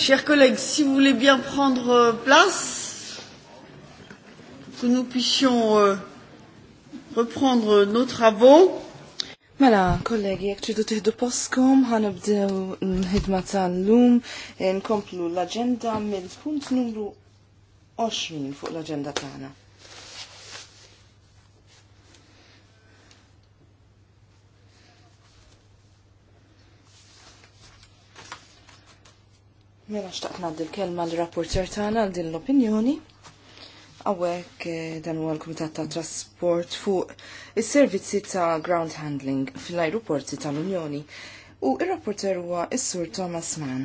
Chers collègues, si vous voulez bien prendre euh, place, que nous puissions euh, reprendre nos travaux. Mela, kollegi, jek ċidu tiħdu poskom, ħan ibdew l-ħidma tal-lum, nkomplu l-agenda mill-punt numru 20 fuq l-agenda tagħna. Mela xtaqt naddi l-kelma l-rapporter tagħna għal din l-opinjoni. Għawek eh, dan huwa l-Kumitat ta' Trasport fuq is-servizzi ta' ground handling fl-ajruporti tal-Unjoni u ir-rapporter huwa il sur Thomas Mann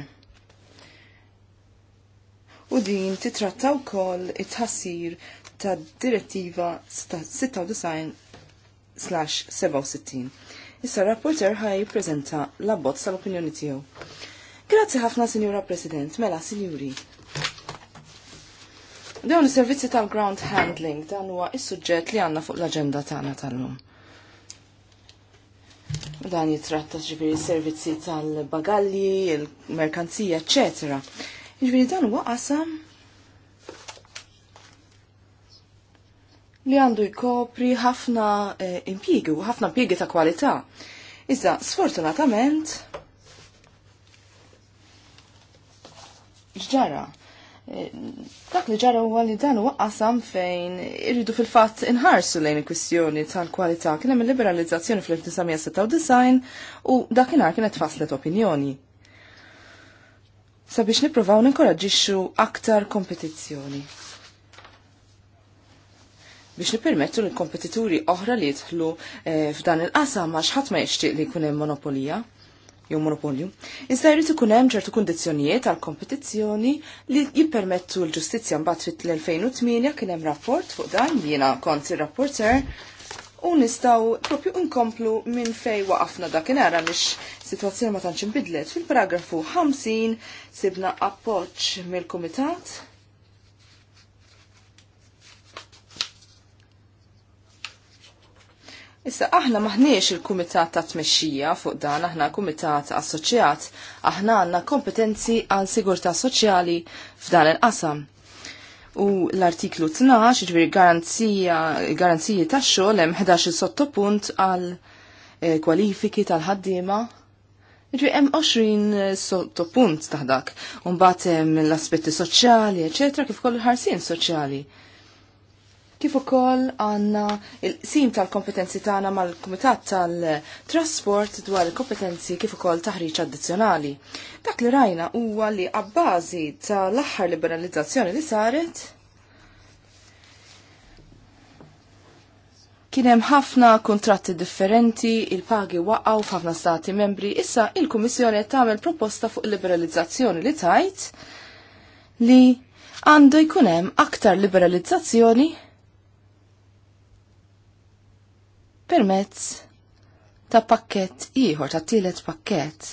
u din titratta wkoll it-ħassir ta' direttiva 96/67. Issa rapporter ħaj prezenta l-abbozz tal-opinjoni tiegħu. Grazzi ħafna, Signora President. Mela, Sinjuri. Dawn is-servizzi tal-ground handling dan huwa is-suġġett li għandna fuq l-aġenda tagħna tal-lum. Dan jitratta ġifieri servizzi tal-bagalli, il-merkanzija, eċetera. Ġifieri dan huwa qasam li għandu jkopri ħafna eh, impjiegi u ħafna impjiegi ta' kwalità. Iżda, sfortunatament, x'ġara. E, dak li ġara huwa li dan huwa qasam fejn irridu fil-fatt inħarsu lejn il-kwistjoni tal-kwalità kien hemm il-liberalizzazzjoni fl-1996 u dakinhar kienet faslet opinjoni. Sabiex nippruvaw ninkoraġġixxu aktar kompetizzjoni. Biex nippermettu l kompetituri oħra li jidħlu e, f'dan il-qasam għax ħadd ma jixtieq li jkun hemm monopolija jew monopolju. Issa jrid ikun hemm ċertu kundizzjonijiet għal kompetizzjoni li jippermettu l-ġustizzja mbagħad fit-2008 kien hemm rapport fuq dan jiena kont ir-rapporter u nistgħu propju nkomplu minn fej waqafna dakinara għaliex sitwazzjoni ma tantx inbidlet. Fil-paragrafu 50 sibna appoġġ mill-Kumitat Issa aħna maħniex il-Kumitat ta' Tmexxija fuq dan aħna Kumitat Assoċjat, aħna għandna kompetenzi għal sigurtà soċjali f'dan il-qasam. U l-artiklu 12, ġviri garanzija, garanzija ta' xogħol hemm 11 sottopunt għal eh, kwalifiki tal-ħaddiema. Ġviri hemm 20 eh, sottopunt taħdak. Umbagħad hemm l-aspetti soċjali, eċetera, kif kollu ħarsien soċjali kif ukoll għandna il-sim tal-kompetenzi tagħna mal-Kumitat tal-Trasport dwar il-kompetenzi kif ukoll taħriġ addizzjonali. Dak li rajna huwa li għabbażi tal-aħħar liberalizzazzjoni li saret kien hemm ħafna kuntratti differenti, il-pagi waqgħu f'ħafna stati membri, issa il-Kummissjoni qed tagħmel proposta fuq il-liberalizzazzjoni li tajt li għandu jkun hemm aktar liberalizzazzjoni permezz ta' pakket ieħor ta' tilet pakket.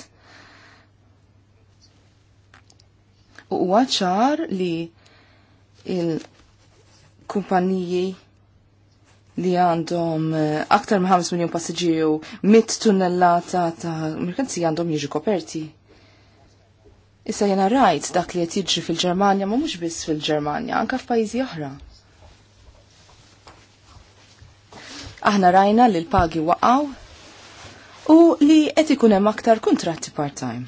U huwa ċar li il kumpanijji li għandhom eh, aktar minn 5 miljon passiġġieru mit tunnellata ta' merkanzi għandhom jiġu koperti. Issa jena rajt dak li qed jiġri fil-Ġermanja ma mhux biss fil-Ġermanja, anke f'pajjiżi oħra. Aħna rajna li l-pagi waqaw u li qed ikun hemm aktar kuntratti part-time.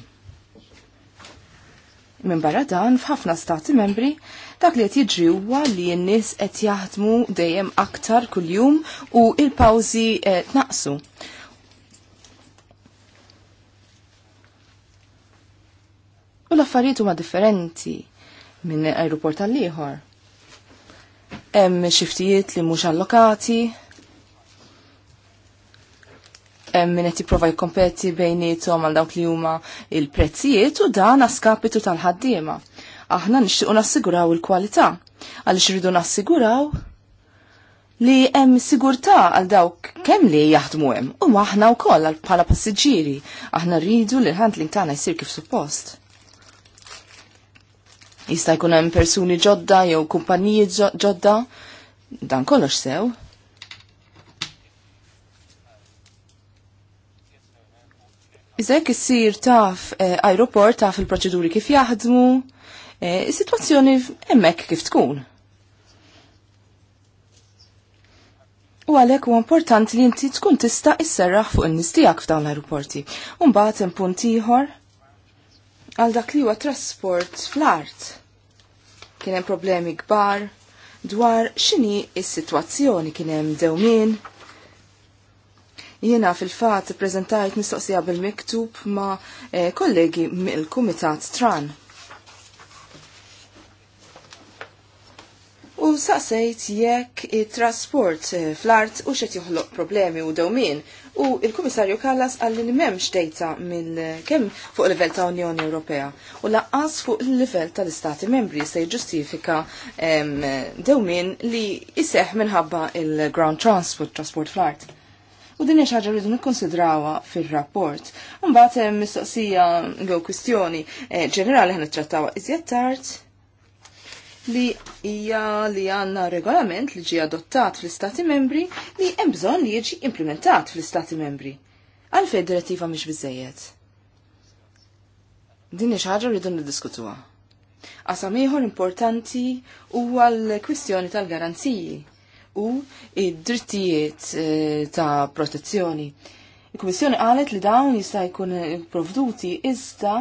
Minn barra dan f'ħafna stati membri dak li qed jiġri huwa li n-nies qed jaħdmu dejjem aktar kuljum u il-pawżi tnaqsu. Eh, u l-affarijiet huma differenti minn aeroport għall ieħor Hemm xiftijiet li mhux allokati, Min qed jipprova jikkompeti bejniethom għal dawk li huma il-prezzijiet u dan għaskapitu tal-ħaddiema. Aħna nixtiequ nassiguraw il-kwalità għaliex irridu nassiguraw li hemm sigurtà għal dawk kemm li jaħdmu hemm u aħna wkoll bħala passiġġieri aħna rridu li l-handling tagħna jsir kif suppost. Jista' jkun hemm persuni ġodda jew kumpaniji ġodda dan kollox sew Iżek issir taf eh, aeroport taf il-proċeduri kif jaħdmu, eh, is-sitwazzjoni hemmhekk kif tkun. U għalek u importanti li inti tkun tista isserraħ fuq in-nies tiegħek f'dawn l-aeroporti. mbagħad hemm punt ieħor għal dak li huwa trasport fl-art. Kien hemm problemi kbar dwar x'inhi s-sitwazzjoni kien hemm dewmien Jiena fil-fat prezentajt mistoqsija bil-miktub ma eh, kollegi mill-Kumitat Tran. U saqsejt jekk it-trasport eh, fl-art u xet joħloq problemi u dawmin u il-Kummissarju Kallas għallin memx dejta mill kemm fuq livell ta' Unjoni Ewropea u laqqas fuq il-livell tal-Istati membri se jġustifika ehm, dawmin li jiseħ minħabba il-ground transport, transport fl-art u din hija xi ħaġa rridu nikkonsidrawha fir-rapport. Imbagħad hemm mistoqsija jew kwistjoni eh, ġenerali ħan nittrattawha iżjed tard li hija li għandna regolament li ġie adottat fl-Istati Membri li hemm bżonn li jiġi implementat fl-Istati Membri. Għalfejn direttiva mhix biżejjed. Din hija ħaġa rridu niddiskutuha. Qasam ieħor importanti huwa l-kwistjoni tal-garanziji u id-drittijiet eh, ta' protezzjoni. Il-Kummissjoni qalet li dawn jista' jkun provduti iżda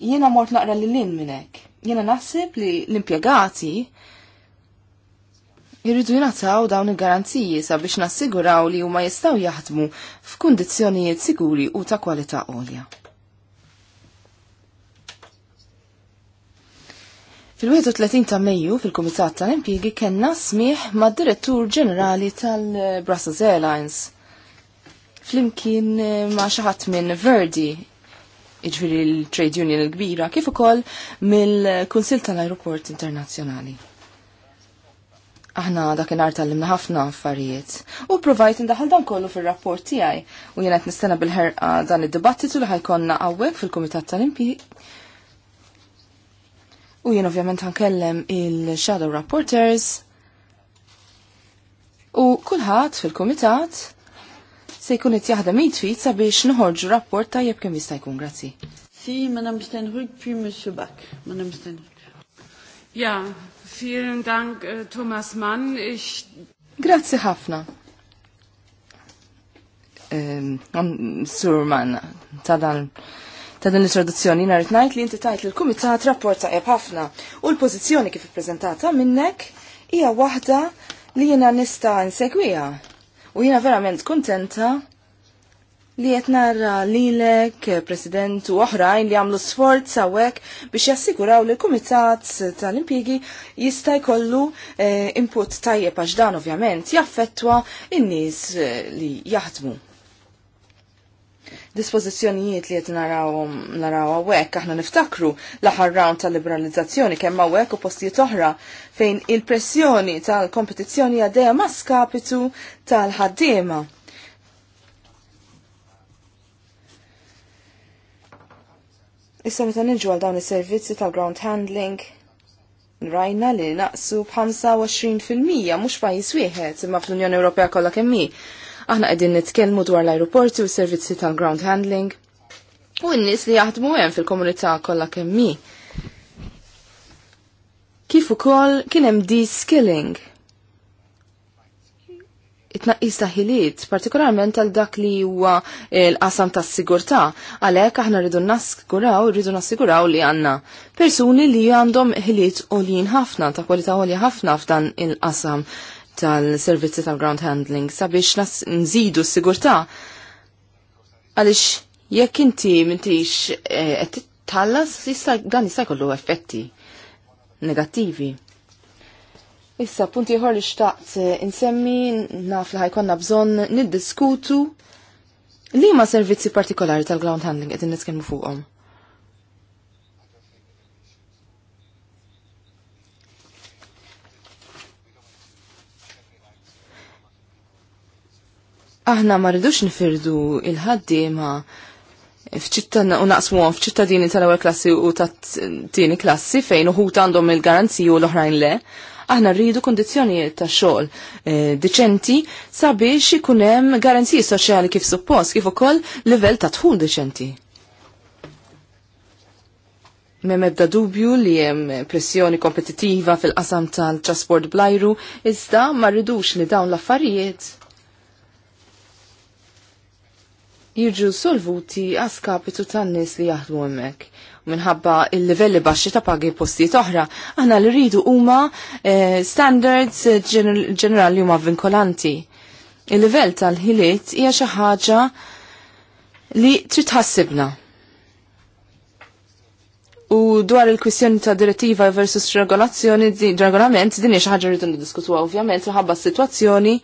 jiena mort naqra li lin minnek. Jiena naħseb li l-impjegati jirridu jinataw dawn il-garanziji sabiex nassiguraw li huma jistgħu jaħdmu f'kundizzjonijiet siguri u ta' kwalità għolja. Fil-31 ta' Mejju fil-Kumitat tal-Impjigi kellna smieħ mad direttur ġenerali tal-Brussels Airlines. Flimkien eh, ma' xi ħadd minn Verdi, jiġri l-Trade Union il-kbira, kif ukoll mill-Kunsill tal-Ajruport Internazzjonali. Aħna dakinhar tal-limna ħafna affarijiet u provajt indaħal dan kollu fir-rapport tiegħi u jien qed nistenna bil-ħerqa dan id-dibattitu li ħajkonna qawwek fil-Kumitat tal-Impjigi U jien ovvjament ħankellem il-Shadow Rapporters u kulħadd fil-Kumitat se jkun qed jaħdem jitfit sabiex noħorġu rapport tajjeb kemm jista' jkun grazzi. Si, Madame Stenrug, puis Monsieur Bach. Madame Stenrug. Ja, vielen Dank, äh, Thomas Mann. Ich... Grazie ħafna. Um, ehm, Surman, Mann, ta' dan ta' din l-introduzzjoni nhar ngħid li inti tajt lill-kumitat rapport taqjeb ħafna u l-pożizzjoni kif ippreżentata minnek hija waħda li jiena nista' nsegwiha. U jiena verament kuntenta li qed narra lilek, President u oħrajn li għamlu sforz hawnhekk biex jassikuraw li l-Kumitat tal-Impjigi jista' jkollu eh, input tajjeb għax dan ovvjament jaffettwa in-nies eh, li jaħdmu dispożizzjonijiet li qed naraw hawnhekk aħna niftakru l-aħħar round tal-liberalizzazzjoni kemm hawnhekk u postijiet oħra fejn il-pressjoni tal-kompetizzjoni għaddejja ma skapitu tal-ħaddiema. Issa meta niġu għal dawn is-servizzi tal-ground handling, rajna li naqsu b'25% mhux pajjiż wieħed imma fl-Unjoni Ewropea kollha kemm Aħna qegħdin nitkellmu dwar l-ajruporti u s-servizzi tal-ground handling u n-nies li jaħdmu hemm fil-komunità kollha kemm Kif ukoll kien hemm de-skilling it-naqqis ta' ħiliet, partikolarment għal dak li huwa l-qasam tas sigurtà għalhekk aħna rridu nassiguraw, rridu nassiguraw li għandna persuni li għandhom ħiliet għoljin ħafna, ta' kwalità għolja ħafna f'dan il-qasam tal-servizzi tal-ground handling sabiex nżidu s-sigurtà għaliex jekk inti m'intix eh, qed tħallas dan jista' jkollu effetti negattivi. Issa, punti ieħor li xtaqt eh, insemmi naf li ħajkonna bżonn niddiskutu li ma servizzi partikolari tal-ground handling qed nitkellmu fuqhom. Aħna ma rridux nifirdu il-ħaddiema fċitta u naqsmu fċittadini tal-ewwel klassi u tat-tieni klassi fejn uħut għandhom il u l-oħrajn le, aħna rridu kundizzjonijiet ta' xogħol eh, deċenti sabiex ikun hemm garanziji soċjali kif suppost kif ukoll livell ta' tħul deċenti. Mem ebda dubju li hemm pressjoni kompetittiva fil-qasam tal-trasport blajru, iżda ma rridux li dawn l-affarijiet jirġu solvuti għaskapitu tan-nies li jaħdmu hemmhekk. Minħabba il-livelli baxxi ta' pagi postijiet oħra, aħna li rridu huma eh, standards ġenerali huma vinkolanti. Il-livell tal-ħiliet hija xi ħaġa li trid ħassibna. U dwar il-kwistjoni ta' direttiva versus regolazzjoni, regolament, din hija xi ħaġa rridu niddiskutuha ovvjament minħabba s-sitwazzjoni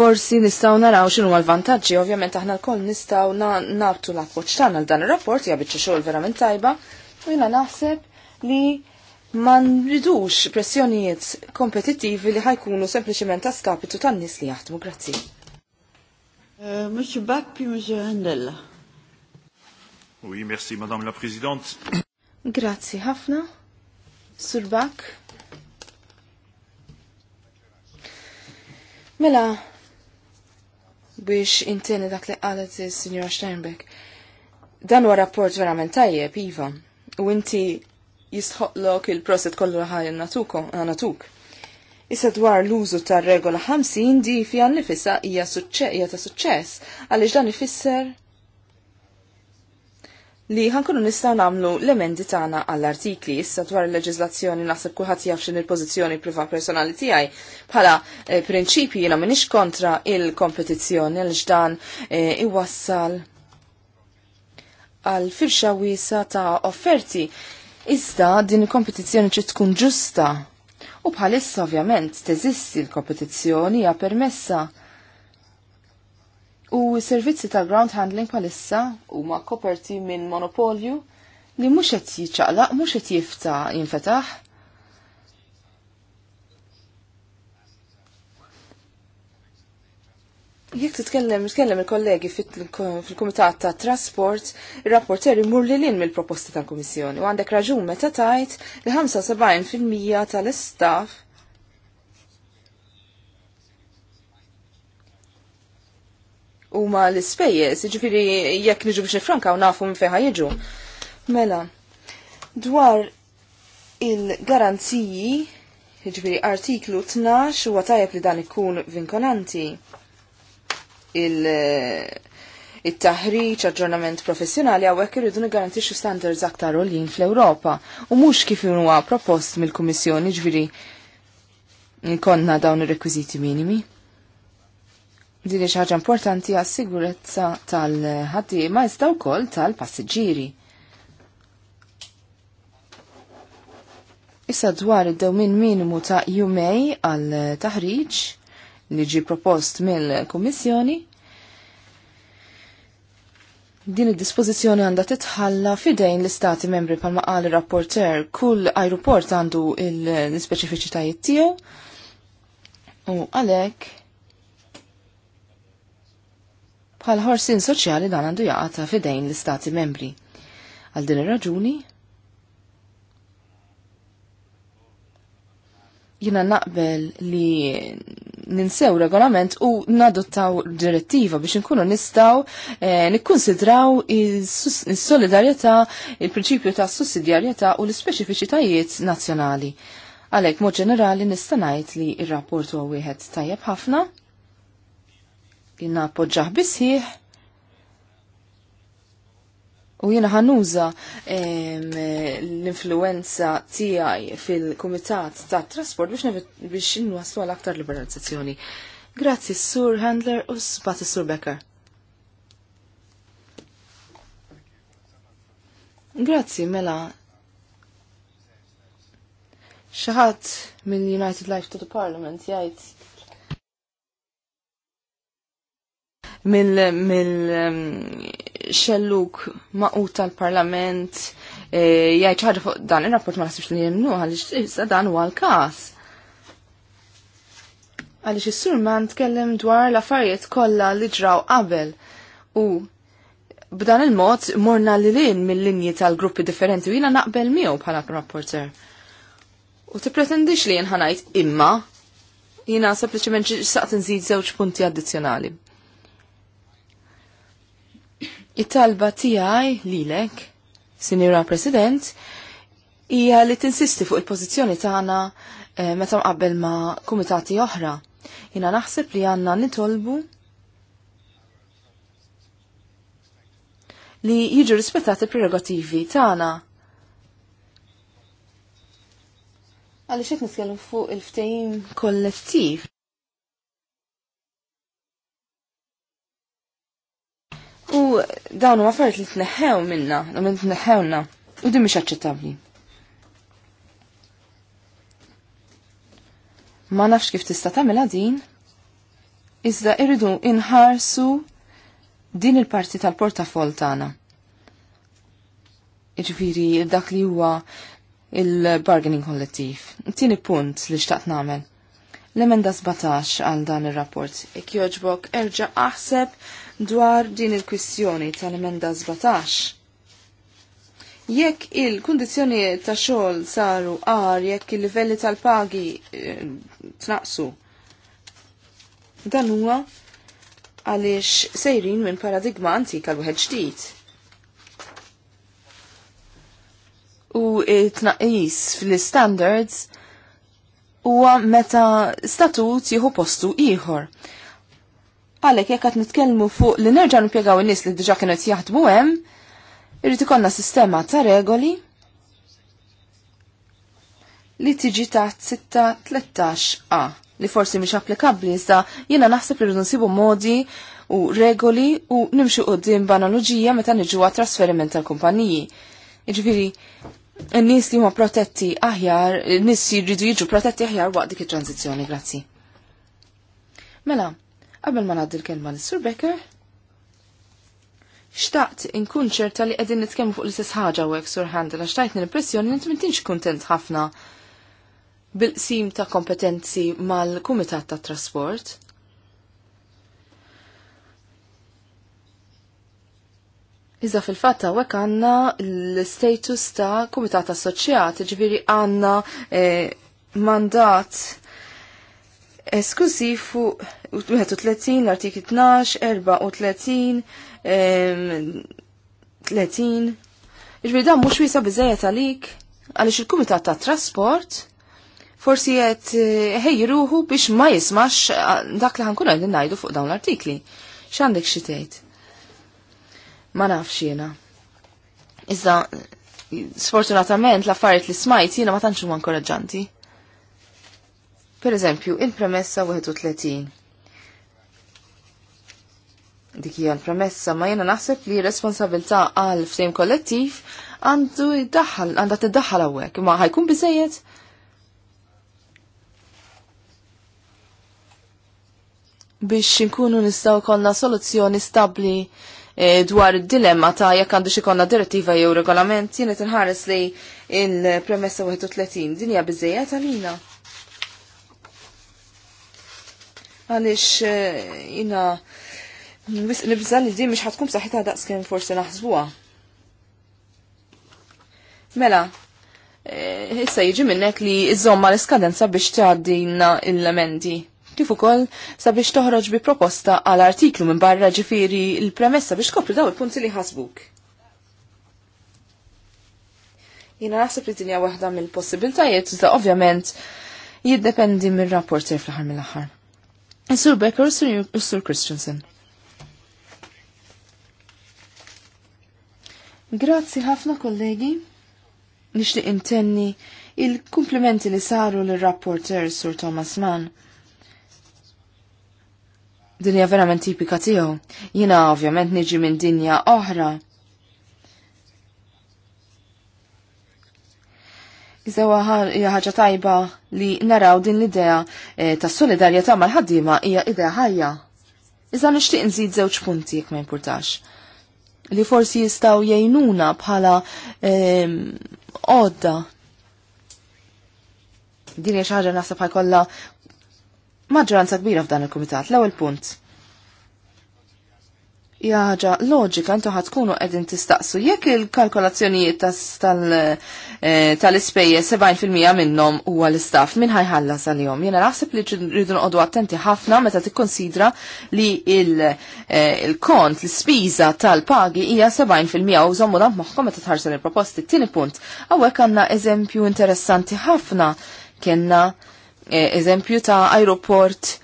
forsi nistaw naraw xinu għal-vantagġi, ovvjament aħna l-koll nistaw nabtu l-appoċ tagħna dan ir-rapport hija biċċa xogħol verament tajba u jiena naħseb li ma nridux pressjonijiet kompetitivi li ħajkunu sempliċement ta' skapitu tan-nies li jaħdmu. Grazzi. Euh, Monsieur Bach, puis Monsieur Oui, merci, Madame la Présidente. Grazie, ħafna. Sur Bach. Mela, biex intini dak li qalet il-Sinjora Steinbeck. Dan huwa rapport verament tajjeb, Iva, u inti jistħoqlok il-proset kollu ħaj eh, natuk. Issa dwar l-użu tar regola 50 di fija nifissa hija suċċess hija ta' suċċess għaliex dan ifisser li ħankunu nistaw namlu l-emendi tagħna għall-artikli issa dwar il leġislazzjoni naħseb kulħadd jaf x'in il-pożizzjoni priva personali tiegħi bħala eh, prinċipji jiena mhinix kontra il-kompetizzjoni għal xdan eh, iwassal għal firxa wiesa ta' offerti. Iżda din il-kompetizzjoni ċi tkun ġusta. U bħalissa ovvjament teżisti l-kompetizzjoni hija permessa U servizzi ta' ground handling palissa u ma' koperti minn monopolju li muxet qed jiċċaqlaq, mux qed jifta jinfetaħ. Jek titkellem, titkellem il-kollegi fil-Kumitat ta' Trasport, il-rapporter imur li lin mill-proposti tal-Kummissjoni u għandek raġun meta tajt li 75% tal-istaff ma l spejjes jiġifieri jekk niġu biex u nafu minn feħa jiġu. Mela, dwar il-garanziji, ġifiri artiklu 12 huwa għatajab li dan ikun vinkolanti il-taħriġ, eh, aġġornament professjonali għawek irridu nigarantixxu standards aktar għoljin fl-Ewropa u mhux kif huwa propost mill-Kummissjoni ġviri jiġifieri konna dawn ir-rekwiżiti minimi. Din xi ħaġa importanti għas-sigurezza tal-ħaddiema iżda wkoll tal-passiġġieri. Issa dwar id-dewmin minimu ta' jumej għal taħriġ li ġi propost mill-Kummissjoni. Din id-dispożizzjoni għandha titħalla fidejn l-Istati membri bħalma qal rapporter kull aeroport għandu l-ispeċifiċitajiet tiegħu u għalhekk bħal ħorsin soċjali dan għandu jaqata fidejn l-istati membri. Għal din ir-raġuni, jina naqbel li ninsew regolament u nadottaw direttiva biex nkunu nistaw eh, nikkonsidraw il-solidarieta, il-prinċipju ta' sussidjarjetà u l-speċifiċitajiet nazzjonali. Għalek, mod ġenerali nistanajt li il-rapport huwa wieħed tajjeb ħafna jina poġġaħ bisħiħ u jina ħanuża l-influenza tiegħi fil-Kumitat ta' Trasport biex biex inwaslu għal aktar liberalizzazzjoni. Grazzi Sur Handler u sbat Sur Becker. Grazzi mela xaħat mill United Life to the Parliament jgħid mill-xelluk um, maqut tal-parlament e, jgħid ħaġa fuq dan ir-rapport ma nasibx li jemnu għaliex issa dan huwa l-każ. Għaliex is-sur man tkellem dwar l-affarijiet kollha li ġraw qabel u b'dan il-mod morna li lin mill-linji tal-gruppi differenti u jina naqbel miegħu bħala rapporter. U tippretendix li jenħanajt imma jiena sempliċement saqt nżid żewġ punti addizzjonali it-talba tiegħi lilek, Sinjura President, hija li tinsisti fuq il-pożizzjoni tagħna eh, meta mqabbel ma' kumitati oħra. Jina naħseb li għanna nitolbu li jiġu rispettati prerogativi tagħna. Għaliex qed nitkellmu fuq il-ftehim kollettiv. U dawn huma affarijiet li tneħħew minna, u minn tneħħewna, u din mhix aċċettabbli. Ma nafx kif tista' tagħmilha din, iżda irridu inħarsu din il-parti tal-portafol tagħna. Iġviri, dak li huwa il-bargaining kollettiv. Tieni punt li xtaqt nagħmel. L-emenda 17 għal dan ir-rapport. Ik joġbok erġa' aħseb dwar din il kwissjoni tal-emenda 17. Jekk il kondizjoni ta' xogħol saru għar jekk il-livelli tal-pagi eh, tnaqsu. Dan huwa għaliex sejrin minn paradigma antika l-wieħed ġdid. U tnaqqis fil-standards huwa meta statut jieħu postu ieħor. Għalek jekk qed nitkellmu fuq li nerġa' nippjegaw in-nies li diġa' kienu qed jaħdmu hemm, irrid ikollna sistema ta' regoli li tiġi taħt 13 a li forsi mhix applikabbli jista jiena naħseb li rridu nsibu modi u regoli u nimxu din b'analoġija meta niġu għat trasferiment tal-kumpaniji. Jiġifieri, n-nies li huma protetti aħjar, n-nies jridu jiġu protetti aħjar waqt dik it-tranzizzjoni, grazzi. Mela, Qabel ma ngħaddi l-kelma l sur Becker, xtaqt inkun ċerta li qegħdin nitkemmu fuq l-istess ħaġa u Sur Handel għax tajtni l-impressjoni li inti m'intix kuntent ħafna bil-qsim ta' kompetenzi mal-Kumitat tat Trasport. Iżda fil-fatta għek għanna l-status ta' kumitat assoċjat, ġviri għanna eh, mandat esklusiv fuq 31, l-artikli 12, 34, 30. Iġbir dan mux wisa bizzejet għalik, għalix il-Kumitat ta' Trasport forsi jett eh, ħejruħu biex ma jismax eh, dak li ħankun għedin najdu fuq dawn l-artikli. ċandek xitejt? Ma nafx jena. Iżda, sfortunatament, l-affarijiet li smajt jena ma tantx huma inkoraġġanti. Per eżempju, il-premessa 31 dik hija l-premessa, ma jiena naħseb li responsabilità għal ftehim kollettiv għandu jiddaħħal, għandha tiddaħħal hawnhekk, ma ħajkun biżejjed. biex inkunu nistgħu konna soluzzjoni stabbli eh, dwar id-dilemma ta' jekk għandu xi konna direttiva jew regolament jien qed inħares li il-premessa 31 din hija biżejjed għalina. Għaliex eh, jina Wis nibżan li din mhux ħatkun b'saħħitha daqskemm forsi naħsbuha. Mela, eh, issa jiġi minnek li iżomma l-iskadenza biex tgħaddina l-emendi kif ukoll sabiex toħroġ bi proposta għal artiklu minn barra ġifieri l premessa biex tkopri daw il-punti li ħasbuk. Jina naħseb li dinja waħda mill-possibiltajiet, iżda ovvjament jiddependi mir-rapporter fl-aħħar mill-aħħar. Sur Becker u Sur Christensen. Grazzi ħafna kollegi. Nixtieq intenni il-komplimenti li saru l-rapporter Sur Thomas Mann. Dinja verament tipika tiegħu. Jiena ovvjament niġi minn dinja oħra. Iżewa hija ħaġa tajba li naraw din l-idea e, ta' solidarjetà mal-ħaddiema hija idea ħajja. Iżda nixtieq nżid żewġ punti jekk ma jimpurtax li forsi jistaw jgħinuna bħala odda. Din hija xi ħaġa naħseb maġġoranza kbira f'dan il-kumitat. L-ewwel punt jaġa loġika intu ħatkunu għedin tistaqsu jekk il-kalkolazzjonijiet eh, tal-ispejje 70% minnom huwa l-istaff minn ħajħallas sal jom Jena naħseb li rridu noqogħdu attenti ħafna meta tikkonsidra li eh, il-kont l-spiża tal-pagi hija 70% u zommu dan moħkom meta tħarsen il-proposti. Tieni punt, għawek għandna eżempju interessanti ħafna kena eh, eżempju ta' aeroport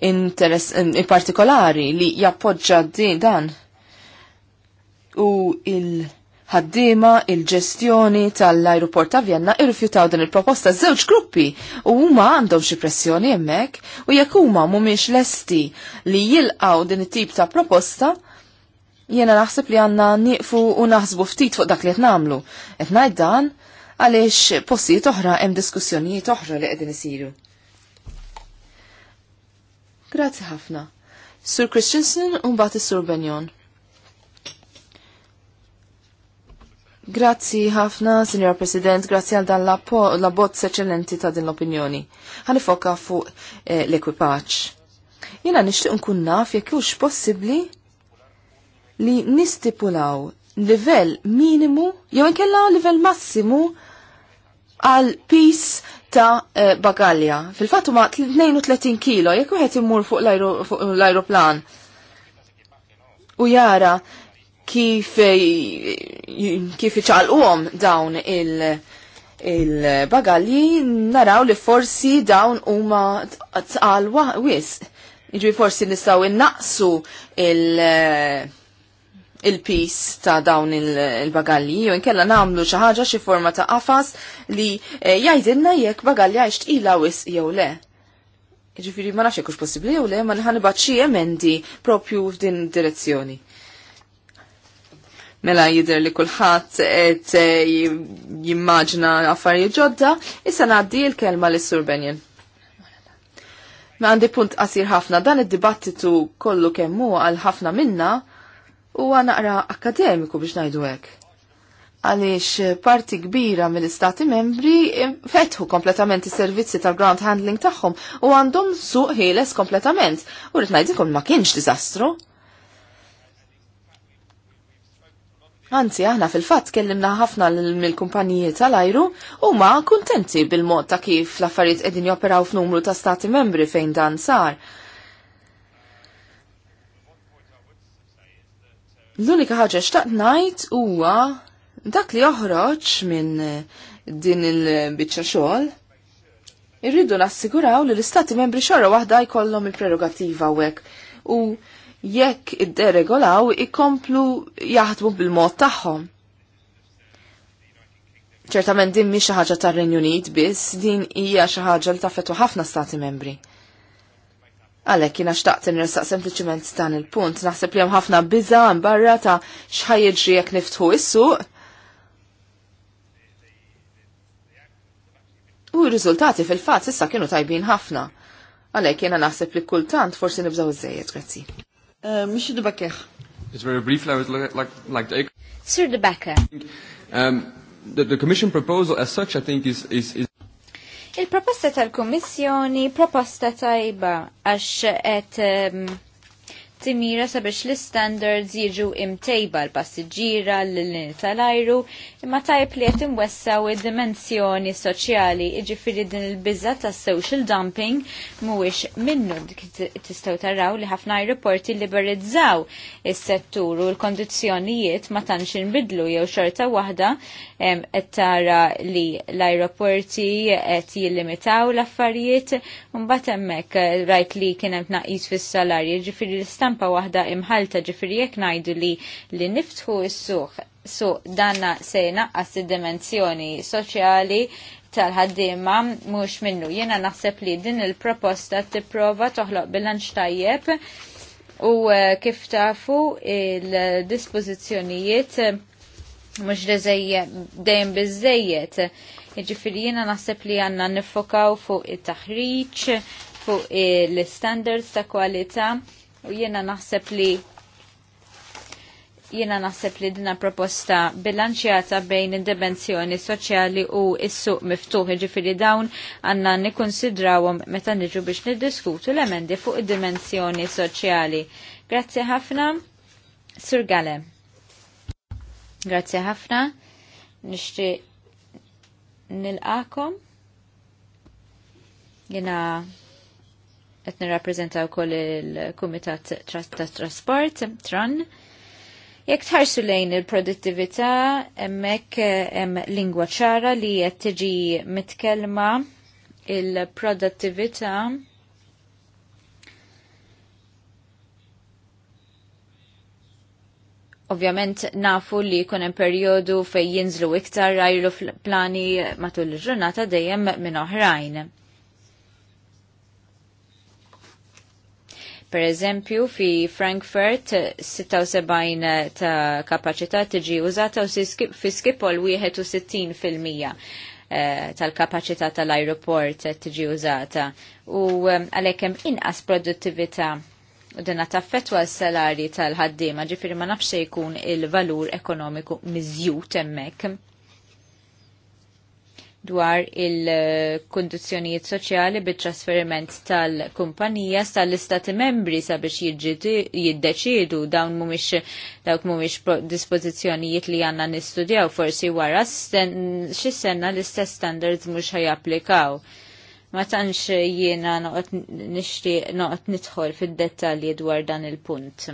interess in partikolari li jappoġġa dan u il- ħaddima il-ġestjoni tal-aeroport ta' Vienna irrifjutaw din il-proposta żewġ gruppi u huma għandhom xi pressjoni hemmhekk u jekk huma mhumiex lesti li jilqgħu din it-tip ta' proposta, jiena naħseb li għandna nieqfu u naħsbu ftit fuq dak li qed nagħmlu. Qed ngħid dan għaliex postijiet oħra hemm diskussjonijiet oħra li qegħdin isiru. Grazzi ħafna. Sur Christensen un bat Sur Benjon. Grazzi ħafna, Signor President, grazzi għal dan la bozz eccellenti ta' din l-opinjoni. Għani foka fuq eh, l-ekwipaċ. Jena nishtiq nkun naf jekk hux possibbli li nistipulaw livell minimu jew inkella livell massimu għal peace ta' eh, bagalja. Fil-fatt huma 32 kilo, jekk wieħed imur fuq l-ajroplan u jara kif eh, kif iċalquhom dawn il- il-bagalji naraw li forsi dawn huma tqal wis. Iġbi forsi nistgħu innaqsu il- il-pis ta' dawn il-bagalli, u nkella namlu ħaġa xi forma ta' qafas li eh, jgħidilna jekk bagalli għax tqila wis jew le. Ġifiri ma nafxie kux possibbli jew le, ma nħanibat xi emendi propju f'din direzzjoni. Mela jidher li kulħadd qed eh, jimmaġna affarijiet ġodda, issa ngħaddi l-kelma lis sur Benjen. Ma għandi punt qasir ħafna dan id-dibattitu kollu kemmu għal ħafna minna huwa naqra akademiku biex ngħidu hekk. Għaliex eh, parti kbira mill-istati membri fetħu kompletament is-servizzi tal-ground handling tagħhom u għandhom suq ħieles kompletament. U rrit ngħidilkom ma kienx diżastru. Anzi, aħna fil-fatt kellimna ħafna mill kumpanijiet tal-ajru u ma kontenti bil-mod ta' kif l-affarijiet qegħdin joperaw f'numru ta' stati membri fejn dan sar L-unika ħaġa xtaqt ngħid huwa dak li joħroġ minn eh, din il bicċa xogħol irridu nassiguraw li l-istati membri xorra waħda jkollhom il-prerogativa hekk u jekk idderegolaw ikomplu jaħdmu bil-mod tagħhom. Ċertament din mhi xi ħaġa tar-Renju Unit biss, din hija xi ħaġa li taffetwa ħafna stati membri. Għalek jina xtaqt nirsaq sempliciment dan il-punt, naħseb li hemm ħafna biża barra ta' xħajġri jek niftħu issu. U r rizultati fil fat issa kienu tajbin ħafna. Għalek jina naħseb li kultant forsi nibżaw iż-żejjed, grazzi. Uh, Mux id It's very brief, I would like, like to... Sir de Becker. Um, the, the Commission proposal as such, I think, is, is, is Il-proposta tal-Kummissjoni proposta tajba għax qed ehm, timira sabiex l-standards jiġu imtejba l-passiġġiera l-lini tal-ajru imma tajb li qed imwessaw id-dimensjoni soċjali jiġifieri din il-biża tas-social dumping mhuwiex minnu tistgħu taraw li ħafna ajruporti liberizzaw is-settur u l-kondizzjonijiet ma tantx inbidlu jew xorta waħda qed tara li l-ajruporti qed jillimitaw l-affarijiet u mbagħad hemmhekk rajt li kien hemm tnaqqis fis-salarji ġifieri l stampa waħda imħalta ġifiri jek najdu li li niftħu s suħ su danna se naqqas id-dimensjoni soċjali tal-ħaddima mhux minnu. Jiena naħseb li din il-proposta tipprova toħloq bilanċ tajjeb u eh, kif tafu il-dispożizzjonijiet mhux dejjem biżejjed. Jiġifieri jena naħseb li għandna nifokaw fuq it-taħriġ, fuq l-standards ta' kwalità u jiena naħseb li jiena naħseb li dina proposta bilanċjata bejn id-dimensjoni soċjali u s-suq miftuħ, ġifiri dawn għanna nikonsidrawhom meta niġu biex niddiskutu l-emendi fuq id-dimensjoni soċjali. Grazzi ħafna, Sur Gale. Grazzi ħafna, nixti nilqakom. Jena qed nirrappreżenta wkoll il-Kumitat tat Trasport, TRAN. Jekk tħarsu lejn il-produttività, hemmhekk eh, hemm lingwa ċara li qed tiġi mitkellma il-produttività Ovvjament nafu li jkun hemm perjodu fejn jinżlu iktar rajlu plani matul il ġurnata dejjem minn oħrajn. Per eżempju, fi Frankfurt 76 ta' kapacità tiġi użata u fi Skipol 61% eh, tal-kapacità tal-aeroport tiġi użata u eh, għalhekk hemm inqas produttività u dinna taffetwa s-salari tal-ħaddiema ġifiri ma nafx jkun il-valur ekonomiku miżjut hemmhekk dwar il-kondizjonijiet soċjali bit-trasferiment tal-kumpanija tal-istati membri sabiex jiddeċidu dawn mumiex dawk mumiex dispożizzjonijiet li għanna nistudjaw forsi wara xi senna l-istess standards mhux ħajapplikaw. Ma tantx jiena noqgħod nixtieq noqgħod nidħol fid-dettalji dwar dan il-punt.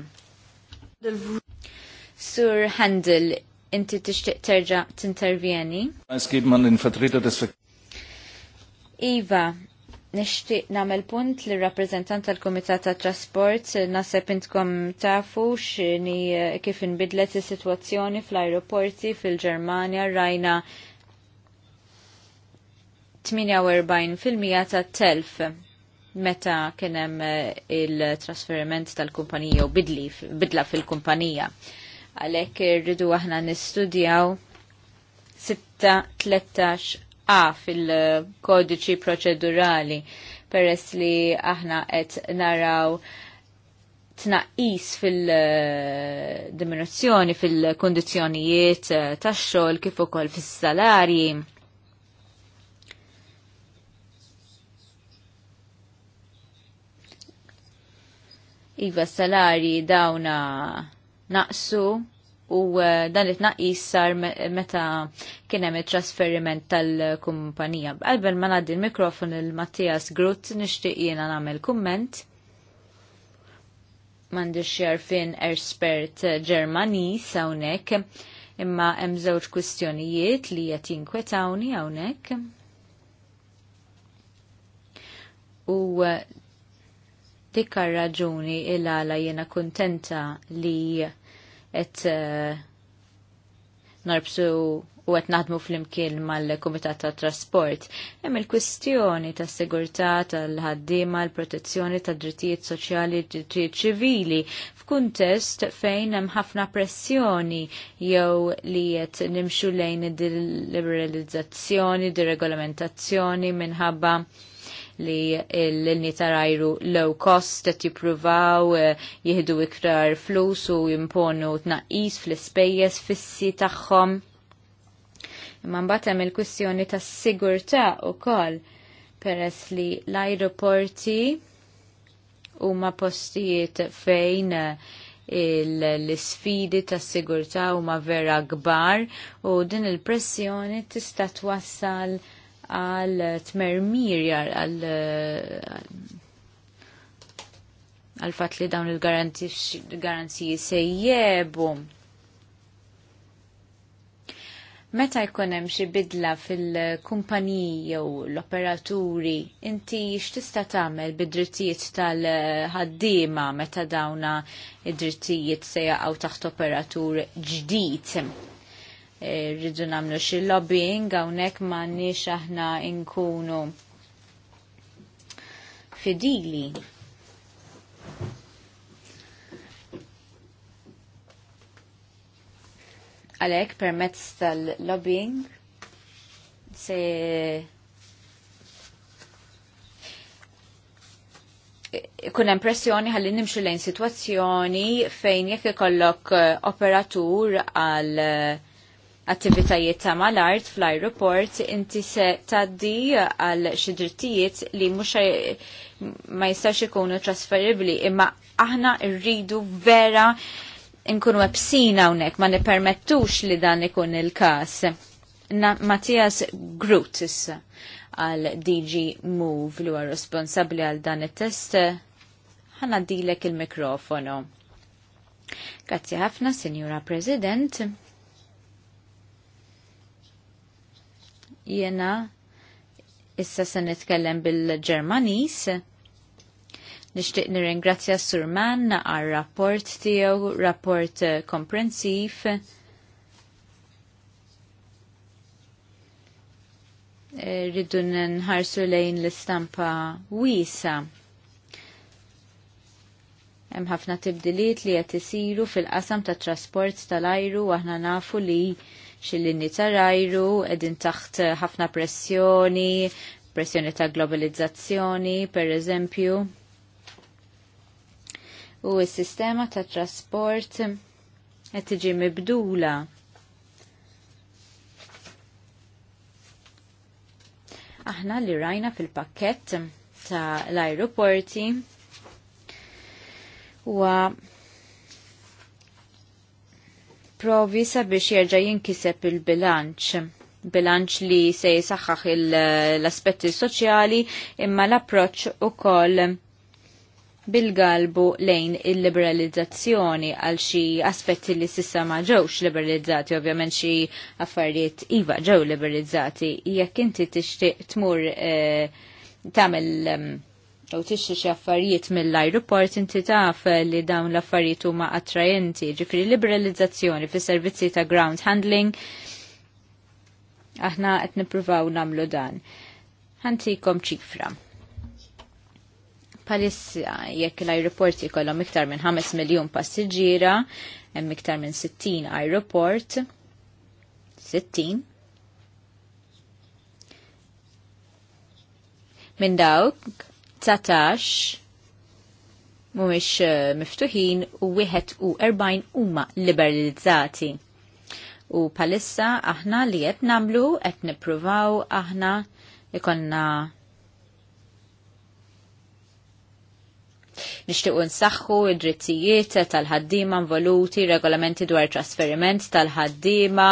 Sur Handel, inti tixtieq terġa' tintervjeni. Iva, nixtieq nagħmel punt li rappreżentant tal-Kumitat tat Trasport naseb intkom tafu x'ni eh, kif inbidlet is-sitwazzjoni fl-ajruporti fil-Ġermanja rajna 48% ta' telf meta kienem eh, il-trasferiment tal-kumpanija u bidli, bidla fil-kumpanija għalhekk irridu aħna nistudjaw 6-13 A fil-kodiċi proċedurali peress li aħna qed naraw tnaqis fil-diminuzzjoni fil-kondizjonijiet eh, tax-xogħol kif ukoll fis-salarji. Iva salari dawna naqsu u eh, dan it-naqis sar meta kien hemm it-trasferiment tal-kumpanija. Għalben ma naddi il mikrofon il mattias Grut nixtieq jiena nagħmel kumment. M'għandix jarfin erspert Ġermaniż hawnhekk imma hemm żewġ kwistjonijiet li qed jinkwetawni hawnhekk. U eh, dikka raġuni il-għala jena kontenta li et eh, narbsu u għet naħdmu fl-imkien mal-Komitat ta' Trasport. Hemm il-kwistjoni ta' sigurtà tal-ħaddiema, l-protezzjoni ta' drittijiet soċjali, drittijiet ċivili, f'kuntest fejn hemm ħafna pressjoni jew li qed nimxu lejn id-liberalizzazzjoni, di regolamentazzjoni minħabba li l-linji tarajru low cost qed jippruvaw eh, jihdu iktar flus u jimponu tnaqqis fl-ispejjeż fissi tagħhom. Imma mbagħad hemm il-kwistjoni tas-sigurtà wkoll peress li l-ajruporti huma postijiet fejn eh, l-sfidi tas sigurtà huma vera kbar u din il-pressjoni tista' twassal għal tmermir għal għal fat li dawn il-garanziji se jiebu. Meta jkun hemm xi bidla fil-kumpaniji jew l-operaturi, inti x'tista' tagħmel bid-drittijiet tal-ħaddiema meta dawna id-drittijiet se jaqgħu taħt operatur ġdid Eh, rridu namlu xi lobbying hawnhekk m'għandniex aħna nkunu fidili. Għalhekk permezz tal-lobbying se kun impressjoni ħalli nimxu lejn situazzjoni fejn jekk ikollok operatur għal uh, attivitajiet ta' mal-art fl ajruport inti se taddi għal xi drittijiet li mhux ma jistax ikunu trasferibbli imma aħna rridu vera nkunu ebsina hawnhekk ma nippermettux li dan ikun il-każ. Mattias Grutis għal DG Move li huwa responsabbli għal dan it-test ħana dilek il-mikrofono. Grazzi ħafna, Signora President. Jena issa se nitkellem bil-Ġermanis. Nixtieq nirringrazzja Surman Mann għar rapport tiegħu, rapport eh, komprensiv. Eh, rridu nħarsu lejn l-istampa wiesa. Hemm ħafna tibdiliet li qed isiru fil-qasam tat trasport tal-ajru aħna nafu li xillinni linni tarajru, edin taħt ħafna pressjoni, pressjoni ta' globalizzazzjoni, per eżempju. U s-sistema ta' trasport qed tiġi mibdula aħna li rajna fil-pakket ta' l-aeroporti huwa provi sabiex jerġa' jinkiseb il-bilanċ bilanċ li se jisaxħax l-aspetti soċjali imma l-approċ u koll bil-galbu lejn il-liberalizzazzjoni għal xi aspetti li sissa ma ġewx liberalizzati, ovvjament xi affarijiet iva ġew liberalizzati, jekk inti tixtieq tmur eh, tagħmel mm, jew tixtri xi affarijiet mill-ajruport inti taf eh, li dawn l-affarijiet huma attrajenti, ġifri liberalizzazzjoni fis servizzi ta' ground handling. Aħna qed nippruvaw nagħmlu dan. Ħantikom ċifra. Palissa jekk l ajruport jkollhom iktar minn 5 miljun passiġġiera, hemm iktar minn 60 ajruport. 60 minn dawk 19 mhumiex eh, miftuħin u wieħed u 41 huma liberalizzati. U palissa aħna li qed nagħmlu qed nippruvaw aħna ikonna Nishtiqu nsaxħu id-drittijiet tal-ħaddima involuti, regolamenti dwar trasferiment tal-ħaddima,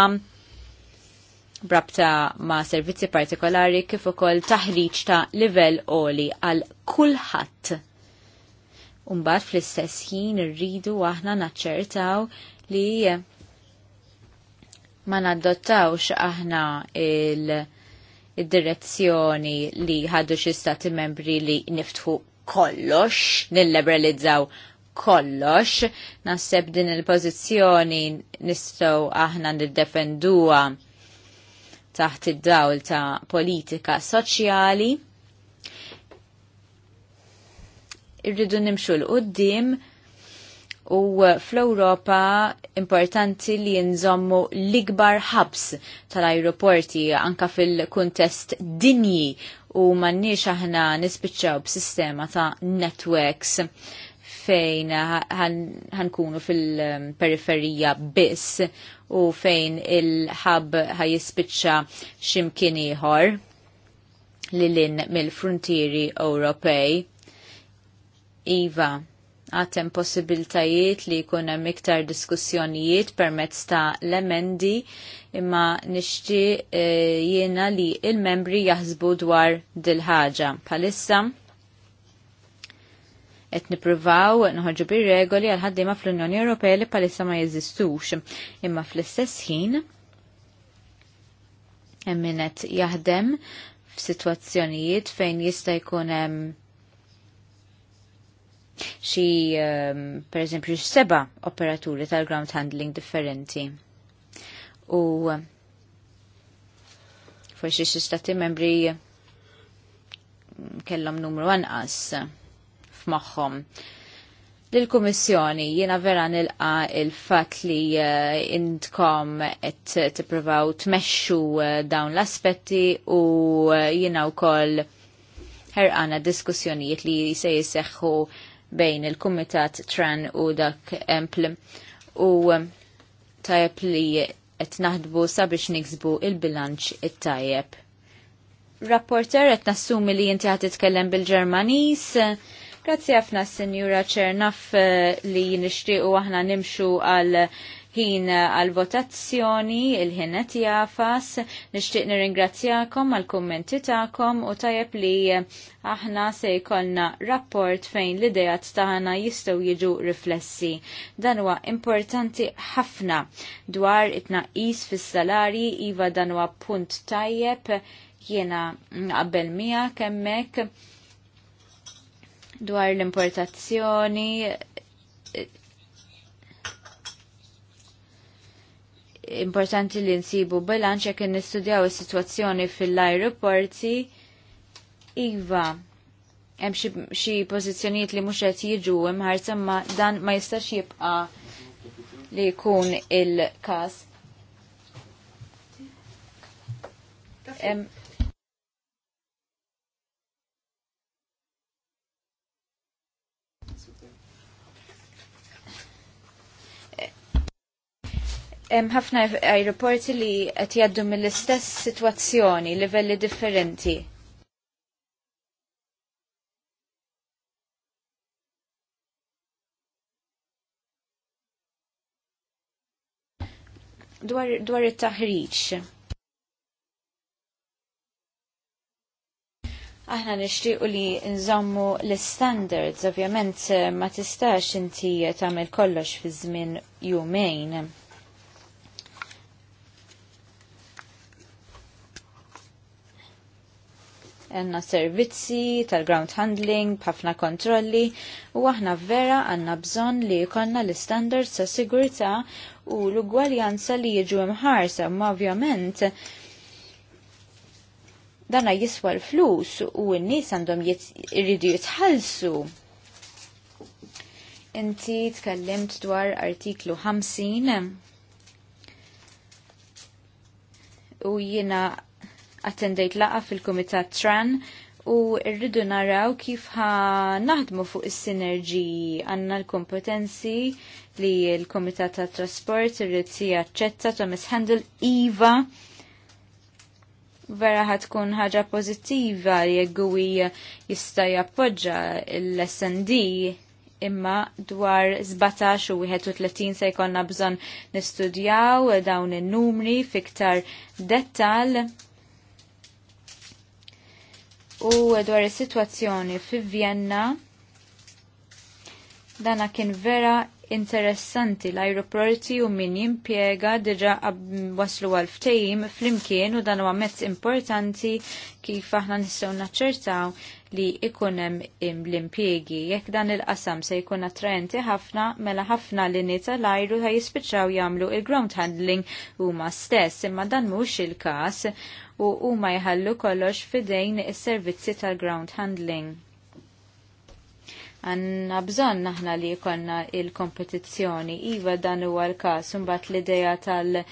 brabta ma' servizzi partikolari kif ukoll taħriġ ta' livell oli għal kulħadd. Umbagħad fl-istess ħin irridu aħna naċċertaw li ma nadottawx aħna il- id-direzzjoni li ħaddu xi stati membri li niftħu kollox, nilleberalizzaw kollox, naħseb din il-pożizzjoni nistgħu aħna niddefenduha taħt id-dawl ta' politika soċjali. Irridu nimxu l-qoddim u fl-Europa importanti li nżommu l-ikbar ħabs tal-aeroporti anka fil-kuntest dinji u mannix aħna nispiċċaw b'sistema ta' networks fejn ħankunu fil-periferija biss u fejn il-ħab ħajispiċċa ximkien ieħor lilin mill-frontieri Ewropej. Iva, għatem possibiltajiet li jkun hemm iktar diskussjonijiet permezz ta' l-emendi imma nixti eh, jiena li il-membri jaħsbu dwar dil-ħaġa. Palissa, qed nippruvaw noħorġu bir-regoli għal ħaddiema fl-Unjoni Ewropea li palissa ma jeżistux. Imma fl-istess ħin hemm min qed jaħdem f'sitwazzjonijiet fejn jista' jkun hemm xi ehm, per eżempju seba' operaturi tal-ground handling differenti. U forsi xi stati membri kellhom numru anqas f'maħħom. Lill-Kummissjoni jiena vera nilqa il-fatt li eh, intkom qed tippruvaw tmexxu eh, dawn l-aspetti u eh, jiena wkoll ħerqana diskussjonijiet li se jisseħħu bejn il-Kumitat Tran u dak Empl u tajab li qed naħdbu sabiex niksbu il-bilanċ it-tajjeb. Rapporter qed nassumi li jinti ħad titkellem bil-Ġermaniż Grazzi ħafna Sinjura Ċernaf eh, li nixtiequ aħna nimxu għal ħin eh, għal-votazzjoni, il-ħinet jafas, nishtiq nir-ingrazzjakom għal-kommenti ta'kom u tajab li eh, aħna se jkollna rapport fejn l-idejat taħna jistaw jiġu riflessi. Dan huwa importanti ħafna dwar it-naqis fis-salari, iva dan huwa punt tajjeb jena mm, qabel mija kemmek dwar l-importazzjoni importanti li nsibu bilanċ jekk nistudjaw is-sitwazzjoni fil-ajruporti iva hemm xi pożizzjonijiet li mhux qed jiġu imħarsa ma dan ma jistax jibqa' li jkun il-każ. hemm ħafna aeroporti li qed jgħaddu mill-istess sitwazzjoni, livelli differenti. dwar, dwar it-taħriġ. Aħna nixtiequ li nżommu l-standards, ovvjament ma tistax inti tagħmel kollox fi żmien jumejn. għanna servizzi tal-ground handling, b'ħafna kontrolli u aħna vera għanna bżon li jkollna l-standards ta' sigurtà u l-ugwaljanza li jiġu mħarsa, ma ovvjament dana jiswa l-flus u n-nies għandhom jridu jitħallsu. Inti tkellimt dwar artiklu 50 u jina attendejt laqa fil-Kumitat Tran u rridu naraw kif ħa naħdmu fuq is sinerġi għandna l-kompetenzi li l-Kumitat tat Trasport irrid si jaċċetta ta' Handel Iva vera ħatkun ħaġa pozittiva li għuwi jista jappoġġa l-SND imma dwar 17 u 31 se jkollna bżonn nistudjaw dawn in-numri fiktar dettal u dwar is-sitwazzjoni fi Vienna dana kien vera interessanti l-aeroporti u min jimpiega diġa waslu għal ftejim fl-imkien u dan huwa mezz importanti kif aħna nistgħu naċċertaw li ikunem l-impiegi. Jekk dan il-qasam se jkun attraenti ħafna, mela ħafna li nita l-ajru ta jispiċċaw jamlu il-ground handling huma stess, imma dan mhux il-każ u huma jħallu kollox fidejn is-servizzi tal-ground handling għanna bżon naħna li konna il-kompetizzjoni. Iva dan huwa l-kas, mbagħad l-idea tal-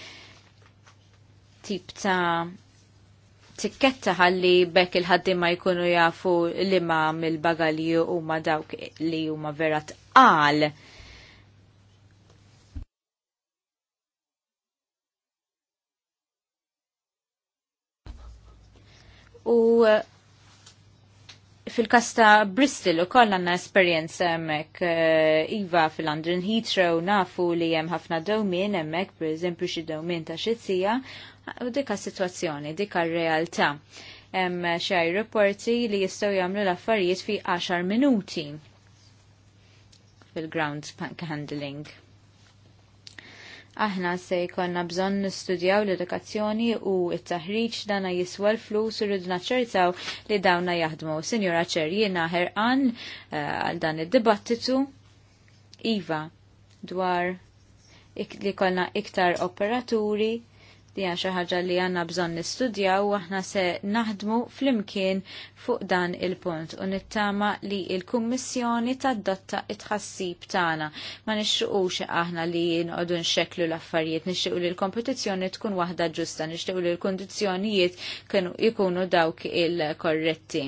tip ta' tikketta ħalli bekk il-ħaddim ma jkunu jafu li ma mill-bagali u ma dawk li huma verat għal. U fil-kasta Bristol u koll għanna esperienza emmek eh, Iva fil-London Heathrow nafu li jem ħafna domin emmek, per eżempju xi domin ta' xizzija, u dika situazzjoni, dika realtà. Hemm xi aeroporti li jistgħu jagħmlu l-affarijiet fi 10 minuti fil-ground handling. Aħna se jkollna bżonn nistudjaw l-edukazzjoni u t-taħriġ dana jiswa l-flus u rridna naċċertaw li dawna jaħdmu. Sinjora Ċer, jena ħerqan eh, għal dan id-dibattitu Iva dwar li konna iktar operaturi Di għan xaħġa li għanna bżon nistudjaw u aħna se naħdmu fl-imkien fuq dan il-punt u nittama li il-Kummissjoni tad-dotta it-ħassib tagħna. Ma nixxuqux aħna li nqogħdu nxeklu l-affarijiet, nixxuq li l kompetizjoni tkun waħda ġusta, nixxuq li l kienu ikunu dawk il-korretti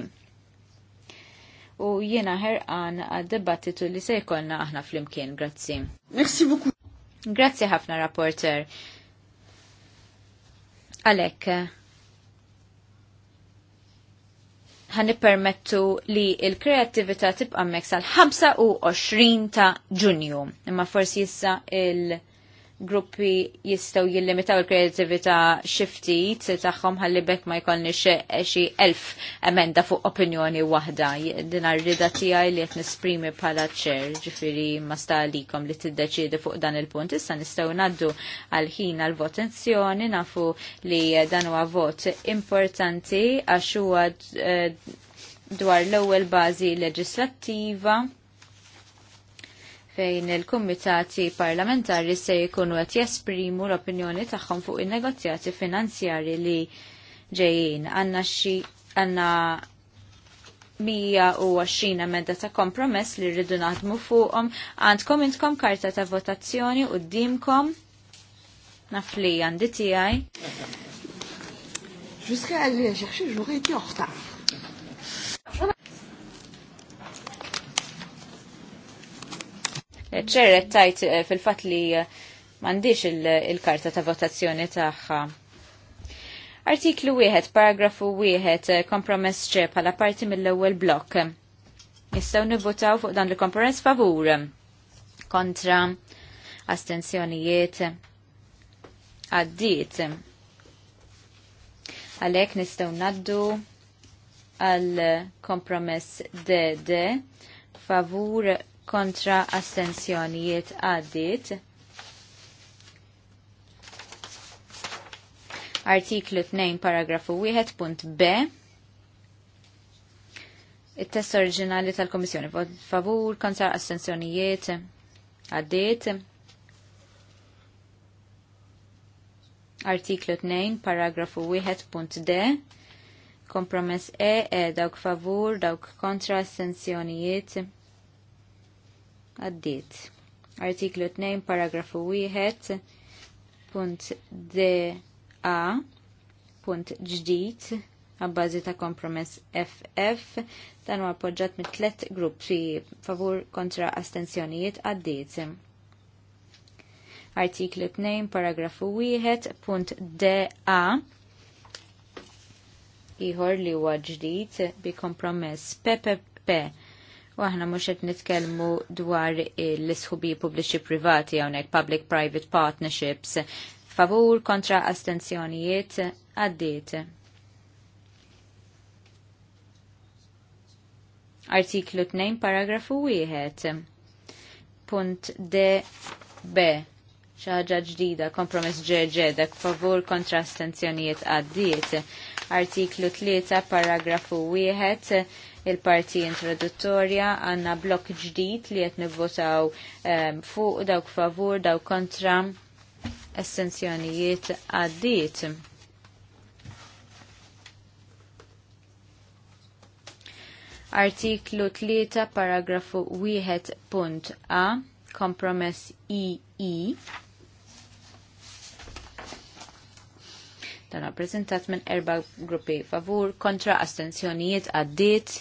u jiena ħerqan għad-debattitu li se jkollna aħna fl-imkien, grazzi. Merci beaucoup. Grazzi ħafna, rapporter. Għalek, ħan permettu li il-kreativita tibqa mek sal-25 ta' ġunju, imma forsi jissa il- gruppi jistaw jillimitaw il-kreativita xiftit taħħom għalli bekk ma jkollni xi elf emenda fuq opinjoni wahda. Din ar-rida tiegħi li qed nisprimi bħala ċer, ġifiri ma stalikom li tiddeċiedi fuq dan il-punt. Issa nistgħu ngħaddu għal ħin għal votazzjoni nafu li dan huwa vot importanti għax huwa eh, dwar l-ewwel bażi leġislattiva fejn il-kumitati parlamentari se jkunu qed jesprimu l-opinjoni tagħhom fuq in-negozjati finanzjari li ġejjin. Għandna xi għandna 120 emenda ta' kompromess li rridu naħdmu fuqhom. Għandkom intkom karta ta' votazzjoni qudiemkom naf li għandi tiegħi. Ġuska għalli ġaxxi ġuħi ċerret tajt eh, fil-fat li eh, mandiċ il-karta ta' votazzjoni taħħa. Artiklu 1, paragrafu 1, eh, kompromess ċe pala parti mill-ewel blok. Nistaw nivvotaw fuq dan il-kompromess favur. Kontra, astenzjonijiet, għaddit. Għalek nistaw naddu għal kompromess DD favur kontra astensjonijiet għaddit. Artiklu 2 paragrafu 1.b punt Il-test oriġinali tal-Komissjoni favur kontra astensjonijiet għaddit. Artiklu 2 paragrafu 1.d. punt Kompromess E, e dawk favur, dawk kontra astensjonijiet għaddit. Artiklu 2, paragrafu 1.da. punt D, ġdijt, għabbażi ta' kompromess FF, dan u appoġġat mit tlet gruppi favur kontra astenzjonijiet għaddiet. Artiklu 2, paragrafu 1.da. punt iħor li huwa ġdid bi kompromess PPP U aħna mhux qed nitkellmu dwar l-isħubi pubbliċi privati hawnhekk public-private partnerships favur kontra astenzjonijiet għaddiet. Artiklu 2 paragrafu 1. Punt D B ħaġa ġdida, kompromess ġeġe, dak favur kontra astenzjonijiet għaddiet. Artiklu 3, paragrafu 1, il-parti introduttorja għanna blok ġdid li qed nivvotaw um, fuq dawk favur dawk kontra essenzjonijiet għaddiet. Artiklu 3 paragrafu 1.a kompromess II Dan rappresentat minn erba gruppi favur kontra astenzjonijiet għaddit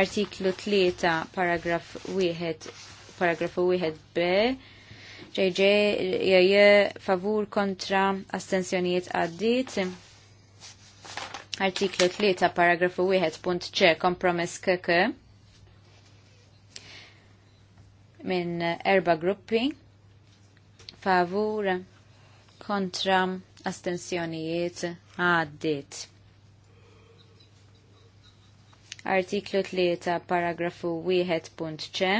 artiklu 3 paragraf 1 paragrafu 1 b JJ jgħje favur kontra astenzjonijiet għaddit artiklu 3 paragrafu punt C kompromess kk minn erba gruppi favur kontra astensjonijiet għaddit. Artiklu 3 paragrafu 1.c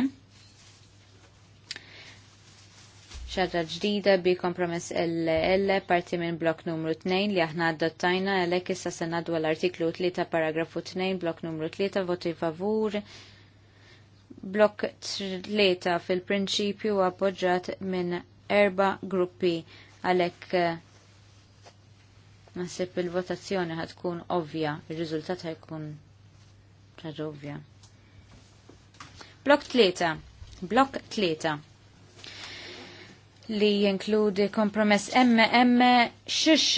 ċadra ġdida bi kompromess LL parti minn blok numru 2 li aħna adottajna għalek issa senadu għal-artiklu 3 paragrafu 2 blok numru 3 voti favur blok 3 fil-prinċipju appoġġat minn erba gruppi għalek Nasib il-votazzjoni tkun ovvja, il-riżultat ħajkun ċar ovvja. Blok tlieta. Blok tlieta. Li jinkludi kompromess MM M, xix,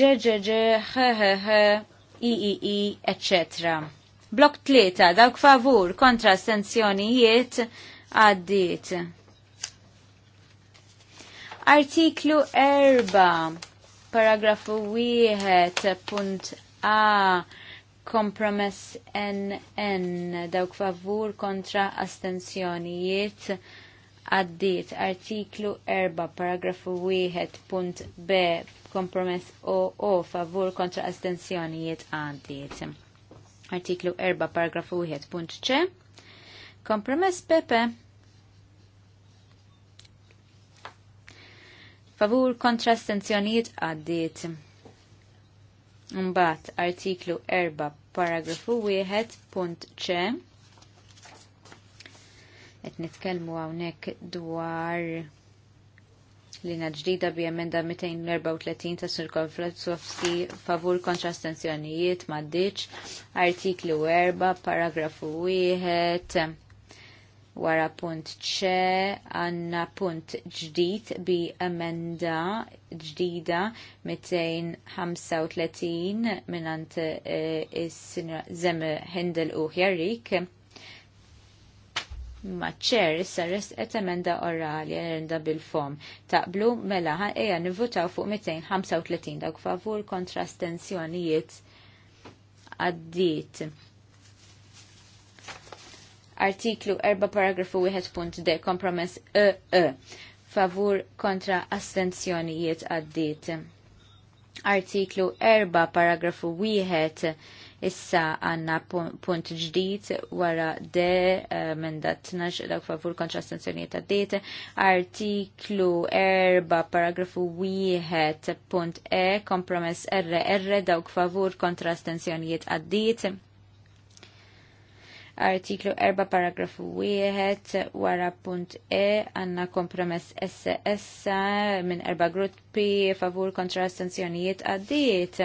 ġeġeġe, ħeħeħe, III, etc. Blok tlieta, dawk favur kontra jiet għaddit. Artiklu erba' Paragrafu wieħed punt A kompromess NN dawk favur kontra astensjonijiet għaddiet artiklu 4 paragrafu wieħed punt B kompromess OO favur kontra astensjonijiet għaddiet. Artiklu 4 paragrafu wieħed punt C kompromess PP favur kontra stenzjoniet għaddiet. Mbat, artiklu 4 paragrafu 1.c. punt nitkelmu qed nitkellmu hawnhekk dwar li ġdida bi emenda 234 ta' Sur Konflatsovski favur kontra astenzjonijiet maddiċ artiklu 4 paragrafu 1 Wara punt ċe għanna punt ġdid bi emenda ġdida 235 minant eh, is-sinra Zem Hendel u Ma' Maċċer issa sarres qed emenda orali renda bil-fom. Taqblu mela ħa eja nivvutaw fuq 235 dawk favur kontra astensjonijiet għaddit artiklu 4 paragrafu 1.d kompromess e -E. favur kontra astenzjonijiet għaddit. Artiklu 4 paragrafu 1 issa għanna punt ġdijt wara de menda 12 dak favur kontra sanzjonijiet ta' artiklu 4 paragrafu 1 punt e kompromess rr dawk favur kontra sanzjonijiet għaddit artiklu 4 paragrafu 1 wara punt E għanna kompromess SS minn 4 gruppi favur kontra sanzjonijiet għaddiet.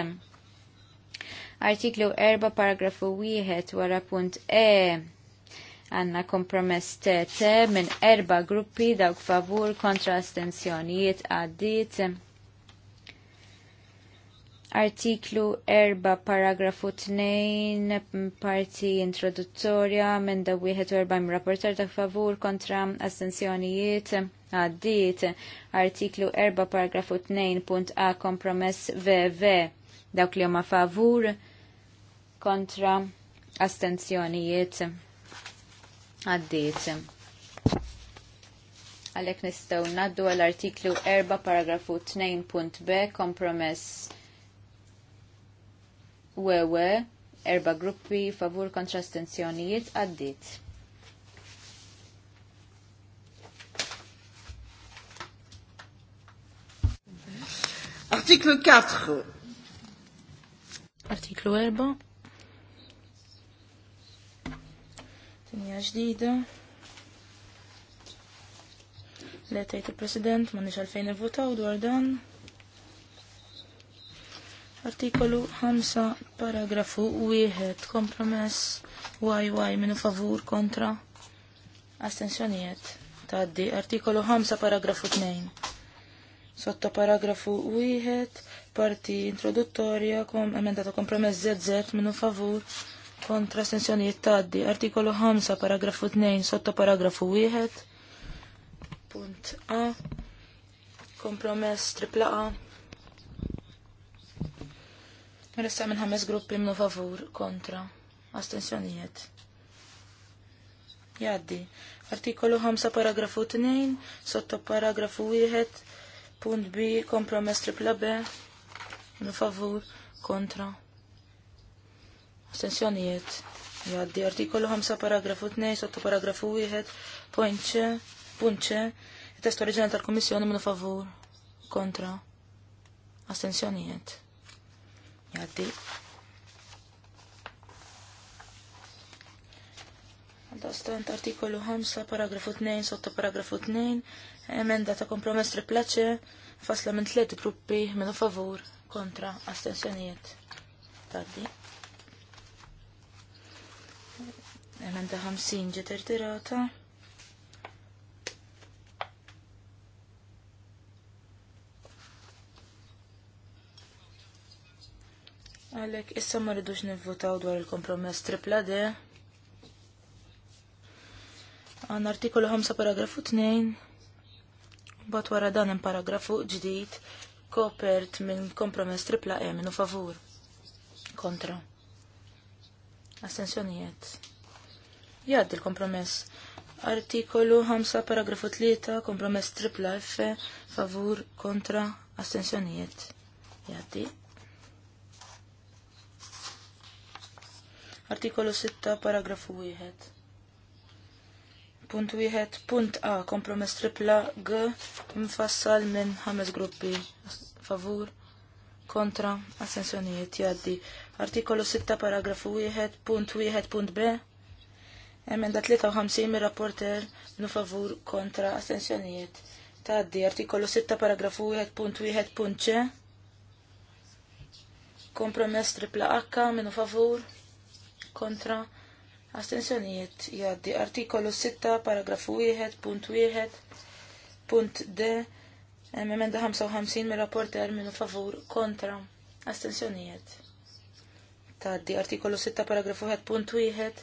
Artiklu 4 paragrafu 1 wara punt E għanna kompromess TT minn 4 gruppi dawk favur kontra sanzjonijiet għaddiet artiklu 4 paragrafu 2 parti introduttorja minn da wieħed erba rapporter ta' favur kontra astenzjonijiet għaddit artiklu 4 paragrafu 2.a kompromess VV dawk li huma favur kontra astenzjonijiet għaddit għalek nistaw naddu għal artiklu 4 paragrafu 2.b kompromess wewe erba gruppi favur kontra astenzjonijiet għaddit. Artiklu 4. Artiklu 4. Tinja ġdida. Letajt il-President, ma nix għalfejn votaw dwar dan. Artikolu 5, paragrafu 1, kompromess, waj, waj, minu favur kontra astensjoniet, Taddi, artikolu 5, paragrafu 2. Sotto paragrafu 1, parti introduttoria, kom, emendato kompromess ZZ minu favur kontra astensjoniet, Taddi, artikolu 5, paragrafu 2, sotto paragrafu 1, punt A, kompromess tripla A, Nirressa minn ħames gruppi minn favur kontra astensjonijiet. Jaddi. Artikolu 5 paragrafu 2 sotto paragrafu 1 punt B kompromess tripla B minn favur kontra astensjonijiet. Jaddi. Artikolu 5 paragrafu 2 sotto paragrafu 1 punt C punt C il-test oriġinali tal-Komissjoni minn favur kontra astensjonijiet. Jaddi. Għaldastant artikolu 5, paragrafu 2, sotto paragrafu 2, emenda ta' kompromess triplaċe, fasla minn tlet gruppi minn favur kontra astensjonijiet. Taddi. Emenda 50 ġeter tirata. Għalek, issa ma rridux nivvotaw dwar il-kompromess tripla D. Għan artikolu 5 paragrafu 2. Bat wara dan hemm paragrafu ġdid kopert minn kompromess tripla E u favur. Kontra. Astensjonijiet. Jgħaddi l-kompromess. Artikolu 5 paragrafu 3 kompromess tripla F favur kontra astensjonijiet. Jgħaddi. Artikolu 6, paragrafu 1. Punt 1, punt A, kompromess tripla G, mfassal minn ħames gruppi. Favur, kontra, assenzjonijiet, jaddi. Artikolu 6, paragrafu 1, punt 1, punt B. Emenda 53 mir rapporter nu favur kontra assenzjonijiet. Taddi, artikolu 6, paragrafu 1, punt 1, punt C kompromess tripla H minu favur kontra astensjonijiet jaddi artikolu 6 paragrafu 1 punt punt D emenda 55 mir rapporter terminu favur kontra astensjonijiet taddi artikolu 6 paragrafu 1 punt 1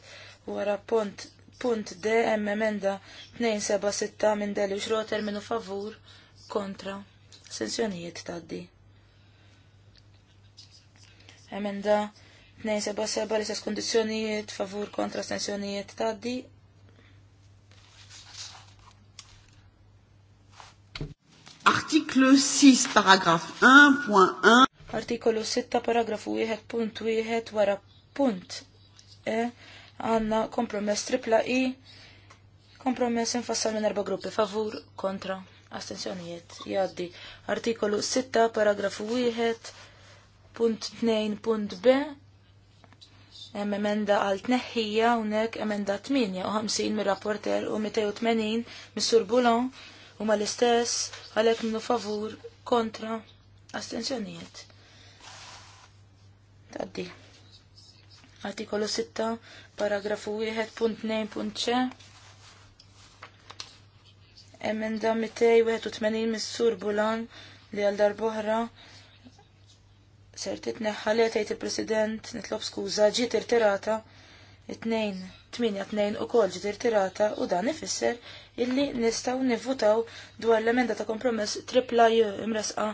wara punt punt D emenda 276 minn deli xro terminu favur kontra astensjonijiet taddi emenda 277 li sas kondizjonijiet favur kontra stensjonijiet taddi. Artiklu 6, paragraf 1.1. Artiklu 6, paragrafu 1.1 wara punt. E, għanna kompromess tripla i, kompromess infassal minn erba gruppi, favur, kontra, astensjonijiet, jaddi. Artikolu 6, paragrafu 1, punt 2, punt B, Hemm emenda għal tneħħija hawnhekk emenda 58 mir-rapporter u 280 mis-Sur Boulon huma l-istess għalhekk minnu favur kontra astensjonijiet. Taddi. Artikolu 6, paragrafu 1.2.c. Emenda 281 mis-Sur Bulan li għal darbohra ser titneħħali tgħid il-President nitlob skuża ġiet irtirata it-tnejn tminja u ukoll ġiet irtirata u dan ifisser illi nistgħu nivvutaw dwar l-emenda ta' kompromess tripla imresqa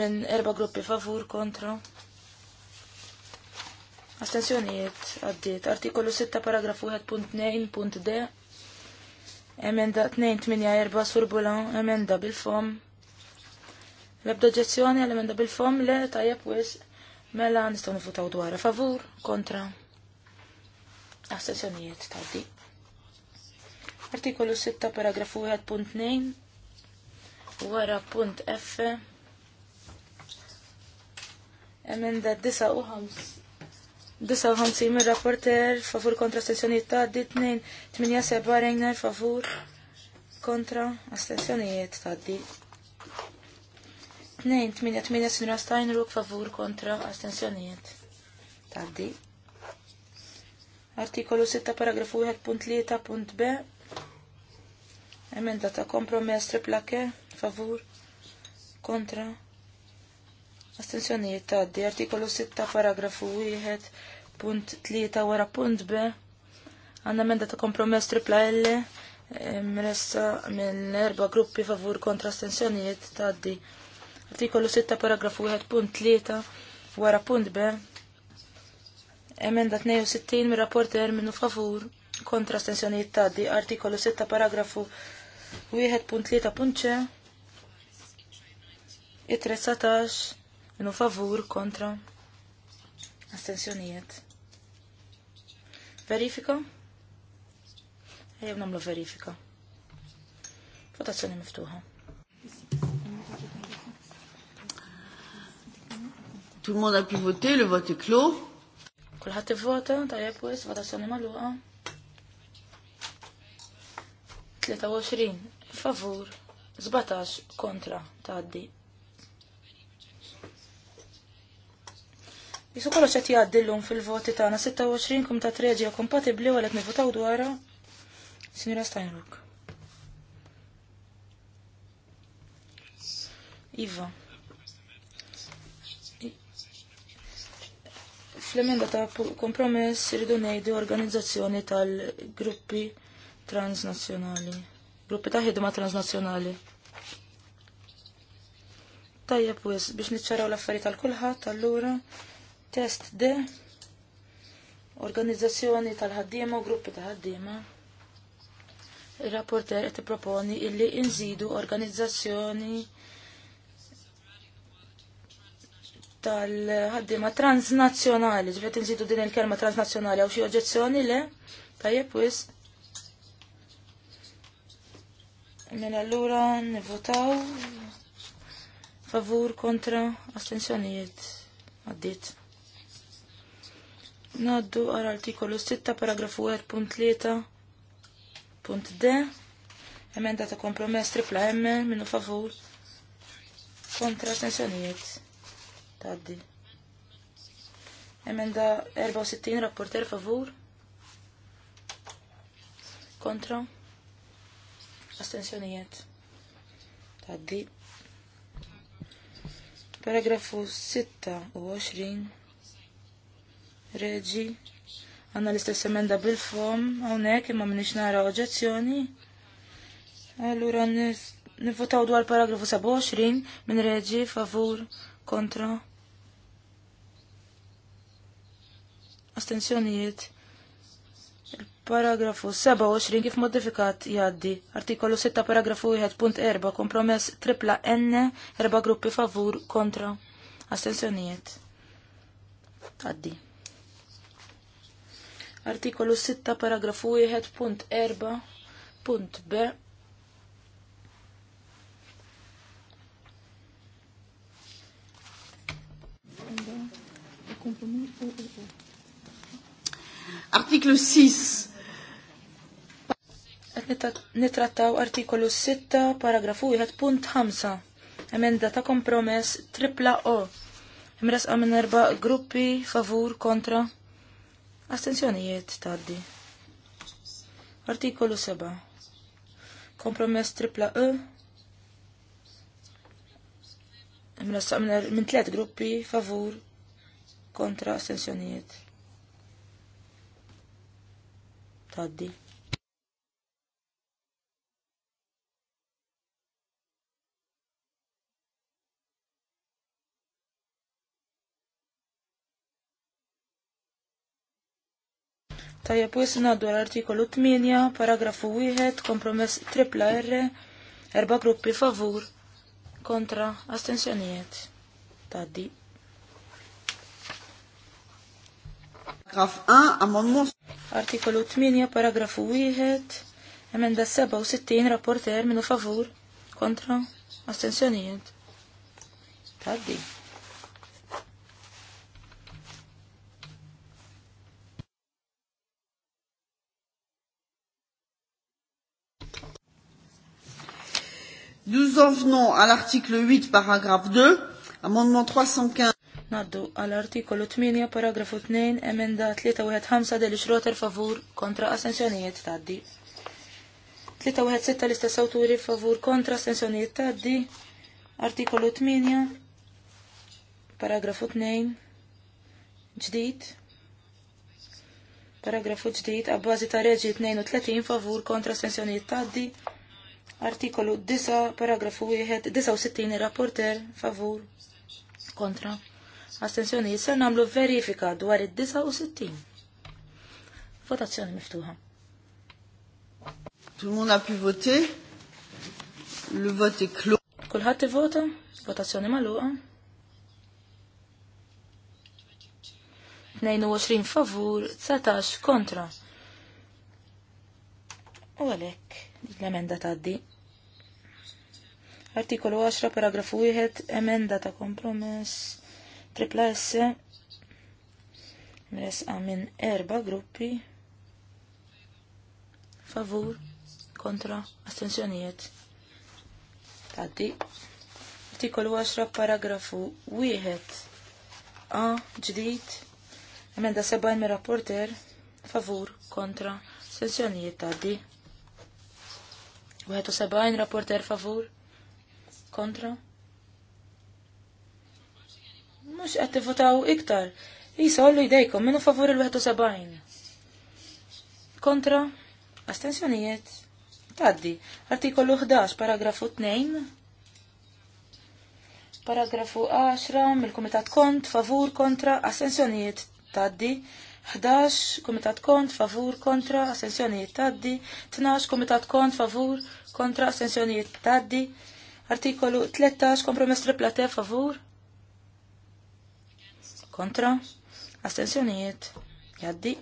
minn erba gruppi favur kontra. Astenzjonijiet għaddiet artikolu 6 paragrafu 1.2.d Emenda 284 surbulan, emenda bil-fom, L-ebda oġġezzjoni għal-emenda bil-fom le tajjeb wis mela nistgħu nifutaw dwar. favur kontra assessjonijiet tal-di. Artikolu 6 paragrafu 1.2 wara punt F emenda 59 59 mir rapporter favur kontra tal di 2 8 rejner favur kontra tal di. 288 sinra Steinruk favur kontra astensjonijiet. Taddi. Artikolu 6 paragrafu 1.3.b Emenda ta' kompromess triplake favur kontra astensjonijiet taddi. Artikolu 6 paragrafu 1.3 wara punt b Għanna emenda ta' kompromess tripla L mressa mill erba gruppi favur kontra astensjonijiet taddi artikolu 6 paragrafu 1.3 wara punt B emenda 62 mir rapport terminu favur kontra stensjonijiet taddi artikolu 6 paragrafu 1.3.c it-3 satax minnu favur kontra astensjonijiet. Verifika? Ejjew namlu verifika. Votazzjoni miftuħa. Tout le monde a pu voter, le vote est clos. Kulħat vota, tajab wis, votazzjoni maluqa. 23, favur, 17 kontra, tgħaddi. Jisu kollox qed jaddillum fil-voti tagħna 26 kum ta' treġi kompatibbli u għalet nivotaw dwarha Signora Steinrock. Iva. Fl-emenda ta' kompromess irridu ngħidu organizzazzjoni tal-gruppi transnazzjonali. Gruppi ta' ħidma transnazzjonali. Tajjeb wis biex niċċaraw l-affarijiet tal kulħadd allura test D organizzazzjoni tal-ħaddiema u gruppi ta' ħaddiema. Ir-rapporter qed proponi illi inżidu organizzazzjoni tal-ħaddima transnazzjonali, ġifet nżidu din il-kelma transnazzjonali, għaw xie oġezzjoni le? Tajjeb, wis. Mela allura nivvotaw favur kontra astensjonijiet. Għaddit. Naddu għal artikolu 6 paragrafu 1.3 punt D emenda ta' kompromess tripla M minnu favur kontra astensjonijiet Taddi. Emenda 64, rapporter favur. Kontra. Astensjonijiet. Taddi. Paragrafu 26. Reġi. Għanna l-istess emenda bil-fom, għonek, imma minix nara oġezzjoni. Allura nivvotaw dwar paragrafu 27 minn reġi favur kontra astensjonijiet Paragrafu 27 kif modifikat jaddi. Artikolu 6 paragrafu 1.4 kompromess tripla N erba gruppi favur kontra. Astensjonijiet. jaddi Artikolu 6 paragrafu 1.4 punt B. Kompromis Artiklu 6. Qed nitrattaw artikolu 6, paragrafu punt 5. Emenda ta' kompromess tripla O. Imresqa minn erba' gruppi favur kontra. Astenzjonijiet taddi. Artikolu 7. Kompromess tripla E. Imresqa er- minn tliet gruppi favur kontra astenzjonijiet taddi. Tajja pwis naddu l-artikolu 8, paragrafu 1, kompromess tripla R, erba gruppi favur, kontra, astensjonijiet. Taddi. Paragraf 1, amendment. Artikolu 8, paragrafu 1, emenda 67, rapporter minu favur, kontra, astensjonijiet. Taddi. Nous en venons à l'article 8, paragraphe 2, amendement 315. Naddu għall-artikolu 8 paragrafu 2 emenda 315 deli xroter favur kontra assenzjonijiet taddi. 316 l-istess awturi favur kontra assenzjonijiet taddi. Artikolu 8 paragrafu 2 ġdid. Paragrafu ġdid għabbażi ta' reġi 32 favur kontra sensjonijiet taddi. Artikolu 9, paragrafu 1, 69 rapporter favur kontra Attenzjoni, ser namlu verifika dwar id-69. Votazzjoni miftuħa. Tout le monde a pu voter. Le vote est clos. Kulħadd ivota, votazzjoni magħluqa. 22 favur, 19 kontra. U għalek, l-emenda taddi. Artikolu 10, paragrafu 1, emenda ta' kompromess Tripla S mresqa minn erba gruppi favur kontra astensjonijiet. Taddi. Artikolu 10 paragrafu wieħed. A ġdid emenda 7 mir rapporter favur kontra astensjonijiet taddi. 71 rapporter favur kontra mhux qed tivvutaw iktar. Isa ollu jdejkom minnu favur il-71. Kontra, astensjonijiet, taddi. Artikolu 11, paragrafu 2. Paragrafu 10, mill-Kumitat Kont, favur, kontra, astensjonijiet, taddi. 11, Kumitat Kont, favur, kontra, astensjonijiet, taddi. 12, Kumitat Kont, favur, kontra, astensjonijiet, taddi. Artikolu 13, kompromess triplate, favur, kontra, astensjonijiet, jaddi.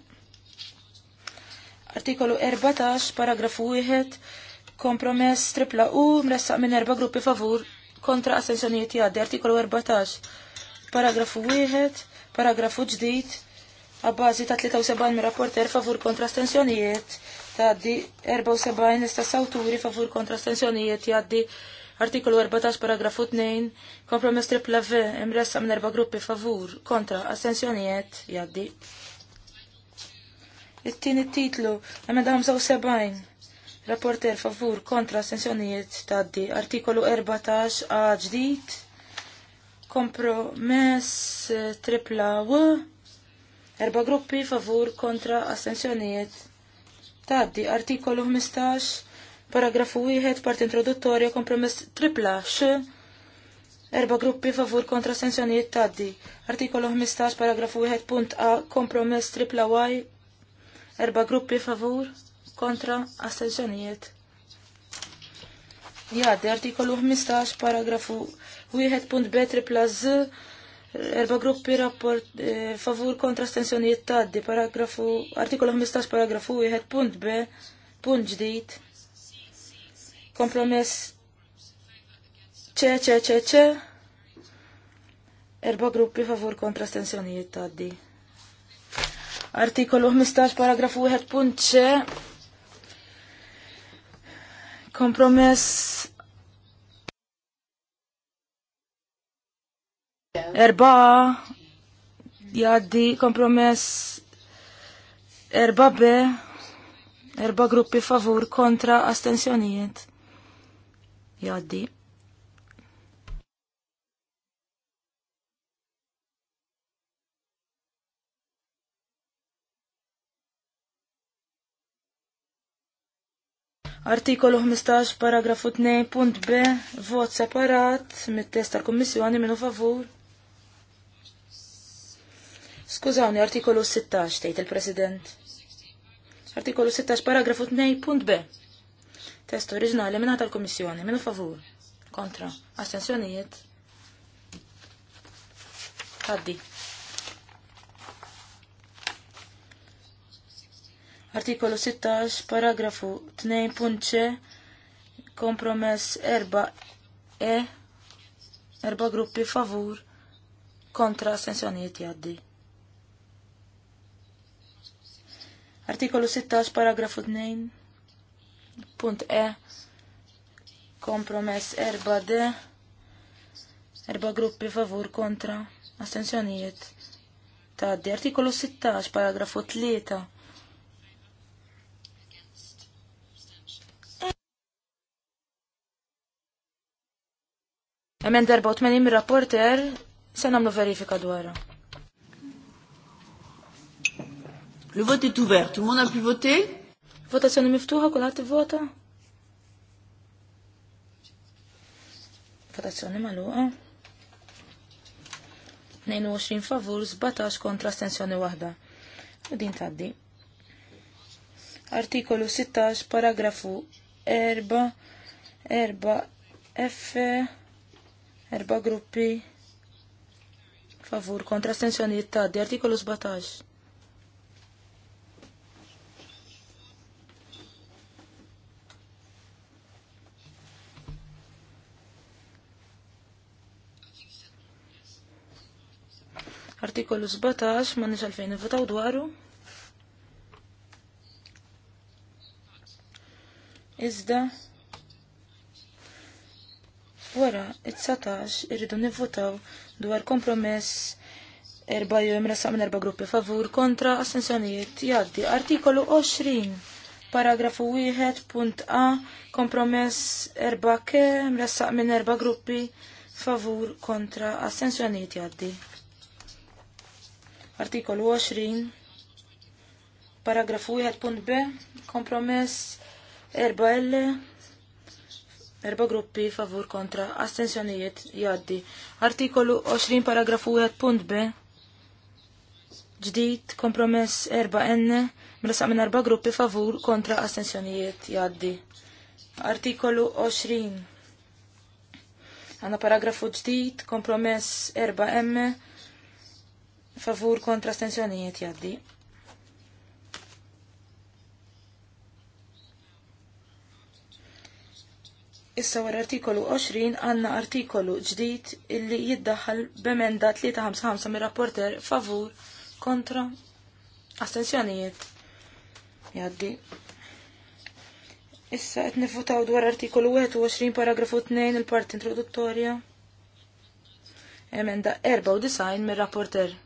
Artikolu 14, paragrafu 1, kompromess tripla u mressaq minn erba gruppi favur kontra astensjonijiet jaddi. Artikolu 14, paragrafu 1, paragrafu ġdid, għabbażi ta' 73 mir rapporter favur kontra astensjonijiet, ta' di 74 istess awturi favur kontra astensjonijiet jaddi. Artikolu 14 paragrafu 2 kompromess tripla V imressa minn erba' gruppi favur kontra assenzjonijiet jaddi. It-tieni titlu emenda 75 rapporter favur kontra astensjonijiet taddi. Artikolu 14 A kompromess tripla W erba' gruppi favur kontra assenzjonijiet. taddi. Artikolu 15 Paragrafu wieħed part introduttorja kompromess tripla x erba gruppi favur kontra sensjonijiet taddi. Artikolu 15 paragrafu wieħed punt A kompromess tripla y erba gruppi favur kontra astensjonijiet. Jgħaddi artikolu 15 paragrafu wieħed punt B tripla z erba gruppi rapport eh, favur kontra stensjonijiet taddi, paragrafu, artikolu 15, paragrafu 1, punt B, punt ġdijt, Kompromess ċe ċe ċe ċe. Erba gruppi favur kontra stensjonijiet taddi. Artikolu 15 paragrafu 1 punt ċe. Kompromess Erba jaddi kompromess erba b erba gruppi favur kontra astensjonijiet jgħaddi. Artikolu 15, paragrafu 2.b, vot separat, mit-test tal-Kommissjoni minnu favur. Skużawni, artikolu 16, tejt il-President. Artikolu 16, paragrafu 2.b. Test oriġinali minna tal-Komissjoni, minn favur, kontra, astensjonijiet, għaddi. Artikolu 16, paragrafu punċe. kompromess 4 e, erba gruppi favur, kontra, astensjonijiet jaddi. Artikolu 16, paragrafu 2, punt E, kompromess erba D, erba gruppi favur kontra, astensjonijiet ta' D, artikolu 16, paragrafu 3. Emen darba 80 rapporter se namlu verifika dwarha. Le vote est ouvert. Tout le monde a pu voter Votazzjoni miftuħa, kulħadd ivvota? Votazzjoni magħluqa. 22 favur, 17 kontra stensjoni waħda. U din taddi. Artikolu 16, paragrafu 4, 4 F, 4 gruppi favur kontra astensjoni taddi. Artikolu 17. Artikolu 17 ma nix għalfejn votaw dwaru. Iżda wara it 17 irridu nivvotaw dwar kompromess erba jew imresaq minn erba gruppi favur kontra assenzjonijiet jaddi. Artikolu 20 paragrafu 1.a kompromess erba ke mresaq minn erba gruppi favur kontra assenzjonijiet jgħaddi. Artikolu 20, paragrafu 1.b, kompromess 4L, erba gruppi favur kontra, astensjonijiet jaddi. Artikolu 20, paragraf 1.b, ġdid, kompromess 4N, mresa mela minn erba gruppi favur kontra, astensjonijiet jaddi. Artikolu 20, għanna paragrafu ġdid, kompromess 4M, favur kontra stensjonijiet jaddi. Issa wara artikolu 20 għanna artikolu ġdid illi jiddaħħal b'emenda 355 mir-rapporter favur kontra astensjonijiet jaddi. Issa qed nifutaw dwar artikolu 21 paragrafu 2 il-parti introduttorja. Emenda 94 mir-rapporter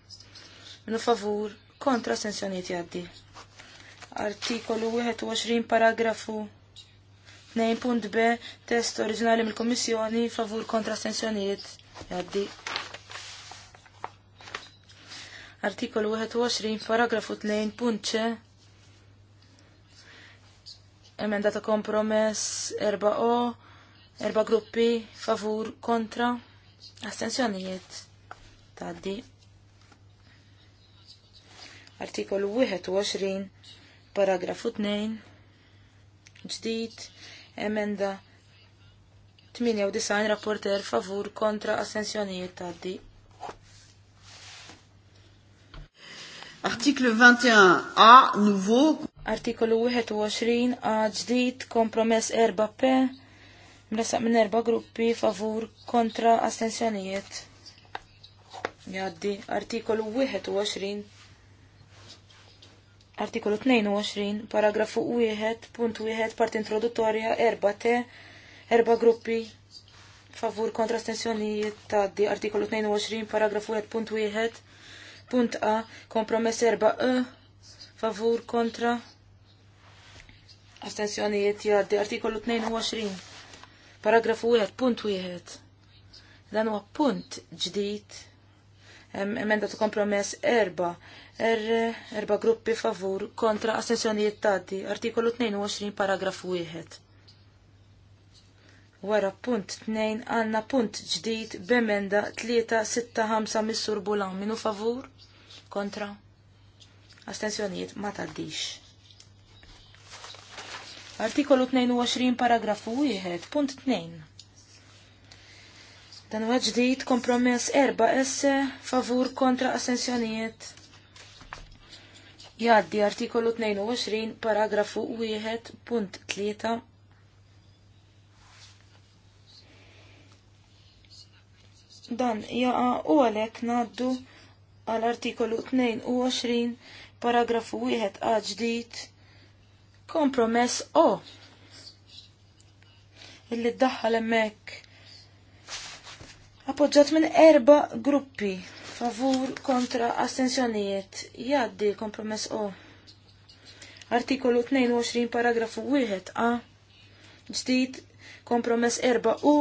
minu favur kontra sensjoniet jaddi. Artikolu 21 paragrafu 2.b test oriġinali mill-Kommissjoni favur kontra sensjoniet jaddi. Artikolu 21 paragrafu 2.c emendata kompromess 4o, erba' gruppi favur kontra astensjonijiet taddi. Artikolu 21, paragrafu 2, ġdid, emenda 98 rapporter favur kontra ta' di. Artiklu 21a nouveau. Artikolu 21 a ġdid kompromess 4p mlesa minn erba' gruppi favur kontra astensjonijiet. Jaddi artikolu 21 Artikolu 22, paragrafu 1.1, punt part introduttorja, erba te, erba gruppi, favur kontra stensjonijiet ta' di artikolu 22, paragrafu 1.1, punt punt A, kompromess erba E, favur kontra astensjonijiet di artikolu 22, paragrafu 1.1, punt Dan huwa punt ġdid emenda ta' kompromess erba, er, erba gruppi favur kontra astensjonijiet tati, artikolu 22 paragrafu 1. Wara punt 2 għanna punt ġdid b'emenda 365 missur bulan minu favur kontra astensjonijiet ma taddix. Artikolu 22 paragrafu 1 punt 2. Dan huwa ġdid kompromess erba' esse favur kontra assenzjonijiet. Jaddi artikolu 22 paragrafu 1.3. Dan jaqa u għalhekk ngħaddu għal artikolu 22 paragrafu 1 a ġdid kompromess o illi ddaħħal hemmhekk appoġġat minn erba gruppi favur kontra astensjonijiet jaddi kompromess O. Artikolu 22 paragrafu 1 A ġdid kompromess erba' U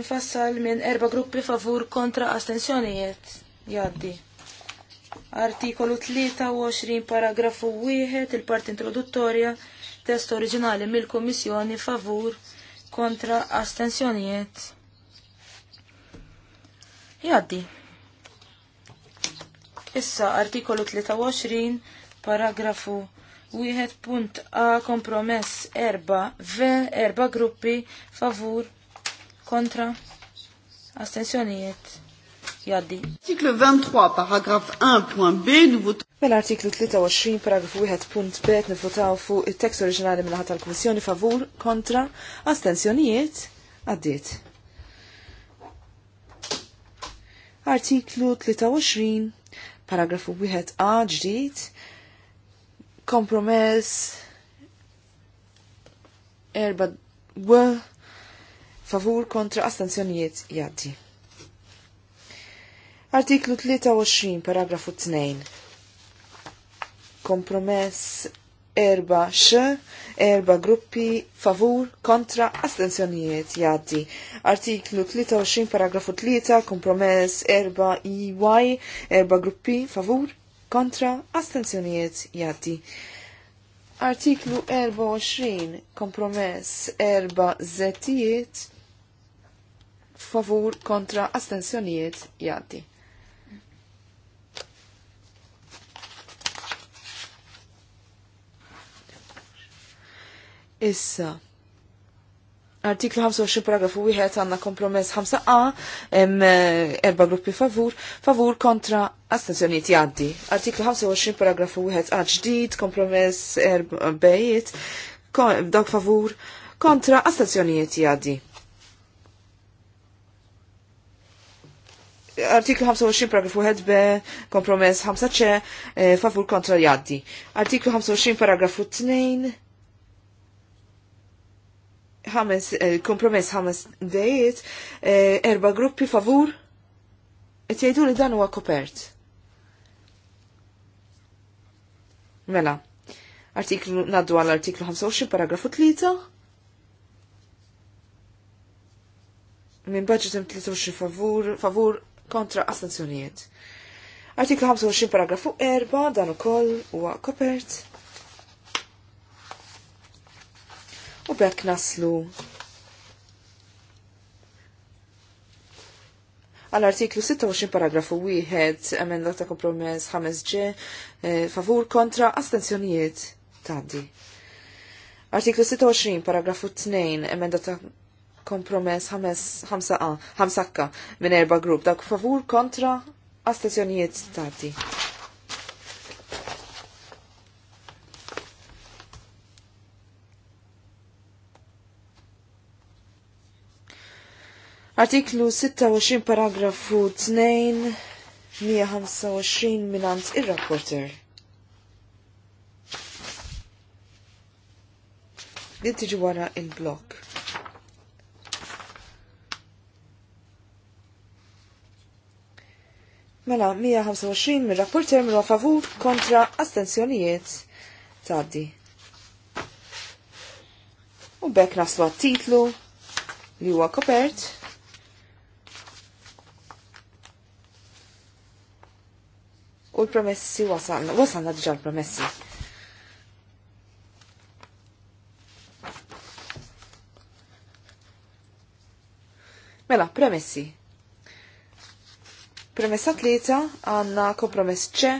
infassal minn erba gruppi favur kontra astensjonijiet jaddi. Artikolu 23 paragrafu 1 il-part introduttorja test oriġinali mill-Komissjoni favur kontra astensjonijiet Jaddi. Issa artikolu 23 paragrafu 1.a kompromess 4 v 4 gruppi favur kontra astensjonijiet. Jaddi. Artiklu 23 paragraf 1.b nivut. Mela artiklu 23 paragrafu 1.b nivutaw fuq il-tekst oriġinali mill-ħat tal-Kummissjoni favur kontra astensjonijiet għaddiet. Artiklu 23, paragrafu 1 A ġdid, kompromess erba w favur kontra astanzjonijiet jaddi. Artiklu 23, paragrafu 2. Kompromess erba x, erba gruppi, favur, kontra, astenzjonijiet jaddi. Artiklu 23, paragrafu 3, kompromess erba EY, erba gruppi, favur, kontra, astenzjonijiet jaddi. Artiklu 24, kompromess erba zetijiet, favur, kontra, astenzjonijiet jaddi. Issa. Artiklu 25 paragrafu wieħed għandna kompromess 5A, hemm eh, erba' gruppi favur, favur kontra astensjonijiet jaddi. Artiklu 25 paragrafu wieħed A ġdid, kompromess erba' bejiet, dawk favur kontra astenzjonijiet jgħaddi. Artiklu 25 paragrafu 1 b kompromess 5 c eh, favur kontra jaddi. Artiklu 25 paragrafu 2 ħames, eh, kompromess ħames dejiet, eh, erba gruppi favur, et jajdu li dan huwa kopert. Mela, artiklu naddu għal artiklu 25, paragrafu 3. Min budget 23 favur, favur kontra astenzjonijiet. Artiklu 25, paragrafu 4, dan ukoll huwa kopert. u bekk naslu għall-artiklu 26 paragrafu 1 emenda ta' kompromess 5G eh, favur kontra astenzjonijiet taddi. Artiklu 26 paragrafu 2 emenda ta' kompromess 5A 5K minn erba grupp dak favur kontra astenzjonijiet taddi. Artiklu 26 paragrafu 2 125 minant ir-rapporter. Din tiġi wara il-blok. Mela, 125 mir rapporter mirra favur kontra astensjonijiet taddi. U bekk naslu għat-titlu li huwa kopert. U l-promessi wasalna, wasalna diġa l-promessi. Mela, premessi. Premessa tlieta għanna kompromess ċe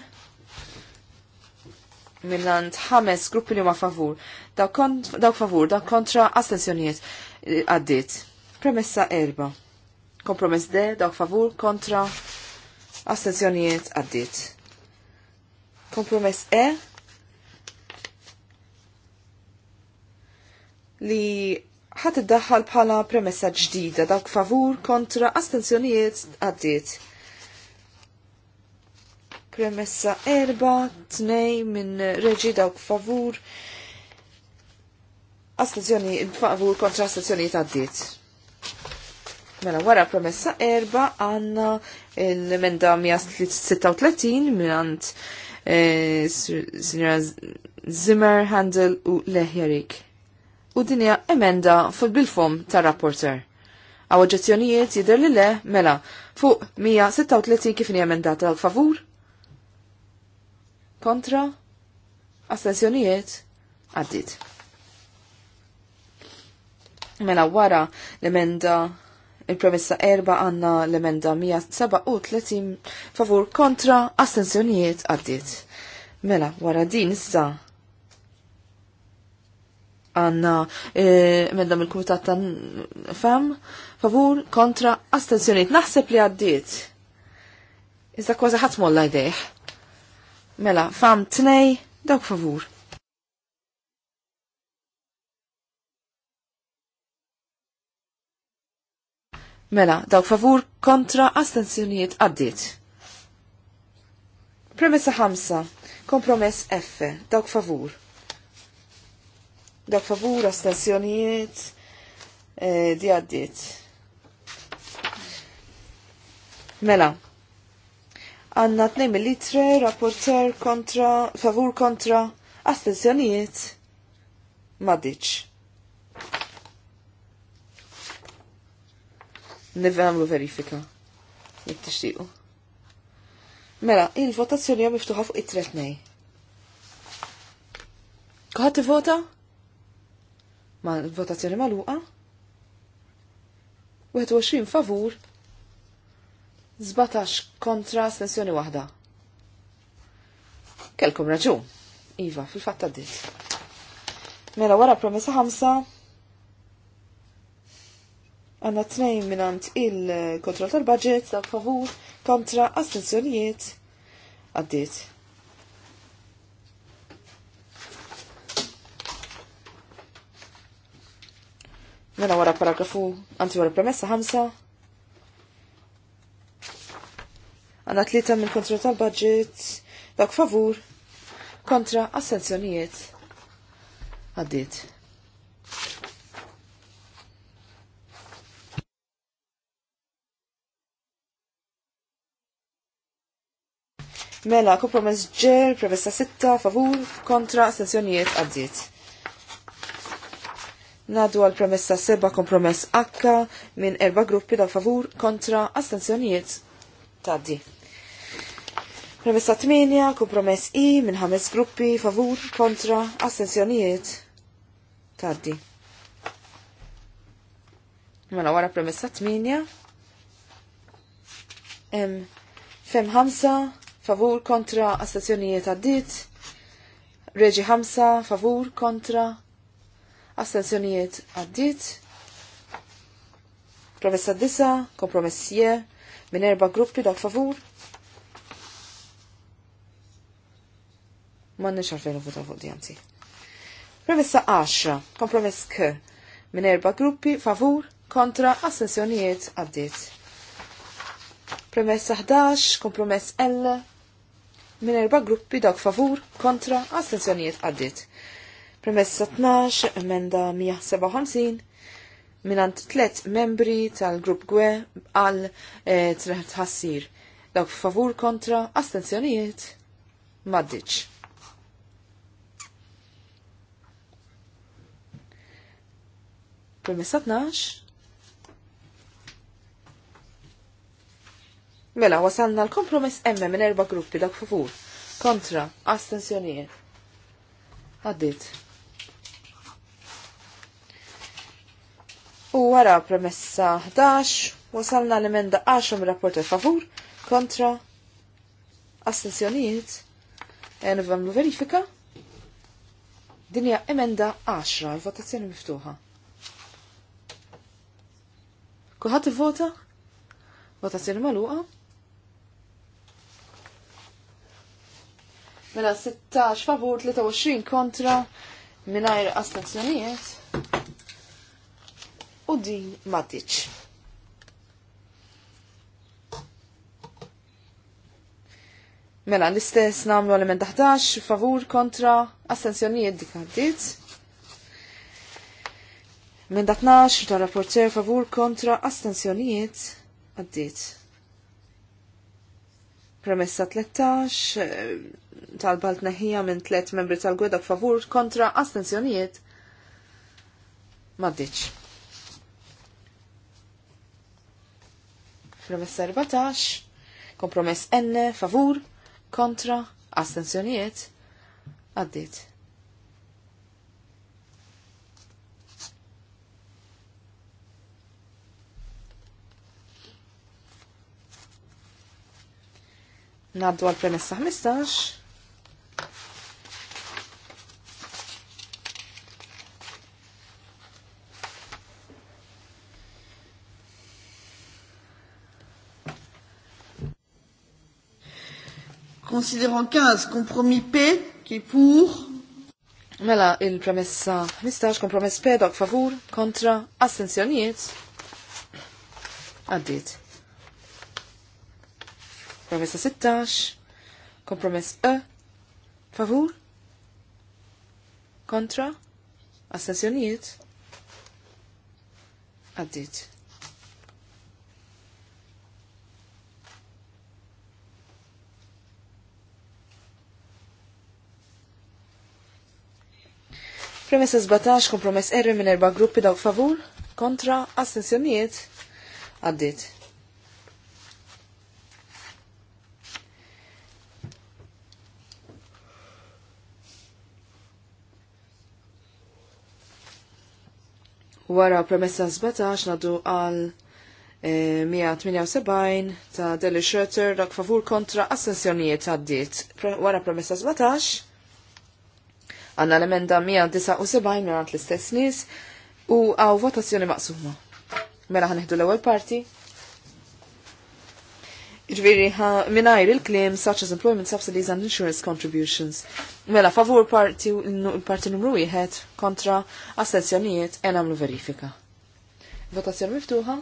minnant ħames gruppi li huma favur. Dawk favur, dawk kontra astensjoniet eh, għaddit. Premessa erba. Kompromess de, dawk favur, kontra astensjoniet għaddit. Kompromess E li ħat iddaħħal bħala premessa ġdida dawk favur kontra astenzjonijiet għaddiet. Premessa erba, tnej minn reġi dawk favur astenzjoni favur kontra astenzjonijiet għaddiet. Mela, wara premessa erba għanna l emenda 136 minn Eh, Sinjora Zimmer, Handel u Leherik. U dinja emenda fuq bilfom ta' rapporter. Għaw oġġezzjonijiet jider li le mela fuq 136 kif emendata għal favur? Kontra? Astensjonijiet? Għaddit. Mela wara l-emenda Il-premessa erba għanna l-emenda 137 favur kontra astensjonijiet għaddit. Mela, wara din issa għanna eh, emenda mill-Kumitat ta' fam favur kontra astensjonijiet. Naħseb li għaddit. Iżda kważi ħatmolla jdejħ. Mela, fam tnej, dawk favur. Mela, dawk favur kontra astenzjonijiet għaddit. Premessa ħamsa, kompromess F, dawk favur. Dawk favur, astenzjonijiet, eh, di għaddit. Mela, għanna t mill-litre, rapporter kontra, favur kontra, astenzjonijiet, maddiċ. nivamlu verifika. Jek tixtiqu. Mela, il-votazzjoni hija miftuħa fuq it tretnej Kħat vota? Ma il votazzjoni maluqa? 21 favur, 17 kontra stensjoni waħda. Kelkom raġun. Iva, fil-fatta dit. Mela wara promessa ħamsa, Għanna tnejn minant il-kontrol tal-budget, dak favur, kontra astenzjonijiet. Għaddit. Mela wara paragrafu, għanti wara premessa ħamsa. Għanna t-lita mill kontrol tal-budget, dak favur, kontra astenzjonijiet. Għaddit. Mela, kompromess ġer, prevesta sitta, favur, kontra, astensjonijiet għaddiet. Nadu għal premessa seba kompromess H minn erba gruppi dal favur kontra astenzjonijiet taddi. Premessa 8 kompromess I minn ħames gruppi favur kontra astenzjonijiet taddi. Mela wara premessa 8 fem ħamsa favur kontra astensjonijiet għaddit. Reġi ħamsa, favur kontra astensjonijiet għaddit. Promessa kompromess kompromessje minn erba' gruppi dak favur. Ma nix għarfejn vota fuq di għanzi. Promessa 10 kompromess k minn erba' gruppi favur kontra astensjonijiet għaddit. Promessa 11, kompromess L, minn erba gruppi dak favur kontra astenzjonijiet għaddit. Premess 12, emenda 157, minnant tlet membri tal-grupp gwe għal e, ħassir Dak favur kontra astenzjonijiet maddiċ. Premessa 12, Mela, wasalna l-kompromess emme minn erba gruppi dak favur. Kontra, astensjonijiet. Għaddit. U wara premessa 11, wasalna l-emenda 10 mir-rapport e favur. Kontra, astensjonijiet. Għen vamlu verifika. Dinja emenda 10, votazzjoni miftuħa. Kuħat vota? Votazzjoni maluqa? Mela 16 favur 23 kontra mingħajr astazzjonijiet. U din matiċ. Mela l-istess namlu għalimen 11 favur kontra astenzjonijiet dik għaddit. Minn 12 ta' rapporter favur kontra astenzjonijiet għaddit. Premessa 13 tal-balt neħija minn tliet membri tal-gweda favur kontra astenzjonijiet maddiċ. Premessa 14 kompromess N favur kontra astenzjonijiet għaddit. Naddu għal premessa 15. Considérant 15, compromis P, qui est pour. Mela, il-premessa 15, kompromess P, dok favur, kontra, astensjonijiet. Għaddit. Promessa 16. Kompromess E. Favur? Kontra? Astensjonijiet? addit. Premessa 17, kompromess erri minn erba gruppi dawk favur, kontra, astensjonijiet, għaddit. Wara premessa 17 naddu għal 178 eh, ta' Deli Schroeter dak favur kontra assenzjonijiet għaddit. Wara promessa 17 għanna l-emenda 179 minn l-istess nis u għaw votazzjoni maqsuma. Mela ħanħdu l-ewwel parti Ġviri, minajr il klim such as employment subsidies and insurance contributions. Mela, favur parti, parti numru jħed kontra astenzjonijiet en għamlu verifika. Votazzjoni miftuħa?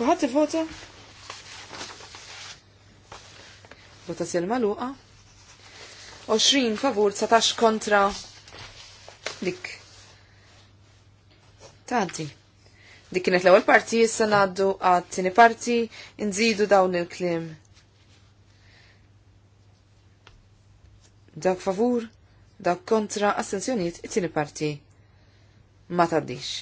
Kuħat vota Votazzjoni maluqa? 20 favur, 19 kontra dik Taddi. Dik kienet l-ewwel parti issa ngħaddu għat-tieni parti nżidu dawn il-kliem. Dak favur, dak kontra assenzjoniet it-tieni parti. Ma taddix.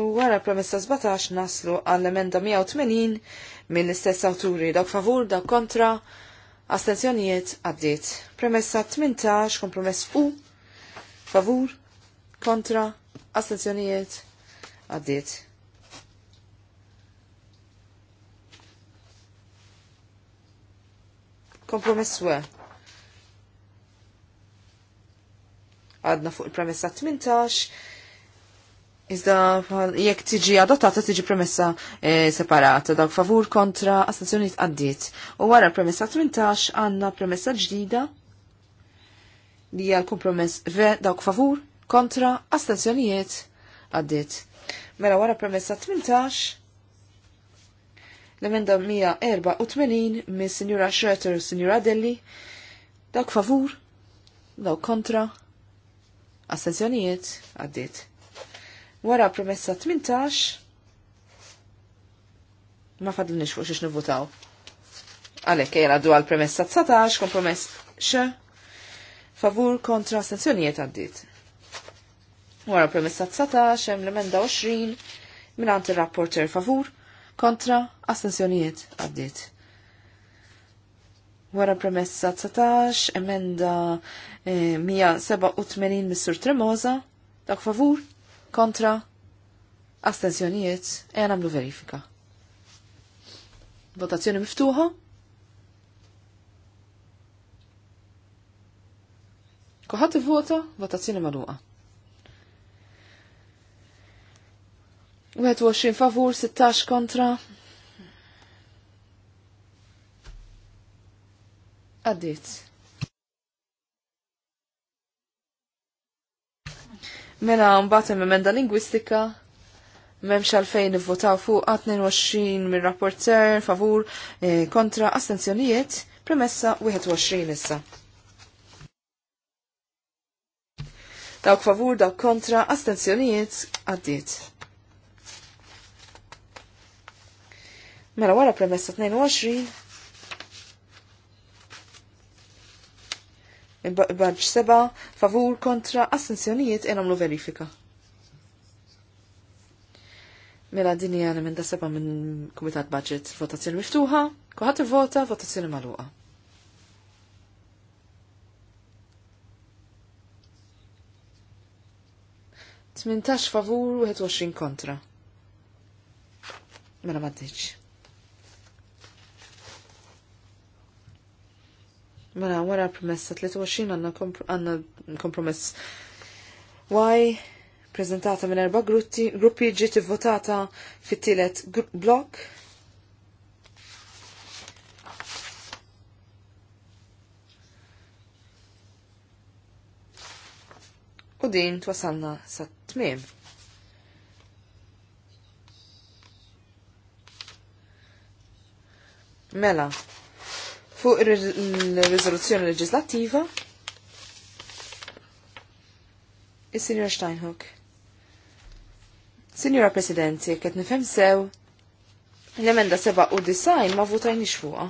U wara premessa 17 naslu għall-emenda 180 minn istess awturi dak favur dak kontra astenzjonijiet għaddiet. Premessa 18 kompromess u favur kontra astenzjonijiet għaddiet. Kompromess u Għadna fuq il-premessa 18 Iżda jekk tiġi adottata tiġi premessa eh, separata Dawk favur kontra astazzjoni tqaddiet. U wara premessa 18 għandna premessa ġdida li hija l-kompromess ve dawk favur kontra astazzjonijiet għaddiet. Mela wara premessa 18 l-emenda 184 minn Sinjura Schroeter u Sinjura Delli dawk favur, dawk kontra astazzjonijiet għaddiet. Wara premessa 18 ma fadlniex fuq xiex nivvutaw. Għalhekk jena għaddu għal premessa 19, kompromess xe, favur kontra sanzjonijiet għaddit. Wara promessa 19, hemm l-emenda 20 mingħand ir-rapporter favur kontra assenzjonijiet għaddit. Wara premessa 19, emenda eh, 187 mis-Sur Tremoza, dak favur kontra, astenzjonijiet, e għanamlu verifika. Votazzjoni miftuħa? Kuħat vota votazzjoni maluqa. 21 favur, 16 kontra. Għaddit. Mela mbagħad hemm emenda lingwistika m'hemmx għalfejn nivvotaw fuq 22 mir-rapporter favur e, kontra astenzjonijiet premessa 21 issa. Dawk favur, dawk kontra, astenzjonijiet għaddiet. Mela wara premessa 22 il-barġ seba, favur kontra assenzjonijiet e verifika. Mela din għana minn da seba minn Kumitat Budget votazzjoni miftuħa, kuħat vota votazzjoni magħluqa. Tmintax favur u 21 kontra. Mela m'għaddiċ. Mela, wara promessa 23 għanna kompromess. Waj, Prezentata minn erba gruppi ġiet votata fit-tielet blok. U din twasalna sa tmiem. Mela, fuq il-rizoluzzjoni leġislattiva. Il-Signora Steinhock. Signora Presidenti, qed nifhem sew l-emenda seba' u design ma votajniex fuqha.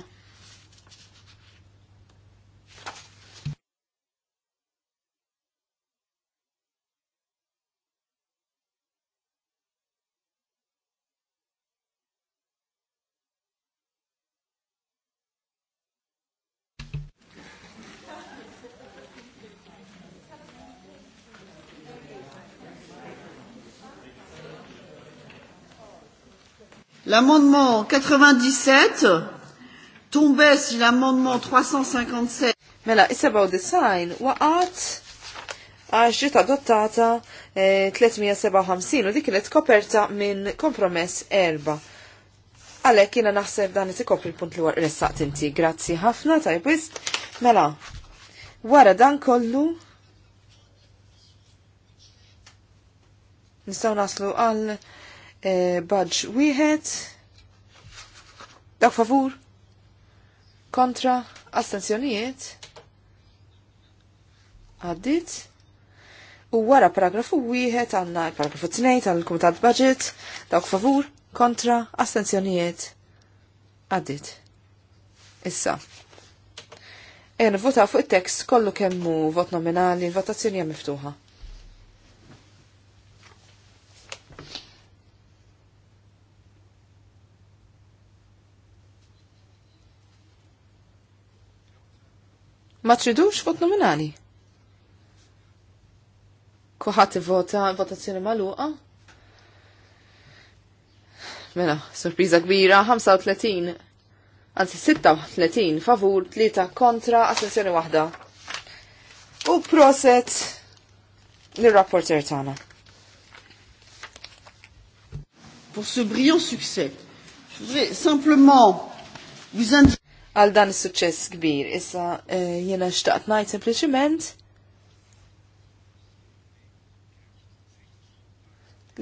L'amendement 97 tombait sur l'amendement 357. Mela, is-seba' design waqgħet għax ġiet adottata 357 eh, u dik koperta minn kompromess erba. Għalhekk jiena naħseb dan qed ikopri punt li ressaqt inti. Grazzi ħafna tajbis. Mela, wara dan kollu nistgħu naslu għal E, budge wieħed. Dak favur. Kontra. Astenzjonijiet. Għaddit. U wara paragrafu wieħed għanna paragrafu 2 tal-Kumitat Budget. Dak favur. Kontra. Astenzjonijiet. Għaddit. Issa. Ejna vota fuq it-tekst kollu kemmu vot nominali, votazzjoni għam miftuħa. Ma tridux vot nominali. Kuħat vota votazzjoni maluqa? Mela, sorpriza kbira, 35, anzi 36 favur, 3 kontra, attenzjoni wahda. U proset l-rapporter tana. Pour ce brillant succès, je voudrais simplement vous indiquer għal dan is-suċċess kbir. Issa eh, jiena xtaqt ngħid sempliċiment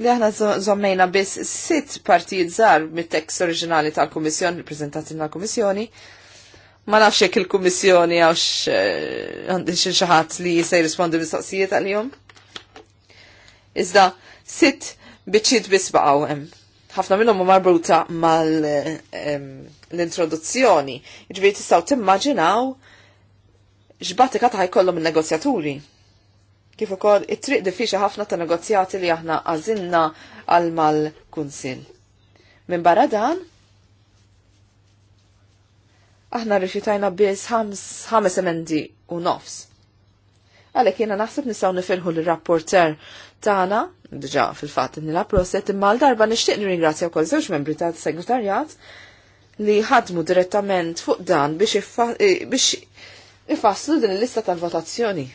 li aħna zommejna biss sitt partijiet żgħar mit-tekst oriġinali tal-Kummissjoni, ippreżentati mal-Kummissjoni. Ma nafx jekk il-Kummissjoni għax eh, għandi xi ħadd li se jirrispondi mistoqsijiet għalihom. Iżda sitt biċċiet biss baqgħu hemm ħafna minnhom marbuta mal-introduzzjoni. Ġifieri tistaw timmaġinaw x'batika ta' jkollhom in-negozjaturi. Kif ukoll it-triq diffiċli ħafna ta' negozjati li aħna għażilna għal mal-kunsil. Minn barra dan, aħna rifjutajna biss ħames emendi u nofs. Għalek jena naħseb nisaw nifirħu l-rapporter tagħna diġa fil-fat nila proset imma l-darba nishtiq nirringrazzja wkoll żewġ membri ta' segretarjat li ħadmu direttament fuq dan eh, biex ifasslu din il-lista tal-votazzjoni.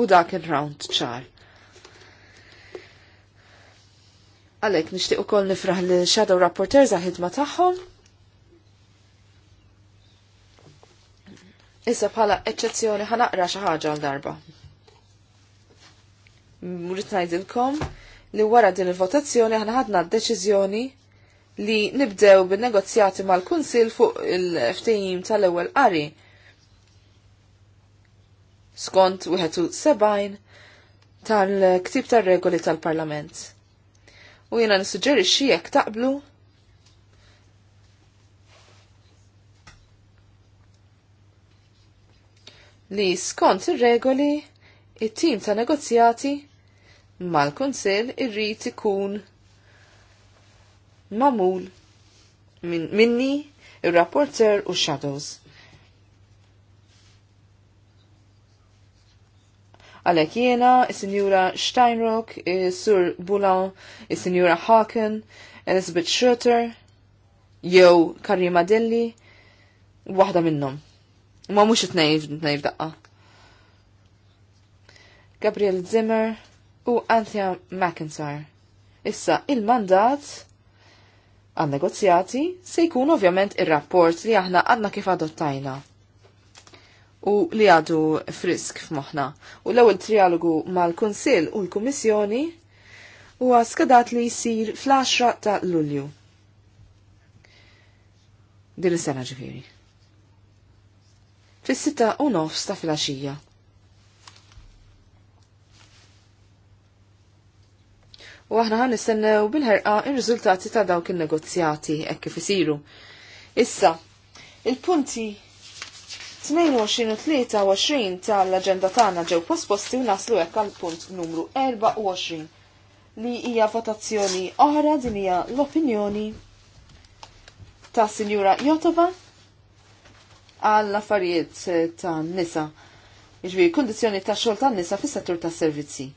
U dak il-round ċar. Għalek, nishtiq u koll nifraħ l-Shadow rapporter zaħidma taħħom Issa bħala eċċezzjoni ħanaqra xi ħaġa għal darba. Murid ngħidilkom li wara din il-votazzjoni ħadna d-deċiżjoni li nibdew bin-negozjati mal-Kunsil fuq il-ftehim tal-ewwel qari. Skont wieħed u sebgħin tal-ktib tar-regoli tal-Parlament. U jiena nissuġġerixxi jekk taqblu li skont ir-regoli it-tim ta' negozjati mal-Kunsill irrid ikun mamul min minni ir-rapporter u shadows. Għalek jena, il-Sinjura Steinrock, il-Sur Bulan, il-Sinjura Haken, Elizabeth Schroeter, jew Karim Adelli, waħda minnom ma mux it-nejf, t nejf daqqa. Gabriel Zimmer u Anthea McIntyre. Issa, il-mandat għal negozjati se jkun ovvjament il-rapport li aħna għadna kif adottajna u li għadu frisk f'moħna. U l-ewwel trialogu mal-Kunsill u l-Kummissjoni huwa għaskadat li jsir fl-10 ta' Lulju. Din is-sena ġifieri fis sitta u nofs ta' filgħaxija. U aħna ħan nistennew bil-ħerqa il riżultati ta' dawk in-negozjati hekk kif isiru. Issa, il-punti 22 u 23 tal-aġenda tagħna ġew posposti u naslu hekk għal punt numru 24 li hija votazzjoni oħra din hija l-opinjoni ta' Sinjura Jotova għall affarijiet eh, ta' nisa. Iġvi, kondizjoni ta' xol ta' nisa fis settur ta' servizzi.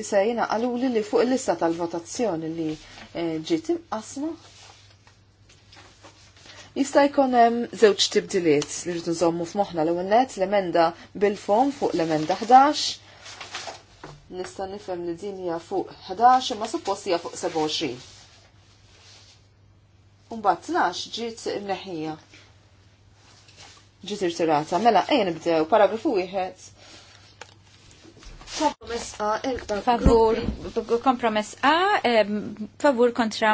Issa jina għaluli li fuq il-lista tal-votazzjoni li eh, ġiet asma. Jista' jkun hemm żewġ tibdiliet li rridu nżommu f'moħħna l net l-emenda bil-fom fuq l-emenda 11. Nista' nifhem li din hija fuq 11 imma suppost hija fuq 27. Umbat 12 ġiet imneħħija. Ġisir sirata. Mela, ejn nibdew, paragrafu wieħed. Kompromess A, Favur, kompromess A, favur kontra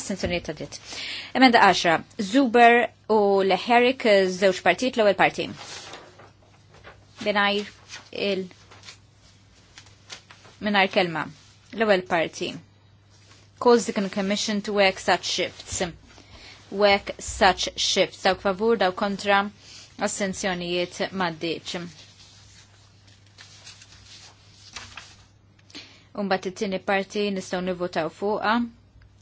assenzjoni ta' dit. Emenda 10, Zuber u Leherik, żewġ partit l-ewwel parti. Benajr il minar kelma. L-ewwel parti. Cause the commission to work such shifts. Work such shifts. Dawk favur, dawk kontra Assenzjonijiet maddiċ. Umbat it-tini parti nistaw nivvotaw fuqa.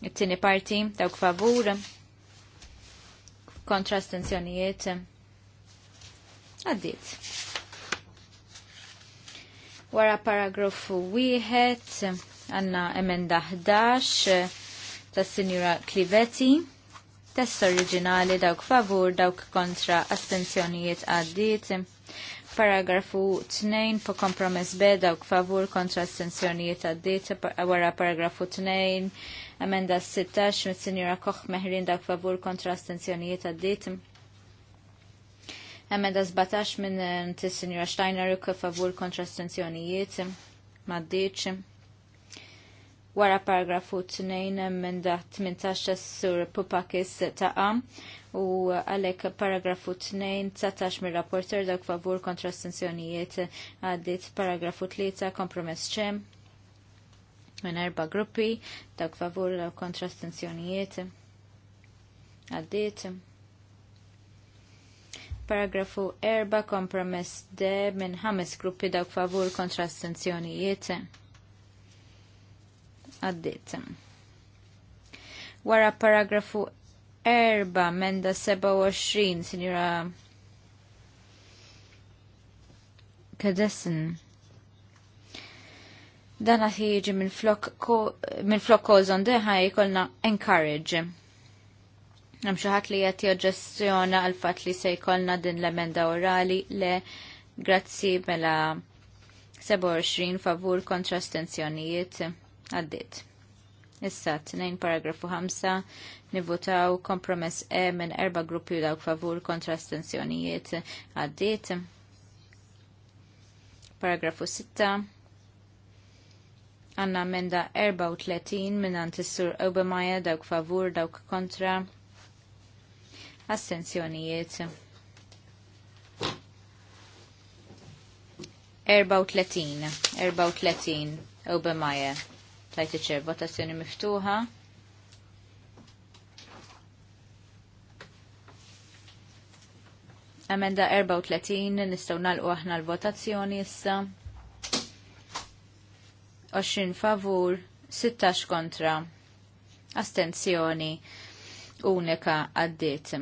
It-tini parti taw favur. Kontra assenzjonijiet. Għaddit. Wara paragrafu wieħed għanna emenda 11 tas-Sinjura Clivetti test oriġinali dawk favur, dawk kontra astenzjonijiet għaddit. Paragrafu 2 po kompromess B dawk favur kontra astenzjonijiet għaddit wara paragrafu 2 emenda 16 mit sinjura Koch meħrin dawk favur kontra astenzjonijiet għaddit. Emenda 17 minn eh, tis sinjura Steiner favur kontra astenzjonijiet maddiċ wara paragrafu minn emenda 18 sur Pupakis ta' u għalek paragrafu t 19 mir rapporter dak favur kontra stenzjonijiet għaddit paragrafu t-lita kompromess ċem minn erba gruppi dak favur kontra stenzjonijiet għaddit paragrafu erba' kompromess de minn ħames gruppi dak favur kontra għaddit. Wara paragrafu 4 menda 27 sinjura Kadessen. Dan għat jieġi minn flok kozon deħa jikolna encourage. Namxuħat li jgħati joġestjona għal-fat li se jkollna din l-emenda orali le grazzi mela 27 favur kontra stenzjonijiet għaddit. Issa, t-nejn paragrafu 5, nivutaw kompromess E minn erba gruppi u dawk favur kontra astensjonijiet għaddit. Paragrafu 6, għanna menda 34 minn antissur Obamaja dawk favur, dawk kontra astensjonijiet. 34, 34, Obamaja tajt iċer votazzjoni miftuħa. Amenda 34 nistaw nalqu aħna l-votazzjoni issa. 20 favur, 16 kontra. Astenzjoni unika għaddit.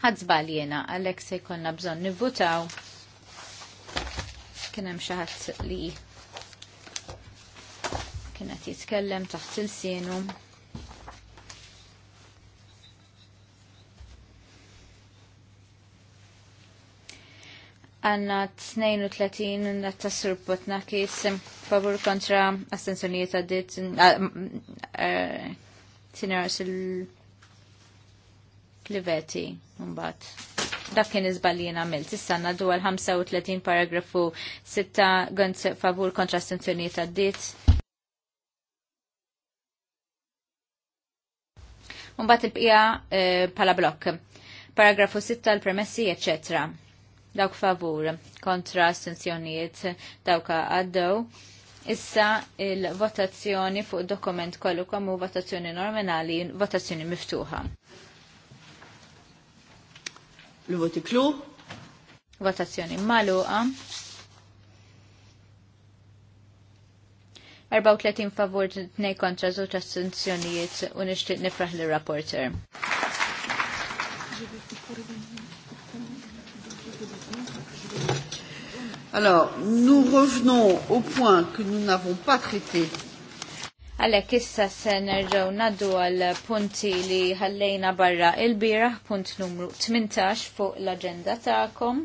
Ħadżbal jena, għalek se konna bżon nivvutaw. Kienem xaħat li kienet jitkellem taħt il-sienu. Għanna 32 natta surbot kis favur kontra astensjonijiet għaddit tiners il-liveti mbat. Dak kien iżbaljien għamil. Tistanna dwar 35 paragrafu 6 favur kontra astensjonijiet għaddit mbagħad il-bqija eh, bħala blok. Paragrafu 6 l-premessi, eċċetera. Dawk favur, kontra astenzjonijiet, dawk għaddew. Issa il-votazzjoni fuq dokument kollu kamu votazzjoni nominali, votazzjoni miftuħa. L-voti klu? Votazzjoni maluqa. 34 favur 2 kontra żewġ astenzjonijiet u nixtieq nifraħ li rapporter Alors, nous revenons au point que nous n'avons pas traité. Għalek issa se nerġaw naddu għal punti li ħallejna barra il bira punt numru 18 fuq l-agenda ta'kom.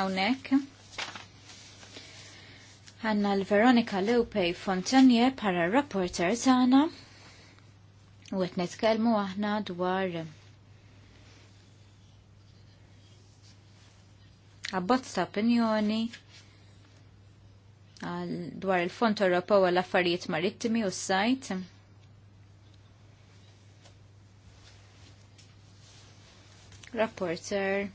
hawnhekk. Għanna l-Veronika Lupej Fontanje para rapporter tagħna u qed nitkellmu aħna dwar abbozz ta' opinjoni dwar il-Fond Ewropew għall affarijiet marittimi u s-sajt. Rapporter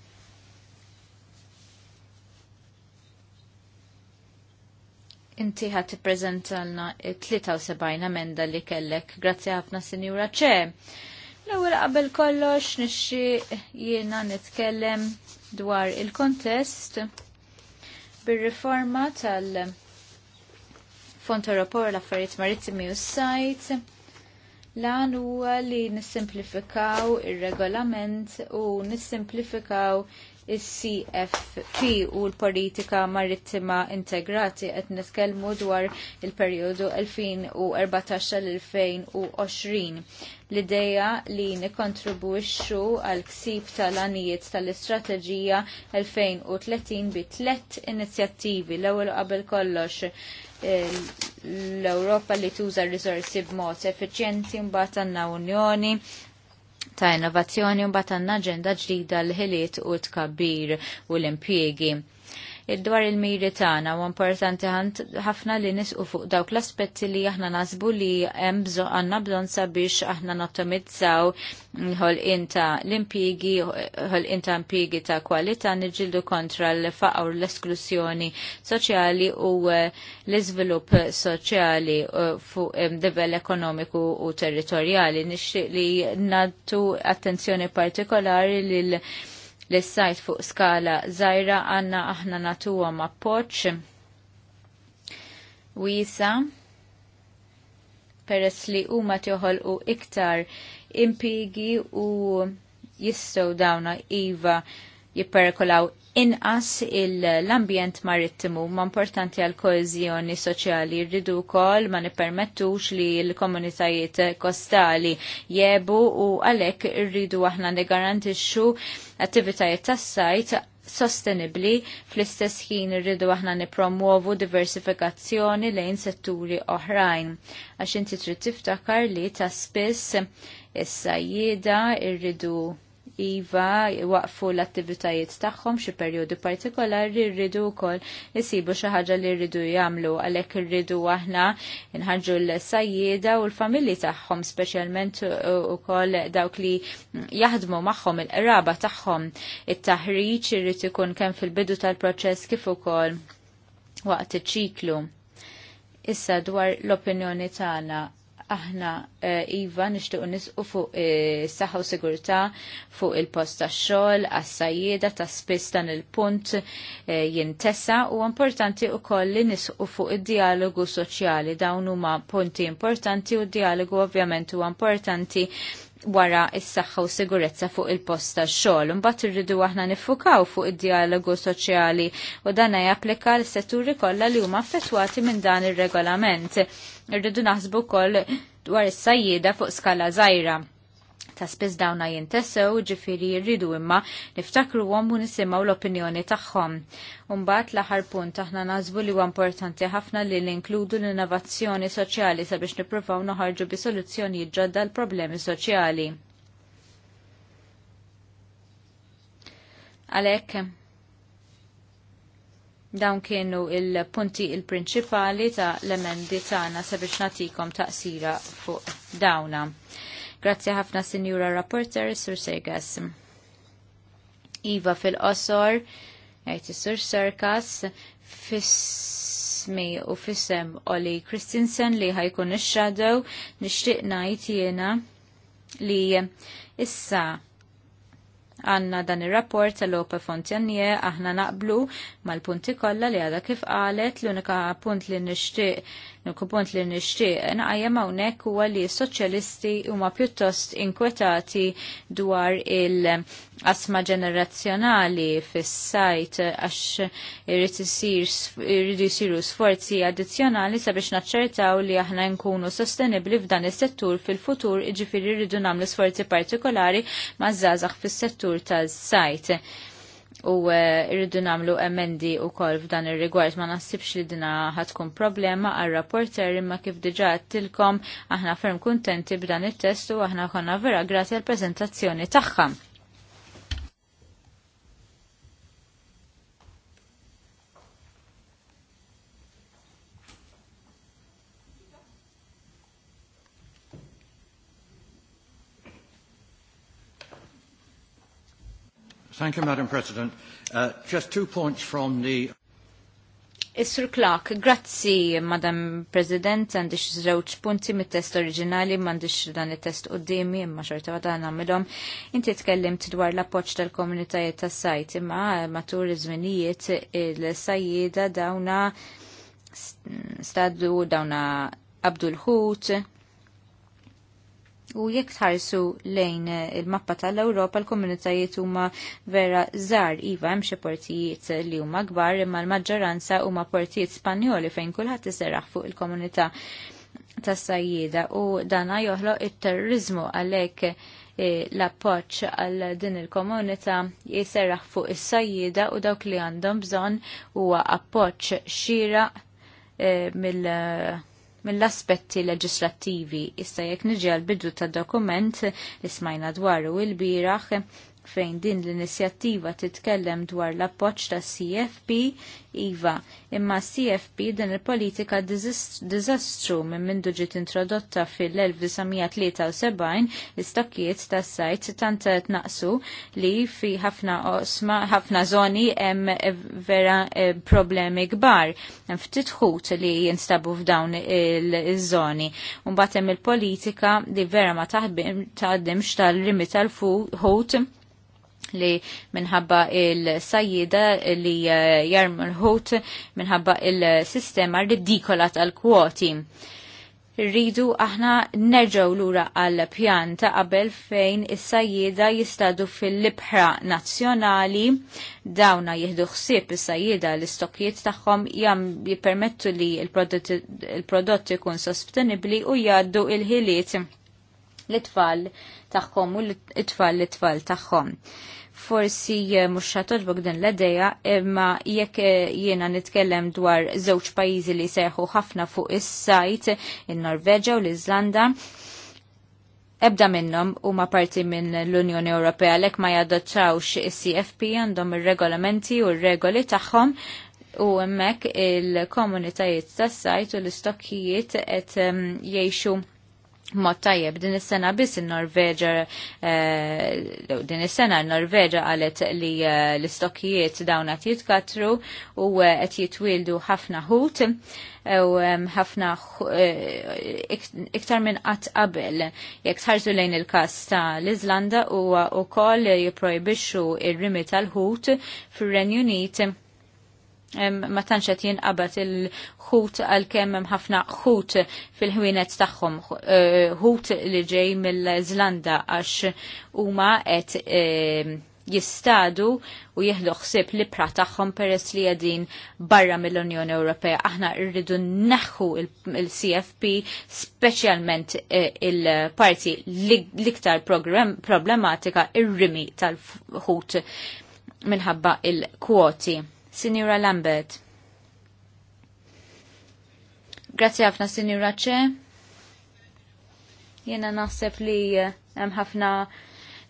Inti ħat tippreżentalna 73 amenda li kellek. Grazzi ħafna Sinjura ċe. L-ewwel qabel kollox nixxi jiena nitkellem dwar il-kontest bir-riforma tal- Fond Europor l-affarijiet marittimi u s-sajt. Lan huwa li nissimplifikaw ir-regolament u nissimplifikaw il-CFP u l-politika marittima integrati qed nitkellmu dwar il-perjodu 2014-2020. L-ideja li nikontribwixxu għal ksib tal-anijiet tal-istrateġija 2030 bi tliet inizjattivi l-ewwel qabel kollox eh, l-Ewropa li tuża r riżorsi b'mod effiċjenti mbagħad għandna Unjoni ta' innovazzjoni u bat għanna ġenda ġdida l-ħiliet u tkabbir u l-impiegi dwar il-miri tagħna u importanti ħafna li nisqu fuq dawk l-aspetti li aħna nasbu li hemm għandna bżonn sabiex aħna nottomizzaw ħolqien ta' l impigi ħolqien ta' impigi ta' kwalità niġildu kontra l-faqgħu l-esklusjoni soċjali u eh, l-iżvilupp soċjali eh, fuq eh, livell ekonomiku u territorjali. nixxi li nattu attenzjoni partikolari lil l sajt fuq skala zaħira għanna aħna natuwa ma poċ wisa peress li huma u iktar impigi u jistow dawna iva jipperkolaw inqas l-ambjent marittimu ma importanti għal koezjoni soċjali rridu wkoll ma nippermettux li l-komunitajiet kostali jebu u għalhekk irridu aħna nigarantixxu attivitajiet tas-sajt sostenibli fl-istess ħin irridu aħna nipromuovu diversifikazzjoni lejn setturi oħrajn. Għax inti trid tiftakar li ta' spiss is-sajjieda rridu iva waqfu l-attivitajiet tagħhom xi perjodi partikolari rridu wkoll isibu xi ħaġa li rridu jagħmlu għalhekk irridu aħna nħarġu l-sajjieda u l-familji tagħhom speċjalment ukoll dawk li jaħdmu magħhom il-qraba tagħhom. It-taħriġ irrid ikun kemm fil-bidu tal-proċess kif ukoll waqt iċ-ċiklu. Issa dwar l-opinjoni tagħna aħna eh, Iva nixtiequ nisqu fuq eh, saħħa u sigurtà fuq il-post tax-xogħol, għas-sajjieda ta' spiss dan il-punt eh, jintesa u importanti wkoll li nisqu fuq id-dialogu soċjali dawn huma punti importanti u d-dialogu ovvjament huwa importanti wara s-saħħa u sigurezza fuq il-post tax-xogħol. Imbagħad irridu aħna niffukaw fuq id-dialogu soċjali u dan japplika l-setturi kollha li huma affettwati minn dan ir-regolament. Irridu naħsbu wkoll dwar is sajjida fuq skala żgħira ta' spiss dawna jintessew ġifiri jirridu imma niftakru għom u nisimaw l-opinjoni tagħhom. Umbat l punt aħna nażbu li huwa importanti ħafna li l-inkludu l-innovazzjoni soċjali sabiex nippruvaw noħarġu bi soluzzjoni ġodda l-problemi soċjali. Għalek, dawn kienu il-punti il-prinċipali ta' l-emendi tagħna sabiex natikom taqsira fuq dawna. Grazzi ħafna Sinjura Rapporter, Sur Sergas. Iva fil-qosor, għajti Sur Sergas, fismi u fissem Oli Kristinsen li ħajkun ix-shadow, nixtieq ngħid jiena li issa għanna dan il-rapport tal-Ope Fontjanie aħna naqblu mal-punti kollha li għada kif qalet l-unika punt li nixtieq Nukupont li nishtiq naqajem hawnhekk huwa li s-soċjalisti huma pjuttost inkwetati dwar il-qasma ġenerazzjonali fis-sajt għax irridu iridu jsiru sforzi addizzjonali sabiex naċċertaw li aħna nkunu sostenibbli f'dan is-settur fil-futur iġifieri rridu nagħmlu sforzi partikolari maż-żgħażagħ fis-settur taż-sajt u eh, rridu namlu emendi u kol f'dan ir-rigward ma nasibx li dina ħatkun problema għal rapporter imma kif diġa għattilkom aħna ferm kuntenti b'dan it-test u aħna konna vera grazi għal prezentazzjoni tagħha. Thank you, Madam President. Uh, just two points from the Isr sur Clark, grazzi Madam President, għandix żewġ punti mit-test oriġinali, m'għandix dan it-test qudiemi, imma xorta għadha nagħmilhom. Inti tkellimt dwar l-appoġġ tal-komunitajiet tas-sajt, imma matur iż-żminijiet il-sajjieda dawna stadu dawna Abdul l-ħut, U jekk tħarsu lejn eh, il-mappa tal-Ewropa l-komunitajiet huma vera żgħar iva hemm xi portijiet li huma kbar imma l-maġġoranza huma portijiet Spanjoli fejn kulħadd iserraħ fuq il-komunità tas-sajjieda u dana joħloq it-terrorizmu għalhekk eh, l-appoċ għal din il-komunità jiserraħ fuq is-sajjieda u dawk li għandhom bżonn huwa appoċ xira eh, mill- mill-aspetti leġislattivi. Issa jekk niġi għal bidu ta' dokument li smajna dwaru il-biraħ, fejn din l-inizjattiva titkellem dwar l-appoċ ta' CFP IVA, imma CFP din il-politika dizastru minn mindu ġiet introdotta fil-1973 istakkiet ta' sajt tant naqsu li fi ħafna osma, ħafna zoni hemm vera eh, problemi kbar, hemm ftitħut li jinstabu f'dawn il-żoni. Mbagħad hemm il-politika li vera ma taħdimx tal rimi tal-fuħut li minħabba il-sajjida li eh, jarm l-ħut minħabba il-sistema ridikola tal-kwoti. Rridu aħna nerġaw lura għal pjan ta' qabel fejn is-sajjida jistadu fil-libħra nazzjonali dawna jihdu ħsieb is-sajjida l istokjiet tagħhom jam jippermettu li il-prodotti kun sostenibli u jgħaddu il-ħiliet l-tfal tagħhom u l-tfal l-tfal tagħhom. Forsi eh, mhux ħatoġbok din l-idea, imma jekk eh, jiena nitkellem dwar żewġ pajjiżi li seħħu ħafna fuq is-sajt, in-Norveġa u l-Iżlanda, Ebda minnom u ma parti minn l-Unjoni Ewropea lek ma jadottawx is-CFP għandhom ir-regolamenti u r-regoli tagħhom u hemmhekk il-komunitajiet tas-sajt u l-istokkijiet qed ehm, jgħixu mod tajjeb din is-sena biss in-Norveġa eh, din is-sena n-Norveġa qalet li eh, l-istokkijiet dawn qed jitkatru u eh, qed jitwildu ħafna ħut u ħafna iktar minn qatt qabel jekk tħarsu lejn il-każ ta' l-Iżlanda huwa wkoll jipprojbixxu ir-rimi tal-ħut fir-Renju Unit ma tantx qed jinqabad il-ħut għalkemm hemm ħafna ħut fil-ħwienet tagħhom, e, ħut li ġej mill-Żlanda għax huma qed e, jistadu u jieħdu ħsieb li pra tagħhom peress li qegħdin barra mill-Unjoni Ewropea. Aħna rridu neħħu il-CFP speċjalment e, il-parti l-iktar problematika ir-rimi tal-ħut minħabba il-kwoti. Sinjura Lambert. Grazie għafna, Sinjura Ċe. Jena naħseb li eh, hemm ħafna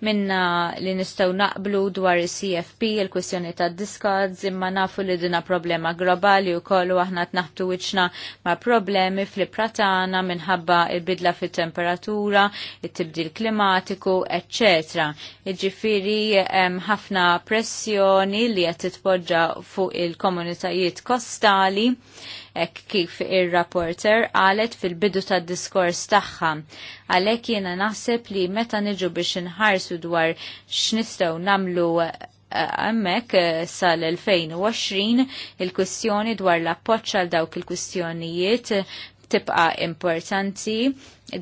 minna li nistaw naqblu dwar il-CFP, il-kwestjoni ta' discards, imma nafu li dina problema globali u kollu aħna tnaħtu wiċna ma' problemi fl-pratana minħabba il-bidla fit temperatura il-tibdil klimatiku, etc. Iġifiri ħafna pressjoni li għed titpoġġa fuq il-komunitajiet kostali ek kif ir-rapporter għalet fil-bidu tad diskors tagħha. Għalhekk jiena naħseb li meta niġu biex inħarsu dwar x'nistgħu namlu eh, hemmhekk eh, sal-2020 il-kwistjoni dwar l-appoġġ għal dawk il-kwistjonijiet tibqa importanti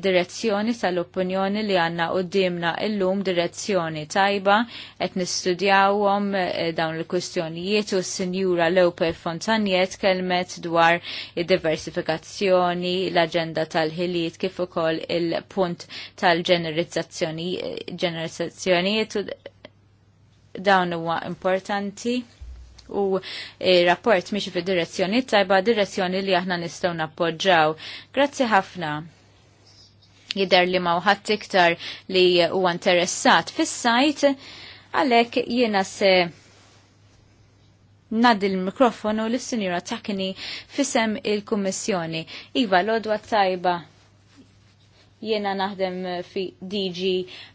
direzzjoni tal-opinjoni li għanna u dimna illum direzzjoni tajba et nistudjawom eh, dawn il-kustjonijiet u s-senjura Lope Fontaniet kelmet dwar diversifikazzjoni l-agenda tal-ħiliet kif ukoll il-punt tal-ġenerizzazzjoni eh, u dawn huwa importanti u rapport miex fi direzzjoni tajba direzzjoni li aħna nistgħu nappoġġaw. Grazzi ħafna. Jider li mawħat iktar li huwa interessat fis-sajt għalhekk jiena se nad il-mikrofonu l-sinjura takni fisem il-Kummissjoni. Iva, l-odwa tajba jiena naħdem fi DG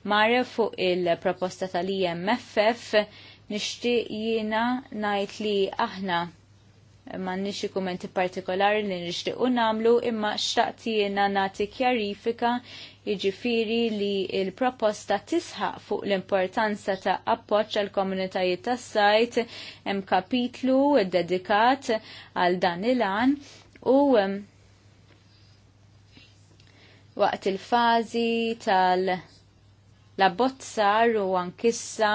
Mare fuq il-proposta tal-IMFF Nixtieq jiena ngħid li aħna m'għandniex nixi kumenti partikolari li nixtiequ nagħmlu imma xtaqt jina nagħti kjarifika jiġifieri li l-proposta tisħaq fuq l-importanza ta' appoġġ għal komunitajiet tas-sajt hemm kapitlu dedikat għal dan il-għan u waqt il-fażi tal- la bozzar u ankissa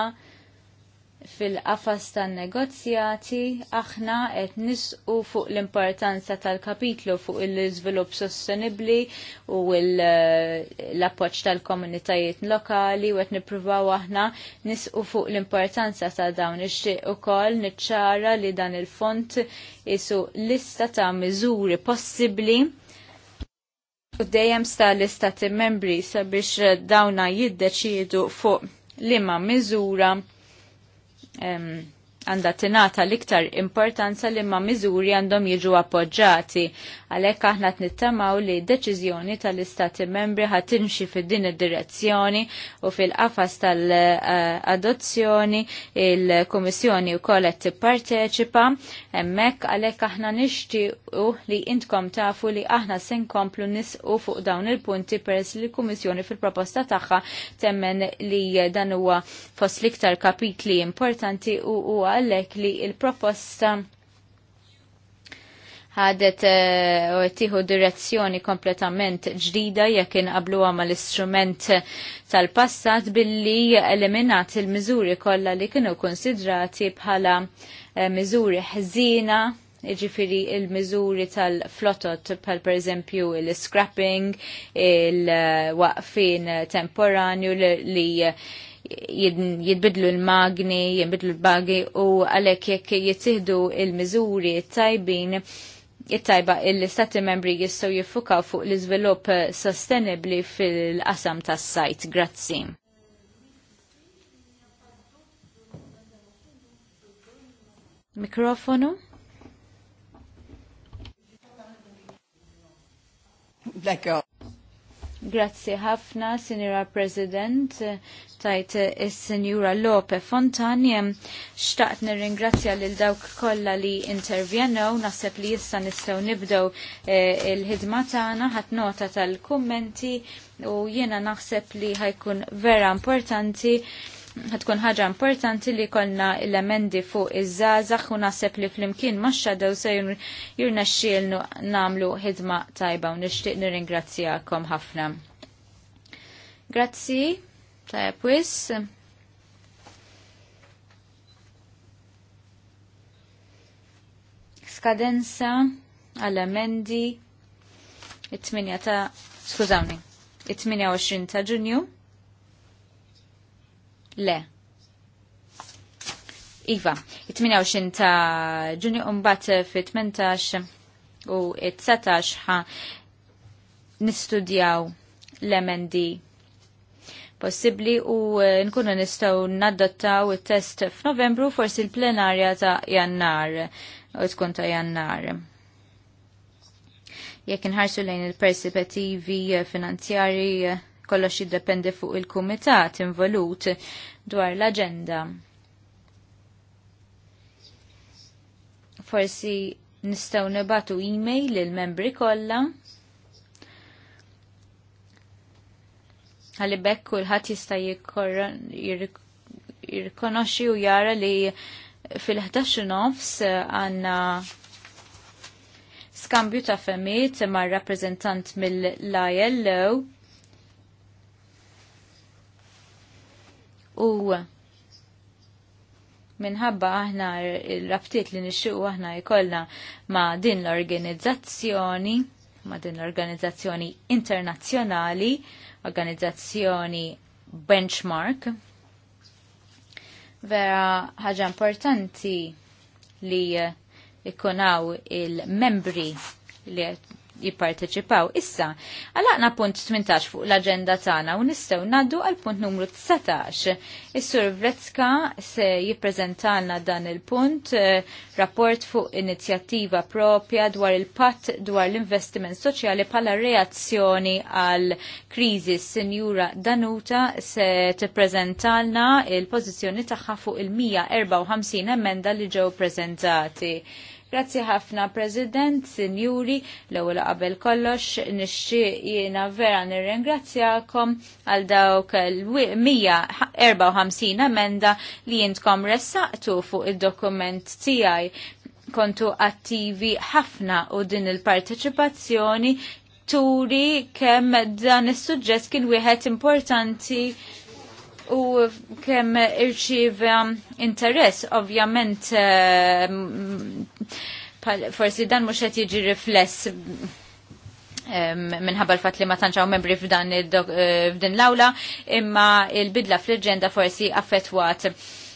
fil-qafas tan-negozjati aħna qed nisqu fuq l-importanza tal-kapitlu fuq l-iżvilupp sostenibbli u eh, l-appoġġ tal-komunitajiet lokali u qed nippruvaw aħna nisqu fuq l-importanza ta' dawn ix-xieq ukoll niċċara li dan il-font isu lista ta' miżuri possibbli u dejjem sta l-istati membri sabiex dawna jiddeċiedu fuq liema miżura għanda tinata l-iktar importanza li ma miżuri għandhom jiġu appoġġati. Għalhekk aħna nittamaw li deċiżjoni tal-Istati membri ħad timxi fid-din id-direzzjoni u fil-qafas tal-adozzjoni eh, il-Kummissjoni wkoll qed tipparteċipa Hemmhekk għalhekk aħna nixtiequ li intkom tafu li aħna se nkomplu nisqu fuq dawn il-punti peress li l-Kummissjoni fil-proposta tagħha temmen li dan huwa fost l-iktar kapitli importanti u għalek li l proposta ħadet eh, u tiħu direzzjoni kompletament ġdida jekk inqabluha mal-istrument tal-passat billi eliminat il-miżuri kollha li kienu konsidrati bħala eh, miżuri ħżina ġifiri il-mizuri tal-flotot pal per eżempju il-scrapping, il-waqfin temporanju li jidbidlu l-magni, jidbidlu l-bagi u għalek jekk jittihdu il-mizuri tajbin it-tajba il-Stati membri jistgħu jiffukaw fuq l-iżvilupp eh, sostenibli fil-qasam tas-sajt. Grazzi. Mikrofonu. Grazzi ħafna, Sinjora President tajt il-Senjura Lope Fontani, xtaqt nir-ringrazzja lil dawk kolla li intervjenow, nasib li jissa nistaw nibdow eh, il-ħidma tagħna ħat nota tal-kummenti u jiena naħseb li ħajkun vera importanti ħatkun ħaġa importanti li konna l-emendi fuq iż-żazax u naħseb li flimkien ma' xadew se jirna xielnu namlu ħidma tajba u nixtieq nirringrazzjakom ħafna. Grazzi. Tajab wis. Skadenza għall-emendi it-8 ta' skużawni, it-28 ta' ġunju. Le. Iva, it-28 ta' ġunju umbat fit-18 u it-19 ħa nistudjaw l-emendi possibbli u eh, nkunu nistgħu naddottaw it-test f'Novembru forsi l-plenarja ta' Jannar u tkun ta' Jannar. Jekk inħarsu lejn il-perspettivi eh, finanzjarji eh, kollox jiddependi fuq il-kumitat involut dwar l-agenda. Forsi nistaw nibatu e-mail il-membri kollha Għalli bekk kulħadd jista' jirrikonoxxi u jara li fil-11 nofs għandna skambju ta' femiet ma' rappresentant mill-ILO u minħabba aħna il-rabtiet li nixxuq aħna jkollna ma' din l-organizzazzjoni, ma' din l-organizzazzjoni internazzjonali organizzazzjoni benchmark. Vera ħaġa importanti li ikunaw il-membri li jipparteċipaw. Issa, għalaqna punt 18 fuq l-agenda tagħna u nistgħu naddu għal punt numru 19. Is-Sur Vretzka se jippreżentalna dan il-punt eh, rapport fuq inizjattiva propja dwar il-patt dwar l-investiment soċjali bħala reazzjoni għal kriżi. Sinjura Danuta se tippreżentalna il-pożizzjoni tagħha fuq il-154 emenda li ġew preżentati. Grazzi ħafna President, Sinjuri, l-ewwel qabel kollox nixtieq jiena vera nirringrazzjakom għal dawk l-154 emenda li jintkom ressaqtu fuq id-dokument tiegħi kontu attivi ħafna u din il-parteċipazzjoni turi kemm dan is-suġġett kien wieħed importanti u kemm irċiv interess, ovvjament eh, forsi dan mhux qed jiġi rifless eh, minħabba l-fat li ma tanċaw membri f'dan eh, f'din l-awla, imma il-bidla fl-ġenda forsi affettwat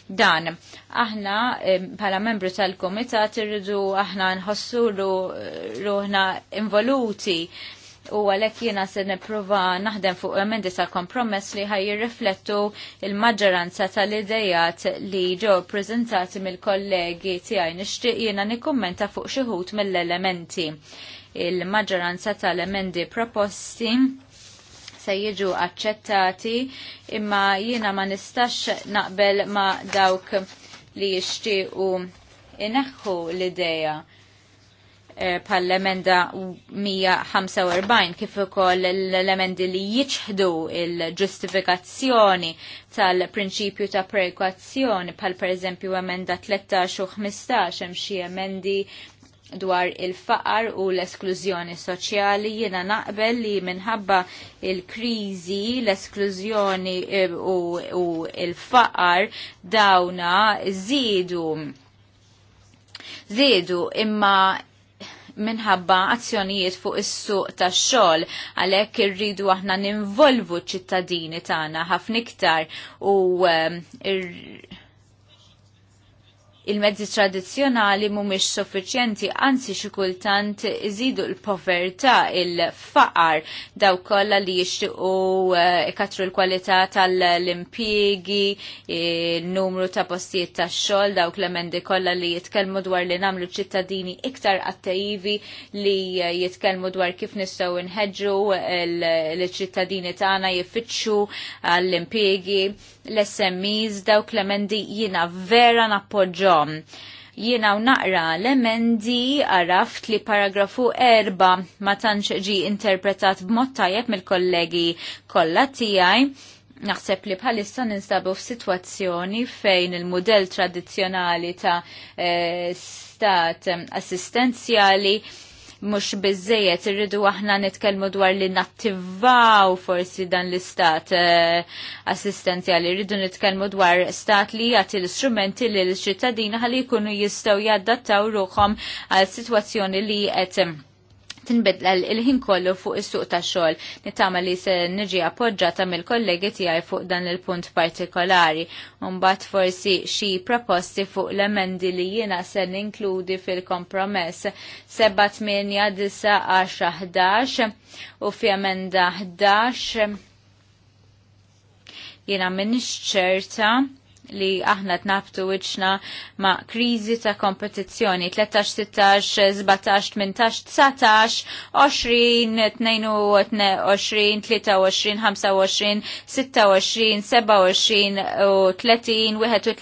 dan. Aħna bħala membru tal-komitat irridu aħna nħossu ruħna involuti u għalek jena se neprova naħdem fuq emendi sa' kompromess li ħaj jirriflettu il-maġġoranza tal-idejat li ġo prezentati mill-kollegi tiegħi nixtieq jena nikkummenta fuq xi mill-elementi. Il-maġġoranza tal-emendi proposti se jiġu aċċettati imma jiena ma nistax naqbel ma dawk li jixtiequ ineħħu l-ideja Eh, pal-emenda 145 kif ukoll l emendi li jiċħdu il-ġustifikazzjoni tal-prinċipju ta' prekwazzjoni pal per eżempju emenda 13 u 15 hemm xi emendi dwar il-faqar u l-esklużjoni soċjali jiena naqbel li minħabba il-kriżi, l-esklużjoni eh, u, u il-faqar dawna żidu zidu imma minħabba azzjonijiet fuq is-suq tax-xogħol għalhekk irridu aħna ninvolvu ċ-ċittadini tagħna ħafna iktar u ehm, ir il-mezzi tradizjonali mhumiex suffiċjenti, anzi xi kultant iżidu l-povertà, il-faqar daw kollha li jixtiequ eh, ikatru l-kwalità tal-impjiegi, numru ta' postijiet tax-xogħol, daw klemendi kolla kollha li jitkellmu dwar li nagħmlu ċittadini iktar attajivi li eh, jitkellmu dwar kif nistgħu nħeġġu l-ċittadini tagħna jiffittxu għall-impjiegi, l-SMEs, dawk l jina jiena vera nappoġġaw bżom. Jiena u naqra l-emendi għaraft li paragrafu erba ma tantx ġi interpretat b'mod tajjeb mill-kollegi kollha tiegħi naħseb li bħalissa ninstabu f'sitwazzjoni fejn il-modell tradizzjonali ta' eh, stat assistenzjali mhux bizzejet irridu aħna nitkellmu dwar li nattivaw forsi dan l-istat eh, assistenzjali, irridu nitkellmu dwar stat li jagħti l-istrumenti li l-ċittadina ħalli jkunu jistgħu jaddattaw ruħom għal sitwazzjoni li qed tinbidla il-ħin kollu fuq is-suq tax-xogħol. Nittama li se niġi appoġġata mill-kollegi tiegħi fuq dan il-punt partikolari. Mbagħad forsi xi proposti fuq l-emendi li jiena se ninkludi fil-kompromess 7 8 10 11 u fi emenda 11 jiena minix ċerta li aħna tnaftu wiċna ma' krizi ta' kompetizzjoni 13, 16, 17, 18, 20, 22, 23, 25, 26, 27 30, 31,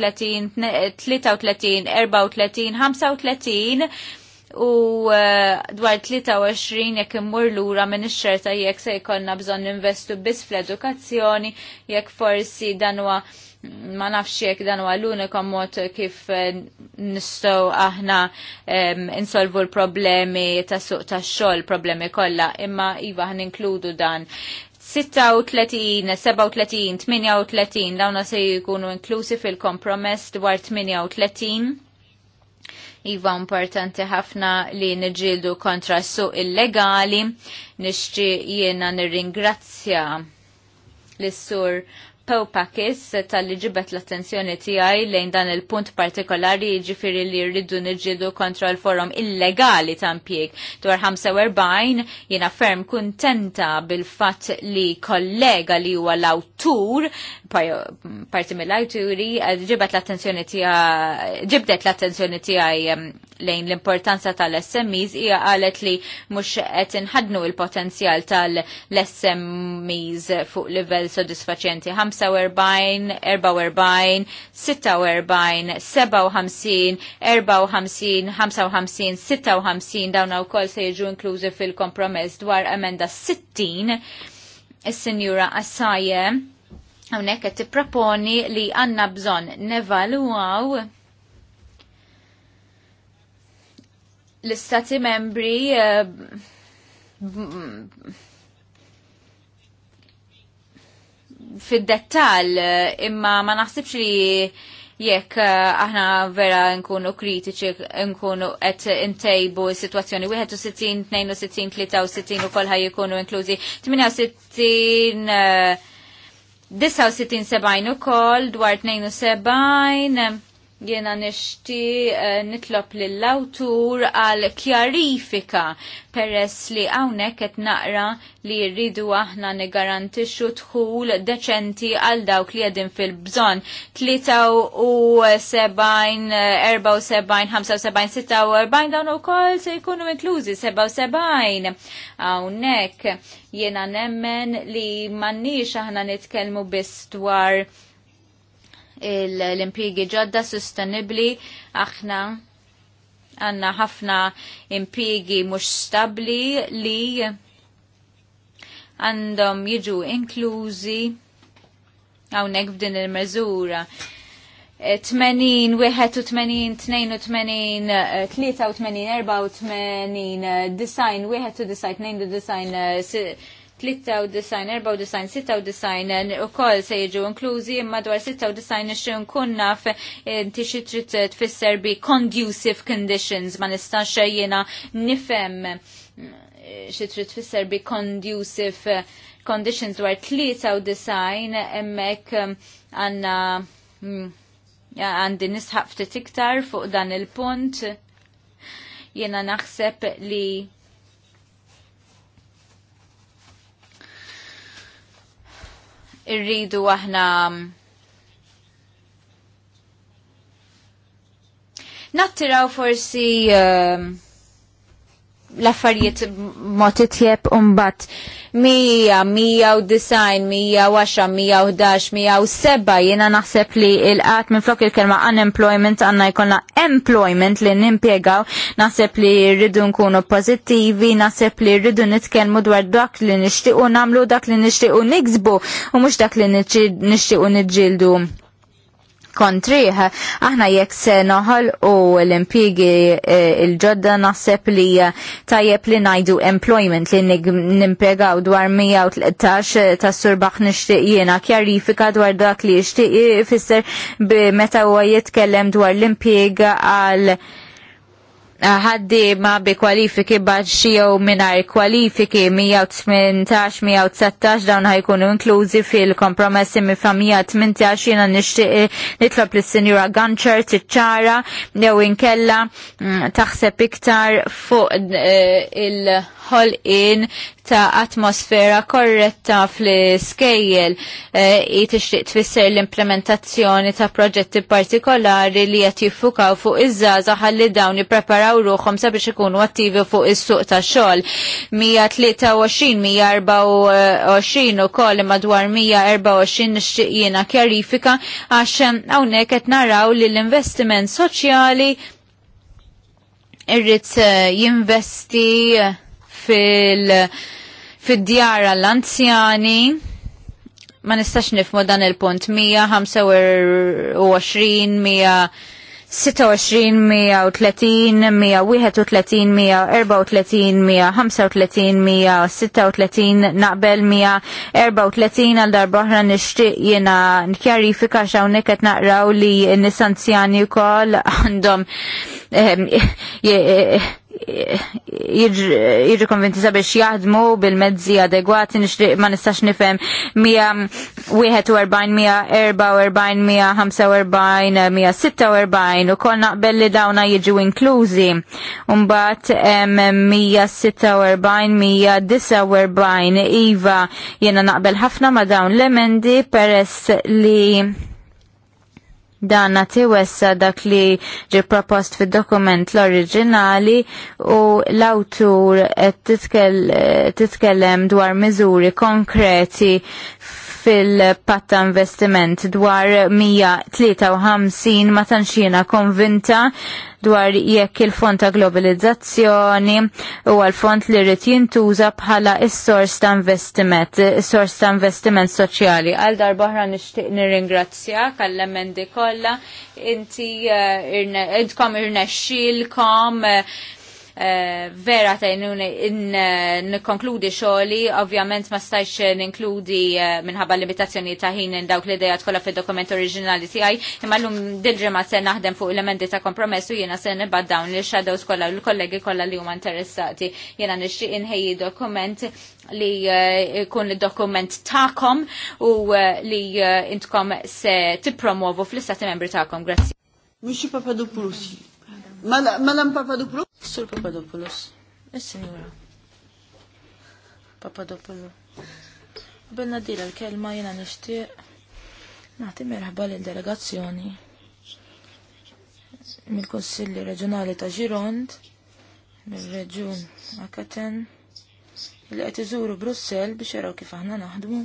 33, 34, 35 u dwar 23 jekk immur lura minn ix-xerta jekk se jkollna bżonn investu biss fl-edukazzjoni jekk forsi dan ma nafx jekk dan huwa l-unika mod kif eh, nistgħu aħna insolvu l-problemi ta' suq tax-xogħol, problemi kollha, imma iva ħan inkludu dan. 36, 37, 38 dawna se jkunu inklusi fil-kompromess dwar 38. Iva importanti ħafna li nġildu kontra suq illegali, nixċi jiena nirringrazzja l-sur Pew Pakis tal-li ġibet l-attenzjoni tiegħi lejn dan il-punt partikolari jiġifieri li rridu nġidu kontra l-forum illegali ta' impjieg. Dwar 45 jiena ferm kuntenta bil-fatt li kollega li huwa l-awtur parti mill-awturi ġibet l-attenzjoni tija, ġibdet l-attenzjoni tiegħi lejn l-importanza tal-SMEs hija qalet li mhux qed inħadnu l-potenzjal tal-SMEs fuq livell sodisfaċenti 45, 44, 46, 57, 54, 55, 56 dawn kol se jiġu inklużi fil-kompromess dwar emenda 60 is senjura Asajem. Hawnhekk qed tipproponi li għandna bżonn nevaluaw l-istati membri eh, fid-dettal imma ma naħsibx li jekk eh, aħna vera nkunu kritiċi, nkunu qed intejbu s-sitwazzjoni 61, 62, 63 u kolħaj jkunu inklużi 68 69 ukoll dwar 72 Jiena nishti eh, nitlop lill-awtur għal kjarifika peress li għawnek et naqra li rridu aħna negarantixu tħul deċenti għal dawk li għedin fil-bżon. 73, 74, 75, 46 dawn u kol se jkunu inklużi 77. Għawnek jiena nemmen li mannix aħna nitkelmu bistwar dwar l-impjegi ġodda sustenibli aħna għanna ħafna impjegi mux stabli li għandhom jiġu inklużi għawnek b'din il mezzura 80, 81, 82, 83, 84, design, 1 to design, 2 design, e, 93, design, 96 u koll se jiġu inklużi imma dwar 96 nixtri nkun naf eh, inti xi trid tfisser bi conducive conditions ma nistax jiena nifhem eh, xi trid tfisser bi conducive eh, conditions dwar design hemmhekk għandna hmm, għandi nisħab ftit iktar fuq dan il-punt. Jena naħseb li irridu aħna nattiraw forsi uh, l-affarijiet mod itjeb umbat 100, 190, 110, 111, seba' jiena naħseb li il-qat minn flok il-kelma unemployment għanna jkollna employment li nimpiegaw, naħseb li rridu nkunu pozittivi, naħseb li rridu nitkellmu dwar dak li nixtiequ namlu, dak li nixtiequ niksbu u mhux dak li nixtiequ niġġieldu kontriħ. Aħna jekk se noħol u l-impigi eh, il-ġodda naħseb li eh, tajjeb li najdu employment li nimpegaw dwar 113 eh, ta' surbaħ nishtiq jena kjarifika dwar dak li jishtiq fisser bi meta huwa jitkellem dwar l-impiega għal ħaddiema bi kwalifiki baxxi jew mingħajr kwalifiki 118-119 dawn ħajkunu inklużi fil-kompromessi mi famija 18 jiena nixtieq eh, nitlob lis-Sinjura t tiċċara jew inkella mm, taħseb iktar fuq eh, il-ħolqien ta' atmosfera korretta fl-skejjel eh, i tixtieq tfisser l-implementazzjoni ta' proġetti partikolari li qed jiffukaw fuq iż-żgħażagħ ħalli dawn jippreparaw ruhom sabiex ikunu attivi fuq is-suq tax-xogħol. 123 124 ukoll madwar 124 nixtieq jiena kjarifika għax eh, hawnhekk qed naraw li l-investiment soċjali irrit eh, jinvesti fil- fid-djara l-anzjani ma nistax nifmu dan il-punt 125, 126, 131, 134, 135, naqbel 134 għal darba oħra nixtieq jiena nkjarifika x'hawnhekk qed naqraw li n-nisanzjani wkoll għandhom ehm, jirġi konvinti sabiex jaħdmu bil-mezzi adegwati ma nistax nifem 141-145-146 u kol naqbel li dawna jiġu inklużi unbat 146-149 Iva jena naqbel ħafna ma dawn l-emendi peress li dana tiwessa dak li ġi propost fid dokument l-oriġinali u l-awtur titkellem dwar miżuri konkreti fil-patta investiment dwar 153 ma tanxina konvinta dwar jekk il-fond ta' globalizzazzjoni u għal-fond li rrit jintuża bħala is-sors ta' investiment, is-sors ta' investiment soċjali. Għal darbaħra nixtieq nirringrazzjak għall-emendi kollha, inti eh, irnexxilkom uh, eh, Eh, vera ta' eh, n-konkludi xoli, ovvjament ma stajx ninkludi eh, minħabba limitazzjoni ta' ħin dawk li dejat kolla fil dokument oriġinali tijaj, imma l-lum dil-ġemma se naħdem fuq elementi ta' kompromessu jena se nibad dawn li shadows kolla u l-kollegi kolla li huma interessati. Jena nixtieq inħejji dokument li kun dokument ta'kom u li intkom se tippromovu fl-istati membri ta'kom. Grazzi. Mixi Papadopoulos. Madam Papadopoulos? Sur Papadopoulos. Is-signora. Eh, Papadopoulos. Benna dira l-kelma jena nishtiq. Nati merħba l-delegazzjoni mill-Konsilli Reġjonali ta' Girond, mill-Reġjun Akaten, li qed iżuru Brussell biex jaraw kif aħna naħdmu.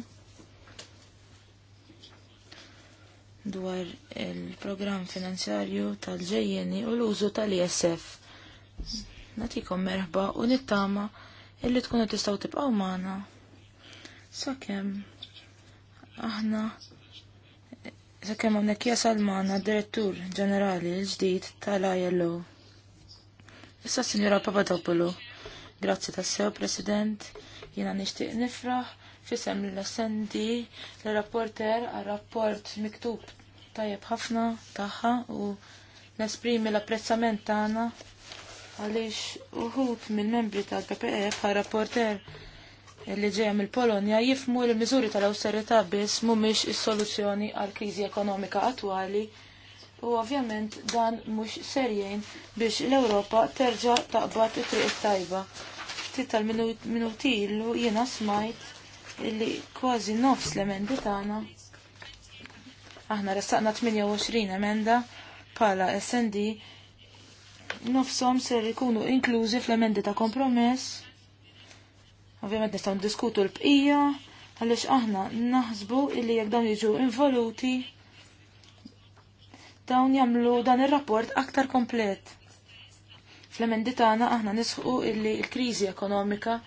dwar il-programm finanzjarju tal-ġejjeni u l-użu tal-ISF. Natikom merħba u nittama illi tkunu tistaw tibqaw maħna. Sakem, aħna, sakem għonek jasal maħna direttur ġenerali l-ġdijt tal-ILO. Issa Signora Papadopoulou, grazzi tas sew President, jina nishtiq nifraħ fisem l-assendi l-rapporter għal-rapport miktub tajjeb ħafna taħħa u nesprimi l-apprezzament tagħna għaliex uħut minn membri tal-PPF għal-rapporter e li ġeja mill-Polonja jifmu l miżuri tal-awsterità biss mhumiex is-soluzzjoni għall-kriżi ekonomika attwali u ovvjament dan mhux serjejn biex l-Ewropa terġa' taqbad it-triq tajba. Ftit tal-minuti ilu jiena smajt illi kważi nofs l-emendi tagħna. Aħna ressaqna 28 emenda bħala SND nofsom ser ikunu inklużi fl-emendi ta' kompromess. Ovvjament nistgħu ndiskutu l-bqija għaliex aħna naħsbu illi jekk dawn jiġu involuti dawn jagħmlu dan ir-rapport aktar komplet. Fl-emendi tagħna aħna nisħu illi l-kriżi ekonomika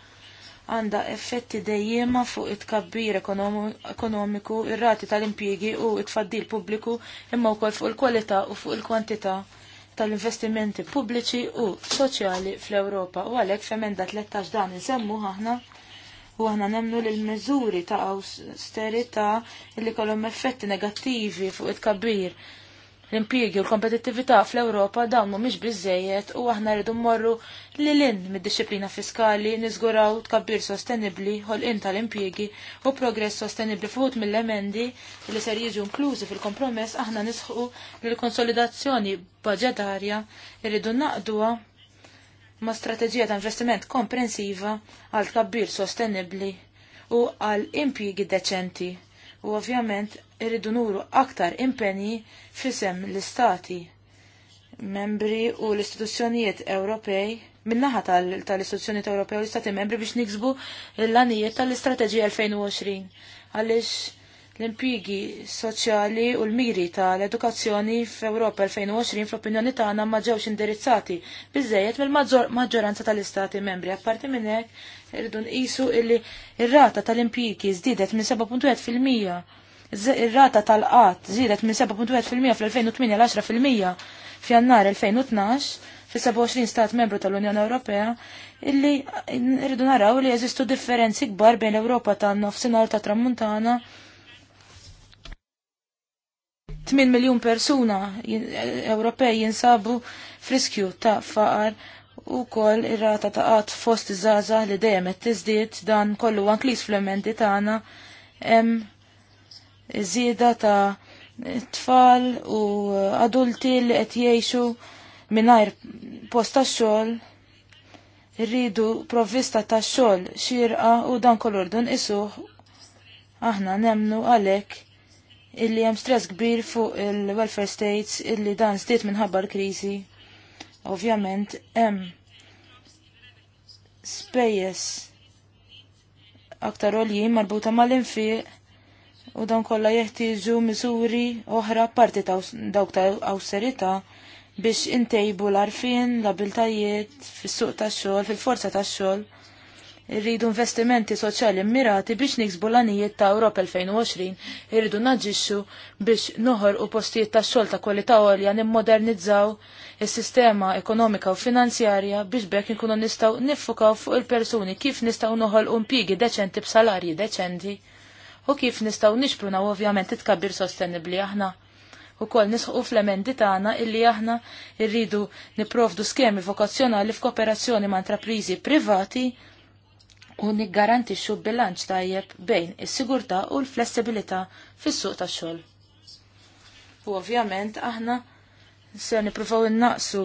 għandha effetti dejjema fuq it-kabbir ekonomiku, ir-rati tal-impjiegi u it-faddil pubbliku imma wkoll fuq il-kwalità u fuq il-kwantità tal-investimenti pubbliċi u soċjali fl-Ewropa. U għalhekk f'emenda 13 dan insemmu aħna u aħna nemnu l miżuri ta' austerità li kolhom effetti negattivi fuq it-kabbir l-impjiegi u l-kompetittività fl-Ewropa dawn mhumiex biżejjed u aħna rridu mmorru li lin mid-disciplina fiskali niżguraw tkabbir sostenibbli ħolqien tal-impjiegi u progress sostenibbli fuq mill-emendi li ser jiġu inklużi fil-kompromess aħna nisħu li l-konsolidazzjoni baġetarja rridu naqduha ma' strateġija ta' investiment komprensiva għal tkabbir sostenibbli u għal impjiegi deċenti u ovvjament irridu nuru aktar impenji fisem l-istati membri u l-istituzzjonijiet Ewropej minnaħa tal-istituzzjonijiet Ewropej u l-istati membri biex niksbu l-lanijiet tal-istrateġija 2020 għaliex l impigi soċjali u l-miri tal-edukazzjoni f'Ewropa 2020 fl-opinjoni tagħna ma ġewx indirizzati biżejjed mill-maġġoranza tal-istati membri. Apparti minn hekk irridu nqisu illi ir-rata tal impigi żdiedet minn 7.1 ir-rata tal-qat zidet minn 7.1% fl-2008 l 10% f'jannar 2012 fi 27 stat membru tal-Unjoni Ewropea illi rridu naraw li jeżistu differenzi kbar bejn l-Ewropa tan-nofsinhar ta' tramuntana 8 miljon persuna Ewropej jinsabu friskju ta' faqar u kol ir-rata ta' qatt fost iż-żaza li dejjem qed tiżdied dan kollu anklis fl emendi tagħna hemm żieda ta' tfal u adulti li qed jgħixu mingħajr post xogħol rridu provvista tax xogħol xirqa u dan kolur dun isuh aħna nemnu għalhekk illi hemm stress kbir fuq il-welfare states illi dan żdied minħabba l-kriżi. Ovvjament hemm spejjeż aktar għoljin marbuta mal-infiq u dan kollha jeħtieġu miżuri oħra parti ta' dawk ta' awserita biex intejbu l-arfin, l-abiltajiet, fis-suq tax-xogħol, fil-forza tax-xogħol. Irridu investimenti soċjali mirati biex niksbu l-anijiet ta' Europa 2020, irridu naġixxu biex noħor u postijiet ta' xogħol ta' kwalità għolja nimmodernizzaw is-sistema ekonomika u finanzjarja biex bekk nkunu nistgħu nifukaw fuq il-persuni kif nistgħu noħol impjiegi deċenti b'salarji deċenti u kif nistaw nixpruna ovvjament titkabbir sostenibli aħna. U kol nisħu fl-emendi tagħna illi aħna irridu niprovdu skemi vokazzjonali f'kooperazzjoni ma' intraprizi privati u niggarantixxu bilanċ tajjeb bejn is-sigurtà u l-flessibilità fis-suq tax-xogħol. U ovvjament aħna se nippruvaw innaqsu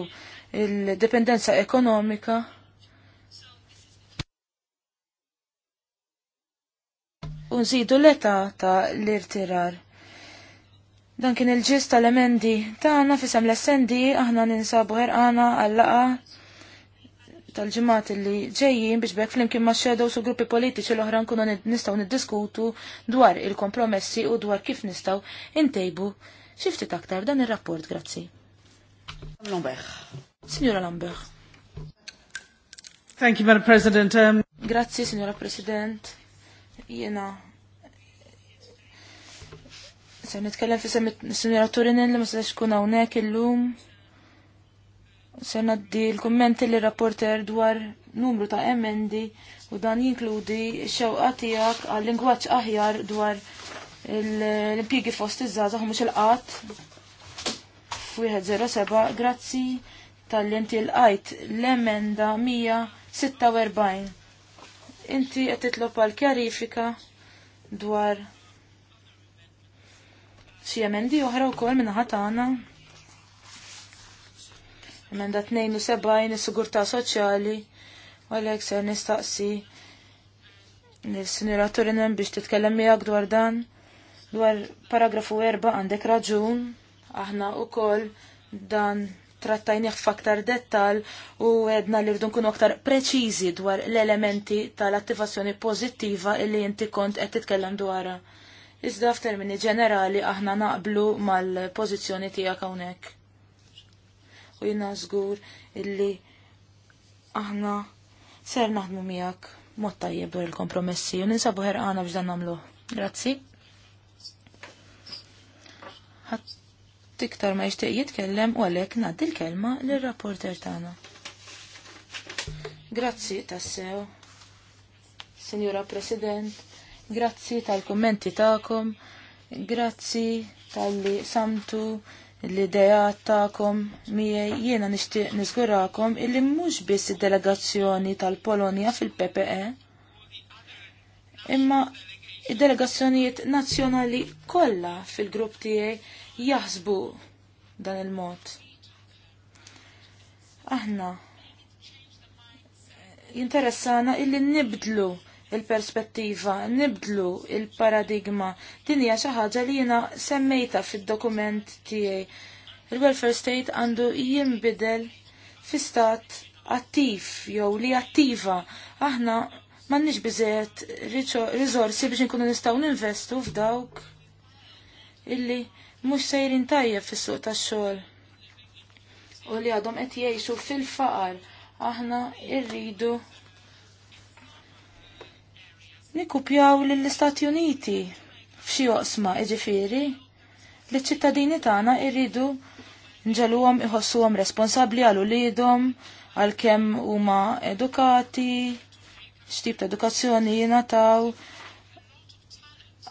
il-dependenza ekonomika nżidu l-età ta' l-irtirar. Dan kien il-ġist tal-emendi tagħna fisem l-essendi aħna ninsabu għana għallaqa tal ġemat li ġejjin biex bekk flimkien ma' xedow su gruppi politiċi l-oħra nkunu nistgħu niddiskutu dwar il-kompromessi u dwar kif nistgħu intejbu xi ftit aktar dan ir-rapport, grazzi. Lambert. Signora Lambert. Thank you, Madam President. Um... Grazzi, Signora President. Jena Se nitkellem fi Sinjora Turinen li ma setax tkun hawnhekk illum. Se naddi l-kummenti li rapporter dwar numru ta' emendi u dan jinkludi xewqa tiegħek għal lingwaġġ aħjar dwar l impiegi fost iż-żgħażagħ mhux il-qatt f'107 grazzi tal-inti l-qajt l-emenda 146. Inti qed titlob għal kjarifika dwar Xi emendi oħra wkoll minnaħa tagħna. Emenda 72 is-sigurtà soċjali u għalhekk ser nistaqsi nis sinjura Turinen biex titkellem miegħek dwar dan dwar paragrafu 4 għandek raġun aħna wkoll dan trattajnieh f'aktar dettal u għedna li rridu nkunu aktar preċiżi dwar l-elementi tal-attivazzjoni pożittiva illi inti kont qed titkellem dwarha. Iżda f'termini ġenerali aħna naqblu mal-pożizzjoni tiegħek hawnhekk. U jiena żgur illi aħna ser naħdmu miegħek mod tajjeb dwar il-kompromessi u ninsabu ħerqana biex dan nagħmlu. Grazzi. Ħadd iktar ma jixtieq jitkellem u għalhekk ngħaddi l-kelma lir-rapporter tagħna. Grazzi tassew. Signora President, Grazzi tal-kommenti ta'kom, grazzi tal-li samtu l-idea ta'kom miej jiena nishtiq nizgurakom illi mhux biss id-delegazzjoni tal-Polonja fil-PPE imma id-delegazzjonijiet nazzjonali kollha fil-grupp tiegħi jaħsbu dan il-mod. Aħna jinteressana illi nibdlu il-perspettiva, nibdlu il-paradigma. Din hija xi ħaġa li jiena semmejta fid-dokument tiegħi. Il-welfare state għandu jinbidel fi stat attiv jew li attiva. Aħna m'għandniex biżejjed riżorsi biex nkunu nistgħu ninvestu f'dawk illi mhux sejrin tajjeb fis-suq tax-xogħol. U li għadhom qed jgħixu fil-faqar aħna rridu nikupjaw lill-Istati Uniti f'xi oqsma iġifieri li ċittadini tagħna irridu nġeluhom iħossuhom responsabbli għal ulidhom għal kemm huma edukati, x'tip ta' edukazzjoni jingħataw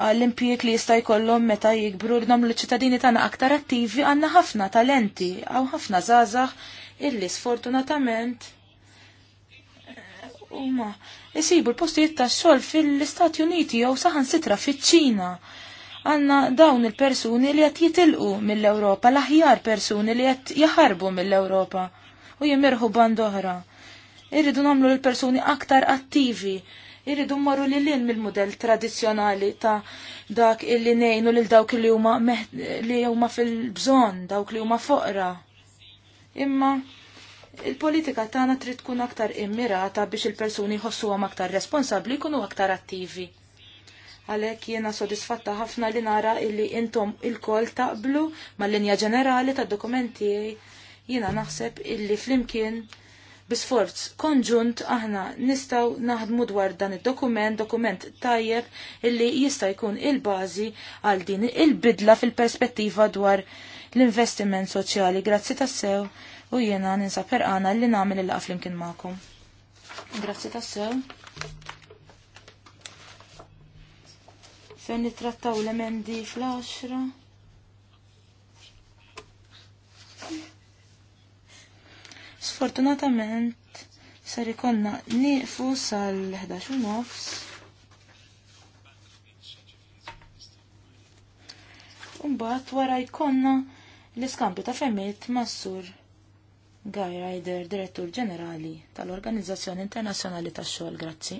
għall-impjieg li jista' jkollhom meta jikbru rnom li ċittadini tagħna aktar attivi għandna ħafna talenti għaw ħafna żgħażagħ illi sfortunatament Uma, jisibu l-postijiet tax-xogħol fil-Istati Uniti jew saħansitra fiċ-Ċina. Għanna dawn il-persuni li qed jitilqu mill-Ewropa, l-aħjar persuni li qed jaħarbu mill-Ewropa u jimirħu band oħra. Irridu nagħmlu l-persuni aktar attivi, irridu marru li l-in mill model tradizzjonali ta' dak illi nejnu lil dawk li huma li huma fil-bżonn, dawk li huma foqra. Imma Il-politika tagħna trid tkun aktar immirata biex il-persuni jħossuhom aktar responsabbli jkunu aktar attivi. Għalhekk jiena sodisfatta ħafna li nara illi intom il-kol taqblu mal-linja ġenerali tad-dokumenti jiena naħseb illi flimkien Bisforz konġunt aħna nistaw naħdmu dwar dan id-dokument, dokument tajjeb illi jista' jkun il-bażi għal din il-bidla fil-perspettiva dwar l-investiment soċjali. Grazzi tassew u jiena ninsa perqana li nagħmel il qaflim kien maqom. Grazzi sew Fenni nittrattaw l-emendi fl-10. Sfortunatament sar ikonna nieqfu sal-11 nofs. Umbat wara jkonna l iskampi ta' ma' s sur Guy Ryder, Direttur Ġenerali tal-Organizzazzjoni Internazzjonali tax-Xogħol, grazzi.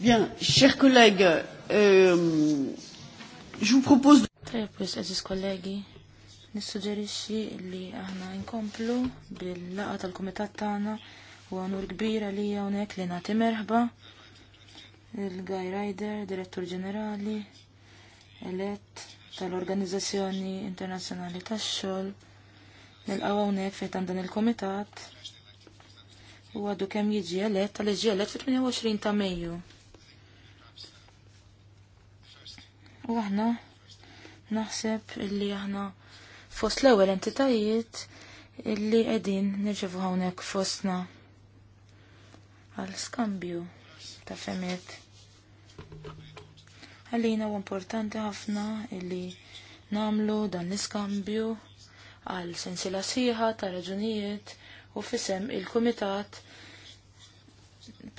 Bien, chers collègues, euh, je vous propose... Tajabwis, eżis kollegi, nissuġerixi li aħna nkomplu bil-laqa tal-komitat tagħna u għanur kbira li hawnhekk li nagħti merħba il-Guy Rider, direttur ġenerali, elett tal-Organizzazzjoni Internazzjonali tax-Xogħol, nilqgħu hawnhekk fejn dan il-komitat u għadu kemm jiġi elett tal-iġi elett fit-28 ta' Mejju. aħna naħseb illi aħna fost l-ewwel entitajiet illi qegħdin nirċevu hawnhekk fostna għal skambju ta' femiet. Għalina u importanti ħafna illi namlu dan l-iskambju għal sensila siħa ta' raġunijiet u fisem il-kumitat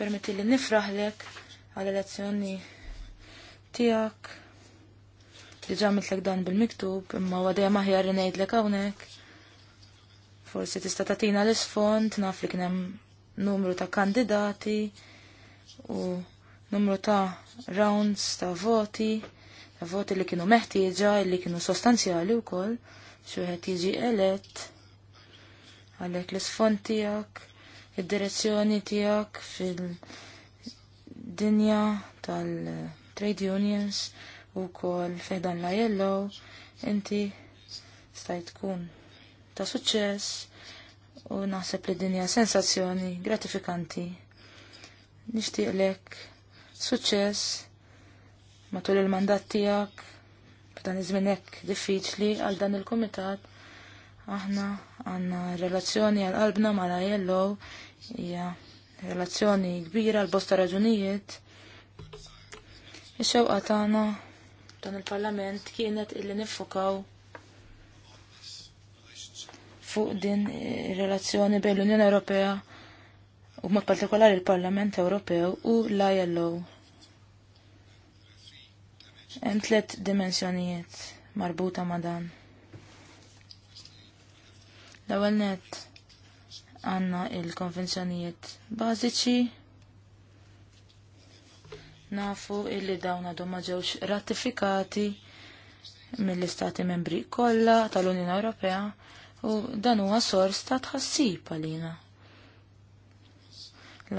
permetti li nifraħlek għal elezzjoni tijak Diġa l dan bil-miktub, imma għadja maħjar ngħidlek hawnhekk. Forsi tista' tagħtina l-isfond, naf li kien hemm numru ta' kandidati u numru ta' rounds ta' voti, ta' voti li kienu meħtieġa, li kienu sostanzjali wkoll, xi wieħed jiġi elett għalhekk l-isfond tiegħek, id-direzzjoni tiegħek fil- dinja tal-trade unions u kol fejdan la jello inti staj tkun ta' suċċess u naħseb li dinja sensazzjoni gratifikanti. lek suċċess matul il-mandat tijak f'dan iż-żminek diffiċli għal dan il-komitat aħna għanna relazzjoni għal qalbna ma' jello hija relazzjoni kbira għall bosta raġunijiet. Ix-xewqa tagħna dan il-Parlament kienet illi niffokaw fuq din ir-relazzjoni eh, bejn l-Unjoni Ewropea u mod partikolari l-Parlament Ewropew u l-ILO. Hemm tliet dimensjonijiet marbuta ma' dan. L-ewwel nett għandna il-konvenzjonijiet bażiċi Nafu illi dawn għadhom ma ġewx ratifikati mill-Istati membri kollha tal-Unjoni Ewropea u dan huwa sors ta' tħassib għalina.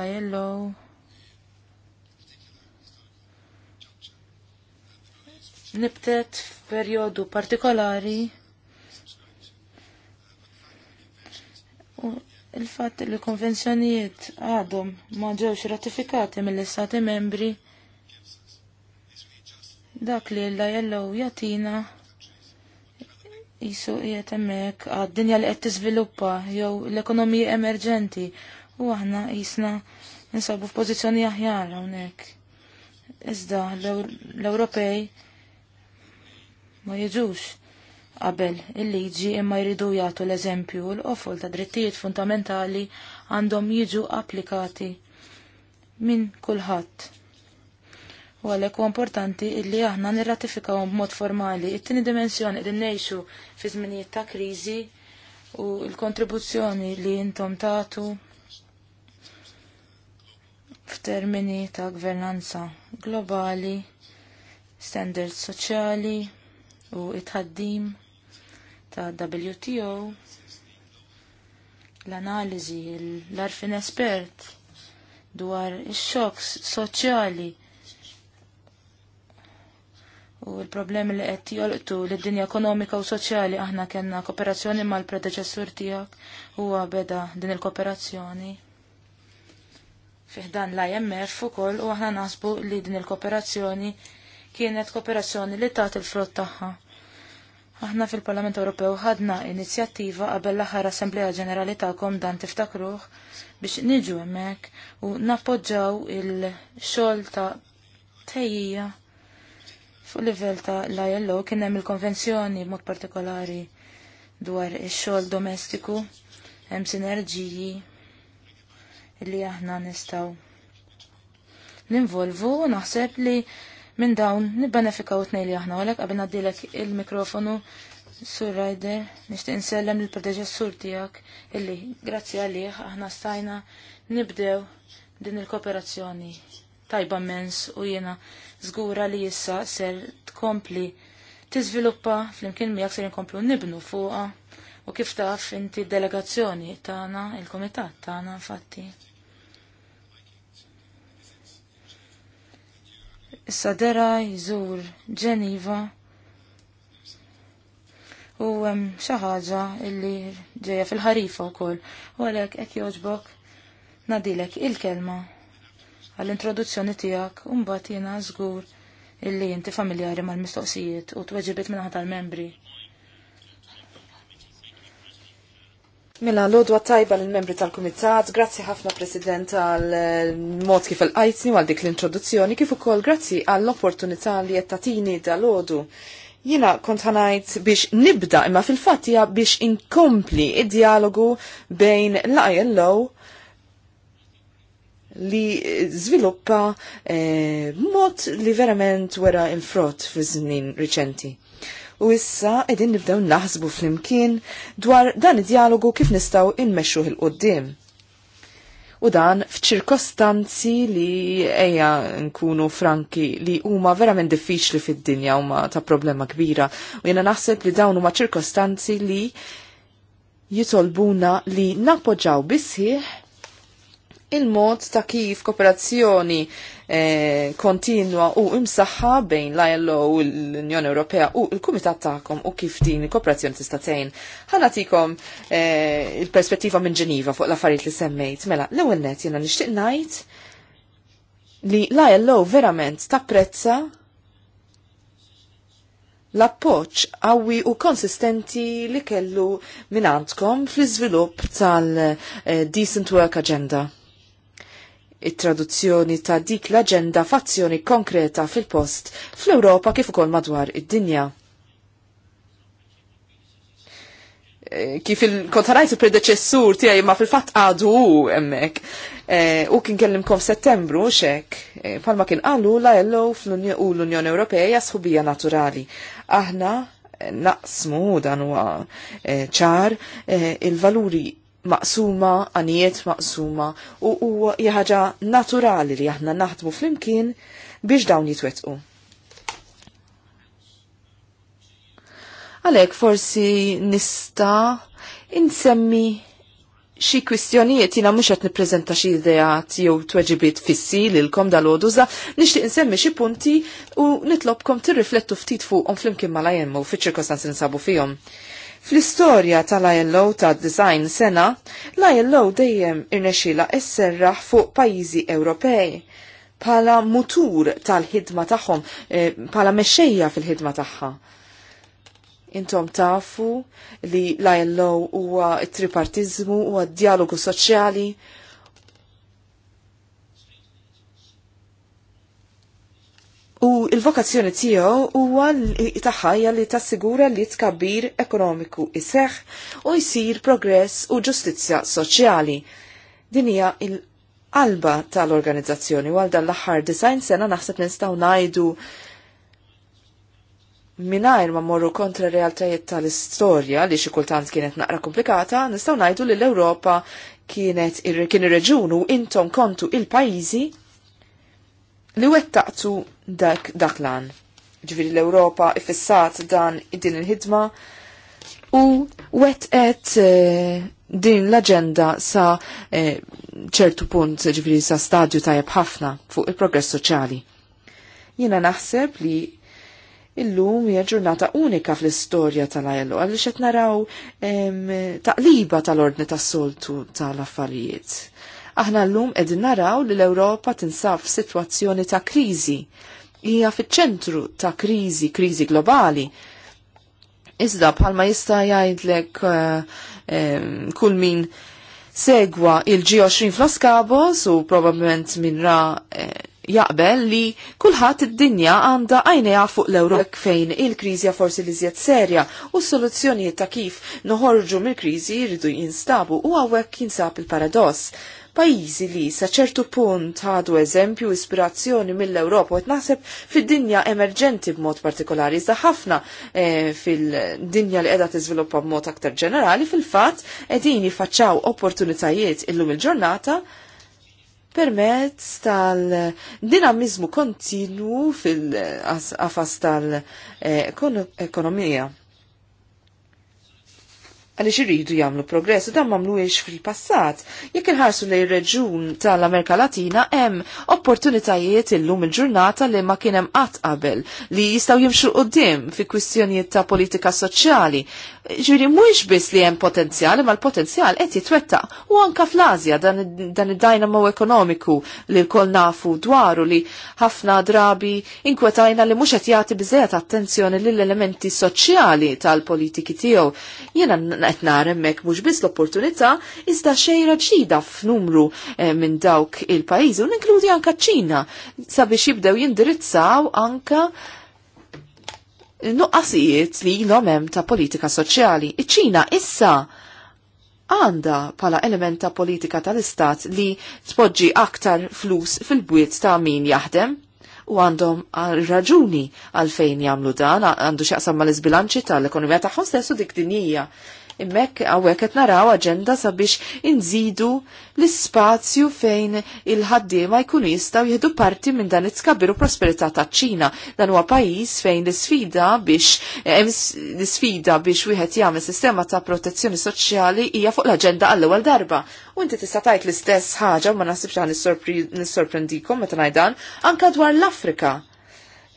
La jellow nibtet f'perjodu partikolari u il-fatt li konvenzjonijiet għadhom ma ġewx ratifikati mill-Istati membri Dak li l-lajello jatina jisu jiet emmek għad-dinja li qed tiżviluppa jew l-ekonomija emerġenti u aħna jisna nsabu f'pożizzjoni aħjar hawnhekk. Iżda l-Ewropej ma jiġux qabel il-liġi imma jridu jagħtu l-eżempju u l-qofol ta' drittijiet fundamentali għandhom jiġu applikati minn kulħadd. U għalek huwa importanti illi aħna nirratifikaw b'mod formali. It-tieni dimensjoni li ngħixu fi żminijiet ta' kriżi u l-kontribuzzjoni li intom tagħtu f'termini ta' gvernanza globali, standards soċjali u it-ħaddim ta' WTO, l-analiżi, l-arfin espert dwar ix-xoks soċjali u l-problemi li qed jolqtu lid-dinja ekonomika u soċjali aħna kellna kooperazzjoni mal-predeċessur tiegħek u beda din il-kooperazzjoni fiħdan l-IMF ukoll u aħna naħsbu li din il-kooperazzjoni kienet kooperazzjoni li taħt il-frott tagħha. Aħna fil-Parlament Ewropew ħadna inizjattiva qabel l-aħħar Assembleja Ġenerali tagħkom dan tiftakruh biex niġu hemmhekk u nappoġġaw il-xogħol ta' tejjija Fuq livell ta' l-ILO kien hemm il-konvenzjoni b'mod partikolari dwar ix-xogħol domestiku, hemm sinerġiji li aħna nistgħu ninvolvu u naħseb li minn dawn nibbenefikaw tnej li aħna għalek qabel ngħaddilek il-mikrofonu Sur Rider, nishtiq insellem l-predeċessur tijak, illi grazzi għalih aħna stajna nibdew din il-kooperazzjoni tajba mens u jena żgura li issa ser tkompli tiżviluppa flimkien miegħek ser inkomplu nibnu fuqha u kif taf inti delegazzjoni tagħna, il-kumitat tagħna infatti. Issa dera jżur Ġeniva u hemm xi ħaġa illi ġejja fil-ħarifa wkoll u għalhekk hekk jogħġbok nadilek il-kelma għall-introduzzjoni tiegħek un mbagħad jiena żgur illi inti familjari mal-mistoqsijiet u tweġibiet minn tal-membri. Mela, l-odwa tajba l-membri tal-Kumitat, grazzi ħafna President għal-mod kif l-qajtni għal dik l-introduzzjoni, kif ukoll grazzi għall-opportunità li jettatini dal-odu. Jina kont ħanajt biex nibda imma fil-fatt hija biex inkompli id-dialogu bejn l-ILO li żviluppa eh, mod li verament wera il fi żmien riċenti. U issa edin nibdew naħsbu flimkien dwar dan id-dialogu kif nistgħu immexxuh il-qudiem u dan f'ċirkostanzi li eja nkunu franki li huma verament diffiċli fid-dinja huma ta' problema kbira u jena naħseb li dawn huma ċirkostanzi li jitolbuna li nappoġġaw bisħieħ il-mod ta' kif kooperazzjoni eh, kontinua u imsaħħa bejn l-ILO u l-Unjoni Ewropea u l-Kumitat tagħkom u kif din il-kooperazzjoni tista' tgħin. Ħanatikom eh, il-perspettiva minn Ġeniva fuq l-affarijiet li semmejt. Mela, l-ewwel nett jiena nixtieq ngħid li l-ILO verament tapprezza l-appoċ għawi u konsistenti li kellu minn għandkom fl-izvilup tal-Decent eh, Work Agenda it-traduzzjoni ta' dik l-aġenda f'azzjoni konkreta fil-post fl-Ewropa kif ukoll madwar id-dinja. E, kif il-kontarajt il-predeċessur tiegħi ma fil-fatt għadu hemmhekk. E, u kien kellimkom settembru xek, e, palma kien qalu la jellu u l-Unjoni Ewropea sħubija naturali. Aħna naqsmu dan huwa ċar il-valuri maqsuma, għanijiet maqsuma u huwa ħaġa naturali li aħna naħdmu flimkien biex dawn jitwetqu. Għalek forsi nista insemmi xi kwistjonijiet jina mhux qed nippreżenta xi ideat jew tweġibiet fissi lilkom dal-għoduża, nixtieq insemmi xi punti u nitlobkom tirriflettu ftit fuqhom flimkien ma' jemmu fiċ-ċirkostanzi nsabu fihom. Fl-istorja tal-ILO ta' design sena, l-ILO dejjem irnexila esserra fuq pajizi Ewropej pala mutur tal-ħidma tagħhom, pala eh, mexxejja fil-ħidma tagħha. Intom tafu li l-ILO huwa tripartizmu huwa dialogu soċjali U il-vokazzjoni tiegħu huwa taħħajja li tassigura li tkabbir ekonomiku iseħħ u jsir progress u ġustizzja soċjali. Din hija il-qalba tal-organizzazzjoni għal dan l-aħħar design sena naħseb nistgħu ngħidu Minajr ma morru kontra realtajiet tal-istorja li xi kultant kienet naqra komplikata, nistgħu ngħidu li l-Ewropa kienet kien ir-reġunu intom kontu il-pajjiżi li wettaqtu dak dak lan. Ġviri l-Europa ifissat dan din il-ħidma u wetqet eh, din l-agenda sa eh, ċertu punt ġviri sa stadju tajab ħafna fuq il-progress soċjali. Jena naħseb li illum hija ġurnata unika fl-istorja tal ajlu għaliex qed naraw taqliba tal-ordni tas-soltu tal-affarijiet. Aħna llum qegħdin naraw li l-Ewropa tinsab f'sitwazzjoni ta' kriżi. Hija fiċ-ċentru ta' kriżi, kriżi globali. Iżda bħalma jista' jgħidlek uh, um, kull min segwa il-G20 fl-Oskabos u probabbilment min ra uh, jaqbel li kulħadd id-dinja għandha għajnejha fuq l europa fejn il-kriżi forsi li zjed serja u s-soluzzjonijiet ta' kif noħorġu mill-kriżi jridu jinstabu u għawek jinsab il-paradoss pajizi li sa ċertu punt ħadu eżempju ispirazzjoni mill-Ewropa u naħseb fid-dinja emerġenti b'mod partikolari. Iżda ħafna e, fil-dinja li qiegħda tiżviluppa b'mod aktar ġenerali fil-fatt qegħdin jifaċċaw opportunitajiet illum il-ġurnata permezz tal-dinamizmu kontinu fil-qafas tal-ekonomija. Eh, għaliex iridu jagħmlu progress u dan m'għamluhiex fil-passat. Jekk inħarsu lejn reġun tal-Amerika Latina hemm opportunitajiet illum il-ġurnata li ma kien hemm qatt qabel li jistgħu jimxu qudiem fi kwistjonijiet ta' politika soċjali ġiri mux bis li jem potenzjal, ma l-potenzjal qed jitwetta. U anka fl-Azja dan id-dynamo ekonomiku li l-kol nafu dwaru li ħafna drabi inkwetajna li mux qed jagħti biżejjed attenzjoni lill elementi soċjali tal-politiki tiegħu. Jiena qed nar hemmhekk mhux biss l-opportunità iżda raġida f f'numru eh, minn dawk il-pajjiżi u inkludi anka ċina sabiex jibdew jindirizzaw anka nuqqasijiet li jilhom hemm ta' politika soċjali. Iċ-Ċina issa għanda pala element ta' politika tal-istat li tpoġġi aktar flus fil-bwiet ta' min jaħdem u għandhom raġuni għalfejn jagħmlu dan, għandu xaqsam ma mal izbilanċi tal-ekonomija tagħhom stess u dik dinija. Immek għawek qed naraw aġenda sabiex inżidu l-ispazju fejn il-ħaddiema jkunu jistgħu jieħdu parti minn dan it skabiru prosperità taċ-Ċina. Dan huwa pajjiż fejn l-isfida biex eh, l sfida biex wieħed jagħmel sistema ta' protezzjoni soċjali hija fuq l-aġenda għall-ewwel darba. U inti tista' tgħid l-istess ħaġa ma nasibx għan nissorprendikom meta ngħidan anke dwar l-Afrika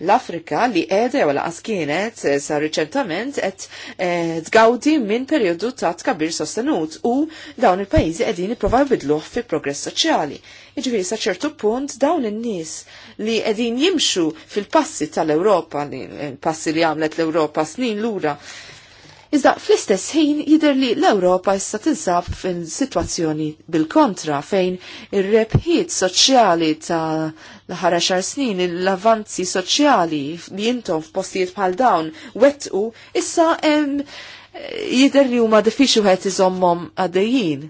l-Afrika li qiegħda jew laqas kienet eh, sa riċentament qed eh, tgawdi minn perjodu ta' tkabbir sostenut u dawn il-pajjiżi qegħdin jippruvaw bidluh fi progress soċjali. Jiġifieri sa ċertu punt dawn in-nies li qegħdin jimxu fil-passi tal-Ewropa, eh, passi li għamlet l-Ewropa snin lura Iżda fl-istess ħin jidher li l-Ewropa issa tinsab f'sitwazzjoni bil-kontra fejn ir-rebħiet soċjali ta' l-ħara xar snin l-avanzi soċjali li jintom f'postijiet bħal dawn wettqu issa jidher li huma diffiċli wieħed iżommhom għaddejjin.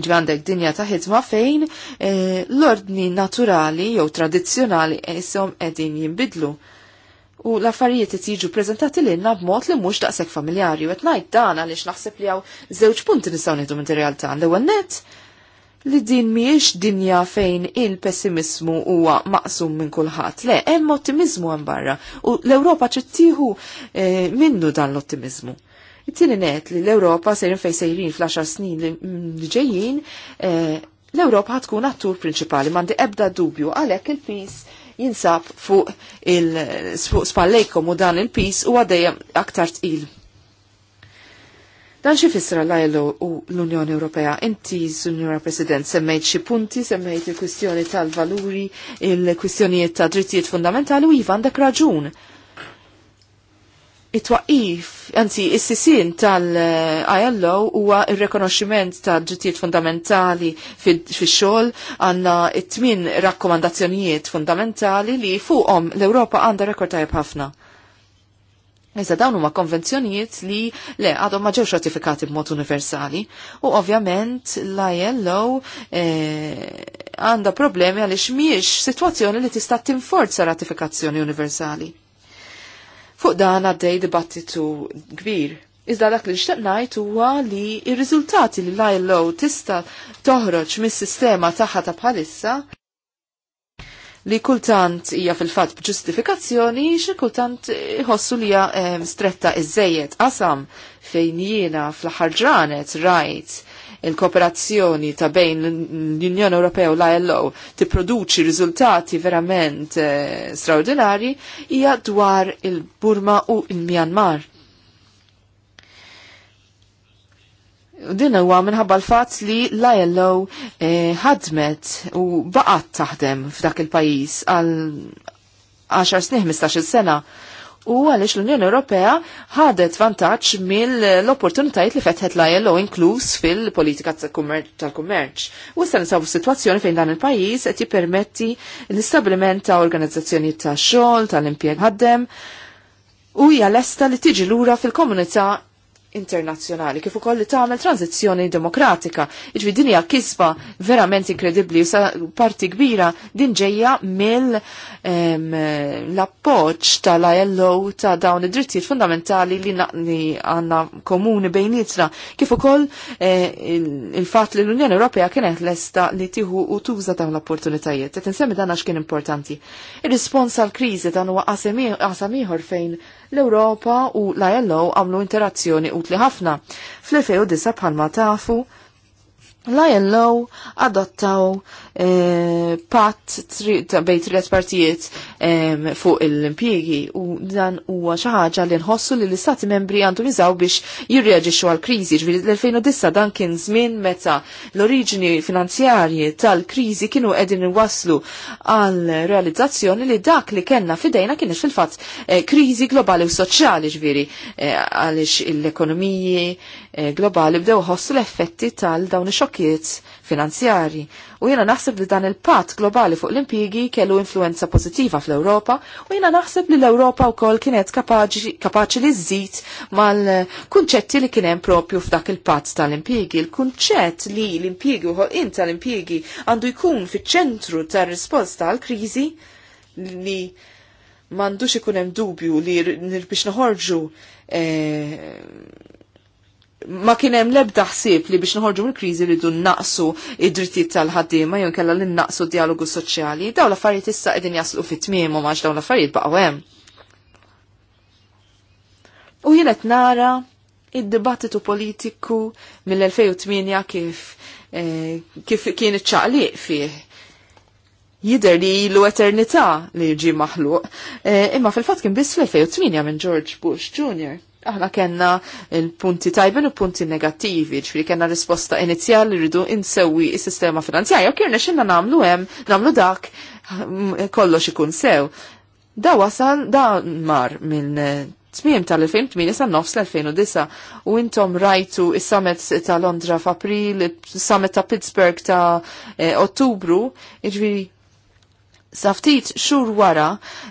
Ġi għandek dinja ta' ħidma fejn eh, l-ordni naturali jew tradizzjonali isom qegħdin jinbidlu u l-affarijiet jiġu prezentati lilna b'mod li mhux daqshekk familjari u qed ngħid dan għaliex naħseb li għaw żewġ punti nistgħu nieħdu minn realtà. L-ewwel nett li din mhijiex dinja fejn il-pessimismu huwa maqsum minn kulħadd. Le, hemm ottimizmu hemm barra u l-Ewropa trid eh, minnu dan l-ottimizmu. It-tieni net li l-Ewropa sejrin fejn sejrin fl-10 snin li ġejjin eh, l-Ewropa tkun attur prinċipali m'għandi ebda dubju għalhekk il-peace jinsab fuq il-spallejkom u dan il-pis u għadeja aktar tqil. Dan xi fisra l u l-Unjoni Ewropea. Inti, Sunjura President, semmejt xi punti, semmejt il-kwistjoni tal-valuri, il-kwistjonijiet ta' drittijiet fundamentali u iva għandek raġun it-twaqif, anzi, is-sisin tal-ILO huwa il-rekonoxximent ta' ġittijiet fundamentali fil-xol għanna it-tmin rakkomandazzjonijiet fundamentali li fuqhom l-Ewropa għandha rekord tajb ħafna. Iżda dawn huma konvenzjonijiet li le għadhom ma ġewx ratifikati b'mod universali u ovvjament l-ILO eh, għandha problemi għaliex mhijiex sitwazzjoni li tista' tinforza ratifikazzjoni universali. Fuq dan għaddej dibattitu kbir. Iżda dak li xtaq ngħid huwa li r-riżultati li l-ILO tista' toħroġ mis-sistema tagħha ta' bħalissa li kultant hija fil-fatt b'ġustifikazzjoni xi kultant iħossu li hija stretta iżejjed qasam fejn jiena fl-aħħar ġranet rajt il-kooperazzjoni ta' bejn l-Unjoni Ewropea u l-ILO tipproduċi riżultati verament eh, straordinari hija dwar il-Burma u il-Myanmar. Din huwa minħabba l-fatt li l-ILO eh, ħadmet u baqgħet taħdem f'dak il-pajjiż għal 10 snin 15 sena u għalix l-Unjoni Ewropea ħadet vantaġġ mill-opportunitajiet li fetħet la jello inkluż fil-politika tal-kummerċ. U issa nisabu situazzjoni fejn dan il-pajjiż qed jippermetti l-istabilment ta' organizzazzjoni ta' xogħol, tal-impjeg ħaddem u hija lesta li tiġi lura fil-komunità internazzjonali kif ukoll li tagħmel tranzizzjoni demokratika. Iġvi din hija kisba verament inkredibbli sa parti kbira din ġejja mill l-appoġġ tal-ILO ta' dawn id-drittijiet fundamentali li naqni għandna komuni bejnietna kif ukoll eh, il-fatt li l-Unjoni Ewropea kienet lesta li tieħu u tuża dawn l-opportunitajiet. Qed insemmi dan għax kien importanti. Ir-rispons għall kriżi dan huwa qasam ieħor fejn l-Europa u l-ILO għamlu interazzjoni utli ħafna. Fl-2009 bħalma tafu, l-ILO adottaw E, pat bejn tret partijiet e, fuq il impiegi u dan huwa xi ħaġa li nħossu li l-istati membri għandhom jiżaw biex jirreaġixxu għal kriżi. Ġifieri l-2009 dan kien żmien meta l-oriġini finanzjarji tal-kriżi kienu qegħdin waslu għal realizzazzjoni li dak li kellna fidejna kienx fil-fatt e, kriżi globali u soċjali ġifieri għaliex l-ekonomiji globali bdew ħossu l-effetti tal dawn ix-xokkiet finanzjari. U jina naħseb li dan il-pat globali fuq l impigi kellu influenza pozitiva fl-Europa u jina naħseb li l-Europa u kol kienet kapaċi li zzit mal-kunċetti li kienem propju f'dak il-pat tal impigi Il-kunċett li l impigi u in tal impigi għandu jkun fiċ-ċentru tar-risposta għal-krizi li mandux ikun hemm dubju li biex noħorġu eh, ma kien hemm l-ebda ħsieb li biex nħorġu mill-kriżi dun naqsu id-drittijiet tal-ħaddiema jew kella li naqsu dialogu soċjali. Daw l-affarijiet issa qegħdin jaslu fit-tmiem u max dawn l-affarijiet baqgħu hemm. U jien qed nara id-dibattitu politiku mill-2008 kif eh, kif kien iċċaqliq fih jider li l eternità li ġi maħluq, eh, imma fil-fat kien biss fl-2008 minn George Bush Jr aħna kena il-punti tajben u punti negattivi, ġifiri kena risposta inizjali rridu insewi il-sistema finanzjarja, u kirna xinna namlu hem, namlu dak, kollox ikun sew. Da wasal, da mar minn tmiem tal-2008 sa nofs l-2009 u intom rajtu is-summit ta' Londra f'April, is-summit ta' Pittsburgh ta' eh, Ottubru, ġifiri Saftit xur wara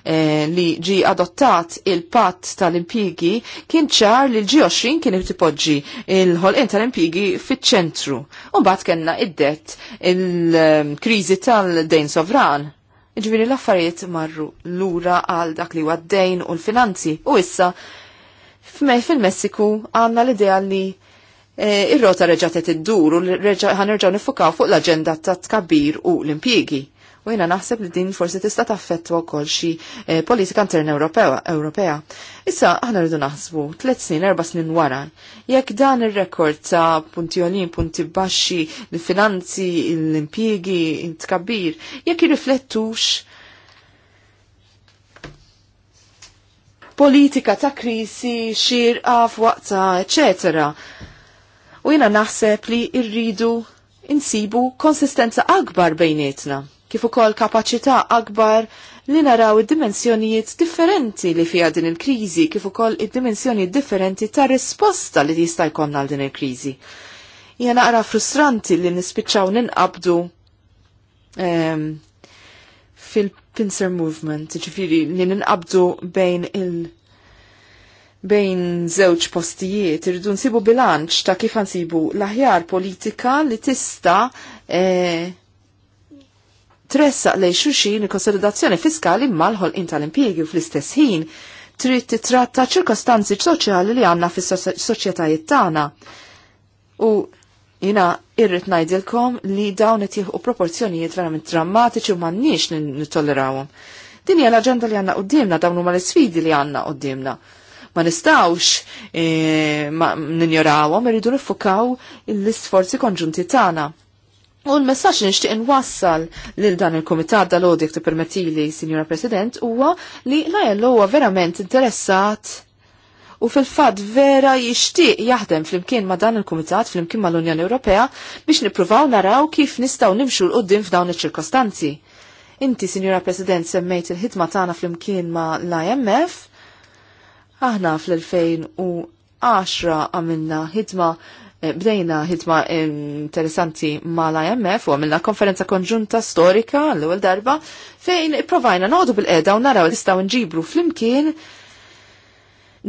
eh, li ġi adottat il-patt tal impigi kien ċar li l ġi 20 kien tipoġġi il-ħolqin tal impigi fiċ-ċentru. Umbagħad kellna id-dett il-kriżi tal-dejn sovran. Ġifieri l-affarijiet marru lura għal dak li għaddejn u l-finanzi. U issa fil-Messiku għandna l-idea li eh, ir-rota reġa' id-dur u ħanerġgħu nifukaw fuq l-aġenda ta' tkabbir u l impigi u jina naħseb li din forsi tista' taffettwa wkoll xi eh, politika interna Ewropea. Issa aħna rridu naħsbu tliet snin, erba' snin wara. Jekk dan ir-rekord ta' punti għolin, punti baxxi, l-finanzi, l-impjiegi, intkabbir, jekk irriflettux politika ta' krisi, xirqa, fwaqta, eccetera. U jina naħseb li irridu insibu konsistenza akbar bejnietna kif ukoll kapaċità akbar li naraw id-dimensjonijiet differenti li fija din il-kriżi, kif ukoll id-dimensjonijiet differenti ta' risposta li tista' jkollna għal din il-kriżi. Hija naqra frustranti li nispiċċaw ninqabdu um, fil-pincer movement, ġifiri li ninqabdu bejn il- bejn żewġ postijiet irridu nsibu bilanċ ta' kif nsibu l-aħjar politika li tista' eh, tressaq lej xuxin il-konsolidazzjoni fiskali mal-ħolqin tal-impjiegi fl-istess ħin trid titratta ċirkostanzi soċjali li għandna fis-soċjetajiet tagħna. U jina irrit ngħidilkom li dawn qed jieħu proporzjonijiet verament drammatiċi u m'għandniex nittollerawhom. Din hija l-aġenda li għandna qudiemna dawn huma l-isfidi li għandna qudiemna ma nistawx e, eh, ninjorawhom irridu nifukaw l-isforzi konġunti tagħna. U l-messaċ nixtieq inwassal lil dan il-Kumitat dal-Odik tippermettili, Sinjora President, huwa li l-ILO huwa verament interessat u fil fatt vera jixtieq jaħdem flimkien ma dan il-Kumitat flimkien mal unjoni Ewropea biex nippruvaw naraw kif nistgħu nimxu l qudiem f'dawn iċ-ċirkostanzi. Inti, Sinjora President, semmejt il-ħidma tagħna flimkien ma l-IMF. Aħna fl-2010 għamilna ħidma Eh, bdejna ħidma interessanti ma l-IMF u għamilna konferenza konġunta storika l-ewwel darba fejn provajna nodu bil-qeda u naraw staw nġibru flimkien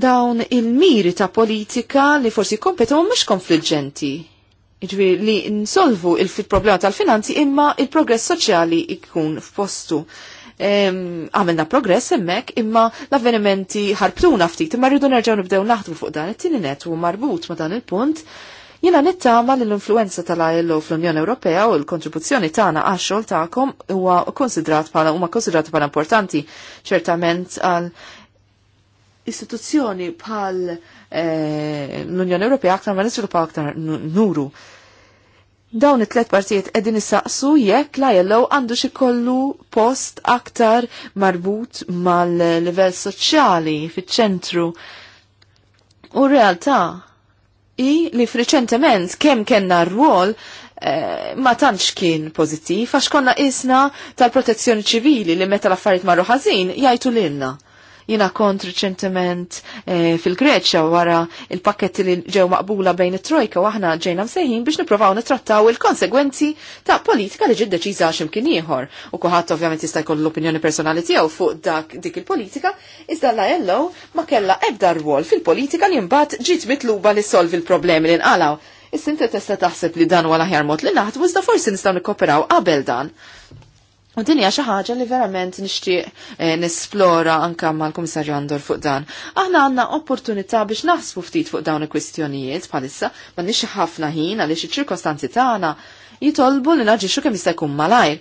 dawn il-miri ta' politika li forsi kompetu mux konfliġenti. Iġvi li nsolvu il-problema tal-finanzi imma il-progress soċjali ikun f'postu. Għamilna progress emmek imma l-avvenimenti ħarbtuna ftit imma rridu nerġgħu nibdew naħdmu fuq dan it-tieni net u marbut ma' dan il-punt Jina nittama li l-influenza tal-ILO fl-Unjoni Ewropea u l-kontribuzzjoni tagħna għax-xogħol tagħkom huwa konsidrat bħala huma konsidrat bħala importanti ċertament għal istituzzjoni bħal eh, l-Unjoni Ewropea aktar ma nisrupa aktar nuru. Dawn it-tlet partijiet edin issaqsu jekk la ilo għandu xi kollu post aktar marbut mal-livell soċjali fiċ-ċentru. U realtà i li friċentement kemm kenna r-rwol eh, ma tantx kien pozittiv għax konna isna tal-protezzjoni ċivili li meta l-affarijiet marru ħażin jgħidu l-inna. Jina kont reċentement eh, fil-Greċja wara il-pakketti li ġew maqbula bejn it-Trojka u aħna ġejna msejħin biex nipprovaw nitrattaw il-konsegwenzi ta' politika li ġid deċiża x'imkien ieħor. U kuħadd ovvjament jista' jkollu l-opinjoni personali tiegħu fuq dak dik il-politika, iżda la jellow ma kellha ebda rwol fil-politika li mbagħad ġiet mitluba li solvi l-problemi li nqalaw. Is-sinta testa taħseb li dan wara ħjar mod li naħdmu iżda forsi nistgħu nikkoperaw qabel dan. U din hija xi ħaġa li verament nixtieq eh, nesplora anke mal-Kummissarju Andor fuq dan. Aħna għandna opportunità biex naħsbu ftit fuq dawn il-kwistjonijiet bħalissa ma nixi ħafna ħin għaliex iċ-ċirkostanzi tagħna jitolbu li naġixxu kemm jista' jkun malajr.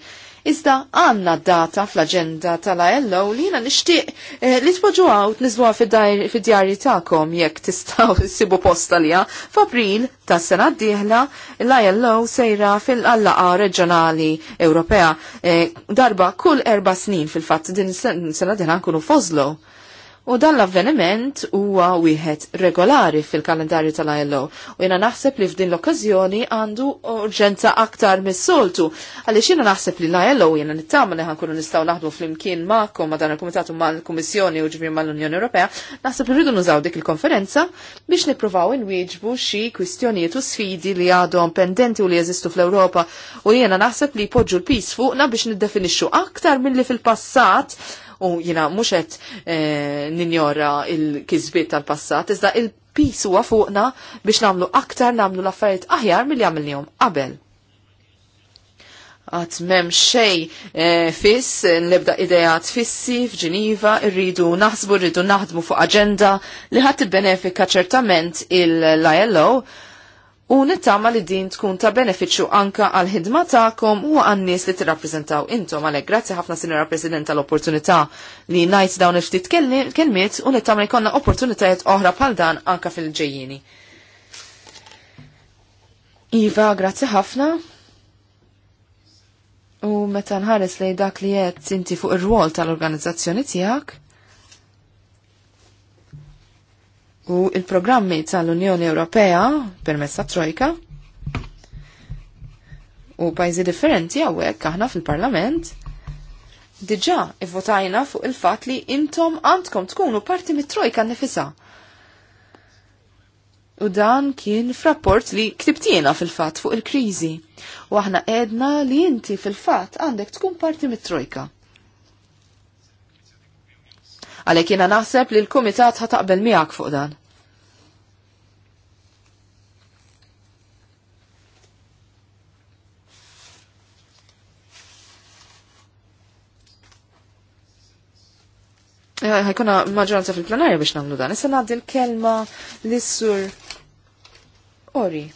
Iżda għanna data fl-agenda tal-ALLO li jina nishtiq eh, li tpoġu għawt nizwa fid-djarri ta'kom jekk tistaw sibu posta lija f'April ta' sena d-dihla l-ILO sejra fil għallaqa reġjonali Ewropea eh, darba kull erba snin fil-fatt din sena d-dihla nkunu fozlo. U dan l-avveniment huwa wieħed regolari fil-kalendarju tal-ILO u jena naħseb li f'din l-okkażjoni għandu urġenza aktar mis-soltu. Għaliex jiena naħseb li l-ILO jiena nittama li ħankunu nistgħu naħdmu flimkien magħkom ma dan il-Kumitat u mal-Kummissjoni u ġbir mal-Unjoni Ewropea, naħseb li rridu nużaw dik il-konferenza biex nippruvaw inwieġbu xi kwistjonijiet u sfidi li għadhom pendenti u li jeżistu fl-Ewropa u jiena naħseb li jpoġġu l-pis fuqna biex niddefinixxu aktar milli fil-passat u jina muxet eh, ninjora il-kizbit tal-passat, iżda il-pis huwa fuqna biex namlu aktar namlu l-affarijiet aħjar mill-li qabel għat mem xej eh, fiss, nlebda idejat fissi f'Ġiniva, irridu naħsbu, irridu naħdmu fuq agenda li ħat benefika ċertament il-ILO u nittama li din tkun ta' beneficju anka għal ħidma ta'kom u għannis li t-rapprezentaw intom għalek. Grazie ħafna sinjora President tal-opportunità li najt dawn il-ftit kelmiet u nittama li konna opportunitajiet oħra pal dan anka fil-ġejjini. Iva, grazzi ħafna. U meta nħares li dak li jett inti fuq ir-rwol tal-organizzazzjoni tijak, u il-programmi tal-Unjoni Ewropea permezz ta' Trojka u pajzi differenti għawek aħna fil-Parlament diġa votajna fuq il-fat li intom għandkom tkunu parti mit-trojka nifisa. U dan kien frapport li ktibtina fil-fat fuq il-krizi. U aħna edna li inti fil-fat għandek tkun parti mit-trojka għalhekk jiena naħseb li l-kumitat taqbel miegħek fuq dan. Eh, ħajkuna maġġoranza fil-plenarja biex nagħmlu dan. Issa ngħaddi l-kelma lis-sur Ori.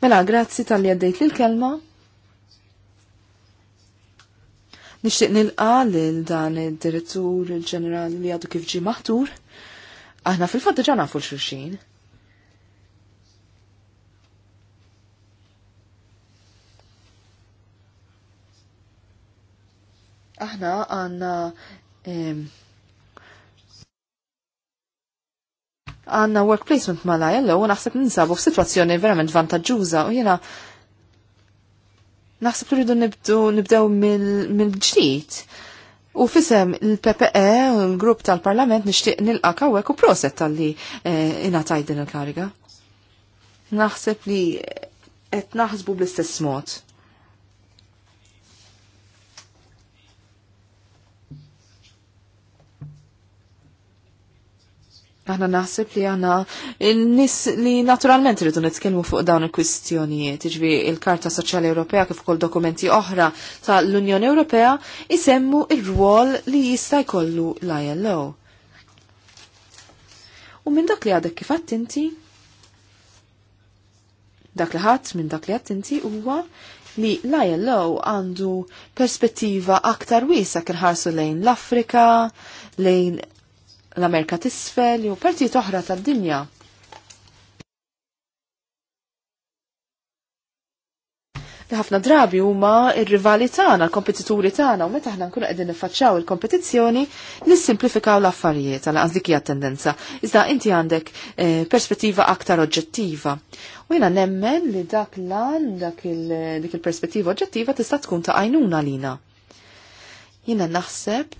Mela, grazzi tal-li għaddejt l-kelma. Nixtieq nilqa lil dan id-direttur il-ġenerali li għadu kif ġi maħtur. Aħna fil-fatt diġa nafu l xurxin Aħna għanna għanna work placement malaj, l-għu naħseb ninsabu f-situazzjoni verament vantagġuża u jena Naħseb li rridu nibdew mill-ġdid. U fisem il-PPE, il-grupp tal-parlament, nishtiq nilqa kawek u proset tal-li eh, inataj din il-kariga. Naħseb li qed naħsbu bl-istess mod. Aħna naħseb li għana nis li naturalment rridu nitkellmu fuq dawn il-kwistjonijiet, iġvi il-Karta Soċjali Ewropea kif ukoll dokumenti oħra tal unjoni Ewropea isemmu ir-rwol li jista' jkollu l-ILO. U minn dak li għadek kif inti, dak li ħadd minn dak li għadd inti huwa li l-ILO għandu perspettiva aktar wiesa kien ħarsu lejn l-Afrika, lejn l-Amerika tisfel u partijiet oħra tad-dinja. li ħafna drabi huma ir-rivali tagħna, l-kompetituri tagħna u meta aħna nkunu qegħdin niffaċċaw il-kompetizzjoni nissimplifikaw l-affarijiet għal għaż dik hija tendenza. Iżda inti għandek eh, perspettiva aktar oġġettiva. U jiena nemmen li dak lan dak dik il-perspettiva oġġettiva tista' tkun ta' għajnuna lina. Jiena naħseb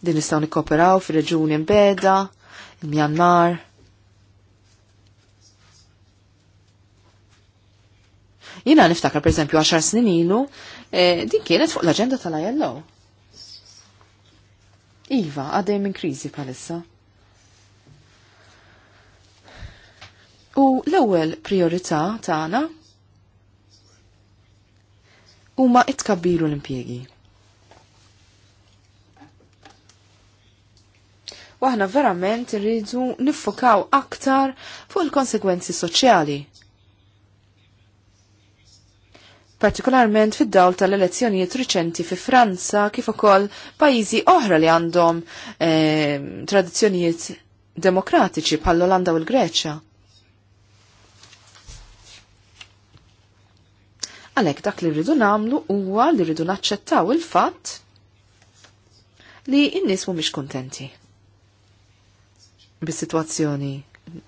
Din nistgħu nikkoperaw fir-reġuni mbeda, il-Mjanmar. Jina niftakar perżempju 10 snin ilu, eh, din kienet fuq l-aġenda tal-ILO. Iva, għaddej minn kriżi palissa. U l-ewwel priorità tagħna huma it-kabbiru l-impjegi. waħna aħna verament irridu niffokaw aktar fuq il-konsekwenzi soċjali. Partikolarment fid-dawl tal-elezzjonijiet riċenti fi Franza kif ukoll pajjiżi oħra li għandhom eh, tradizzjonijiet demokratiċi bħall-Olanda u l-Greċja. Għalhekk dak li rridu nagħmlu huwa li rridu naċċettaw il-fatt li n-nies mhumiex kuntenti bis-sitwazzjoni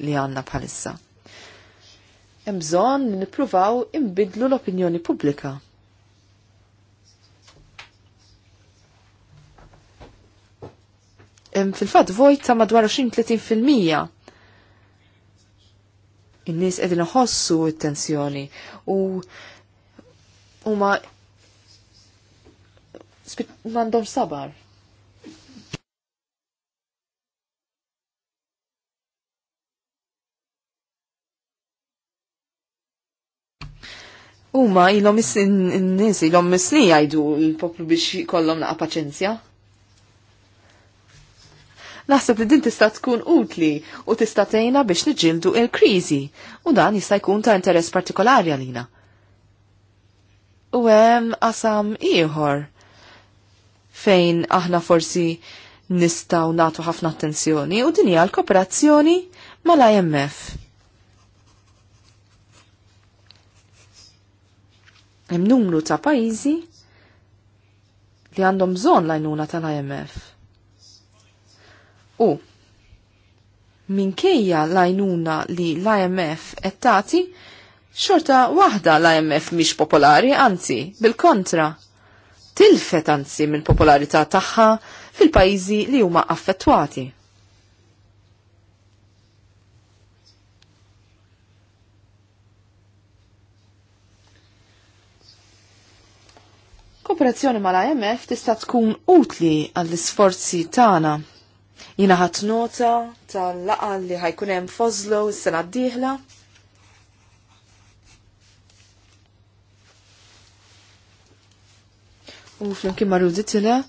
li għanna bħalissa. Hemm bżonn nippruvaw imbidlu l-opinjoni pubblika. Fil-fatt vojt ta' madwar 20-30 in-nies qegħdin iħossu t-tensjoni u huma m'għandhom sabar. Uma ilhom n-nies ilhom misni jgħidu l-poplu biex kollom naqa' paċenzja. Naħseb li din tista' tkun utli u tista' tgħinha biex niġġieldu l-kriżi u dan jista' jkun ta' interess partikolari għalina. U hemm qasam ieħor fejn aħna forsi nistgħu nagħtu ħafna attenzjoni u din hija l-kooperazzjoni mal-IMF Hemm numru ta' pajjiżi li għandhom bżonn l-għajnuna tal-IMF. U minkejja l-għajnuna li l-IMF qed tagħti, xorta waħda l-IMF mhix popolari, anzi, bil-kontra. Tilfet anzi mill-popolarità tagħha fil-pajjiżi li huma affettwati. Kooperazzjoni mal-IMF tista' tkun utli għall-isforzi tagħna. Jina ħadd nota tal laqgħa li ħajkun hemm Foslo s-sena d-dieħla. U flimkien marrudi tila,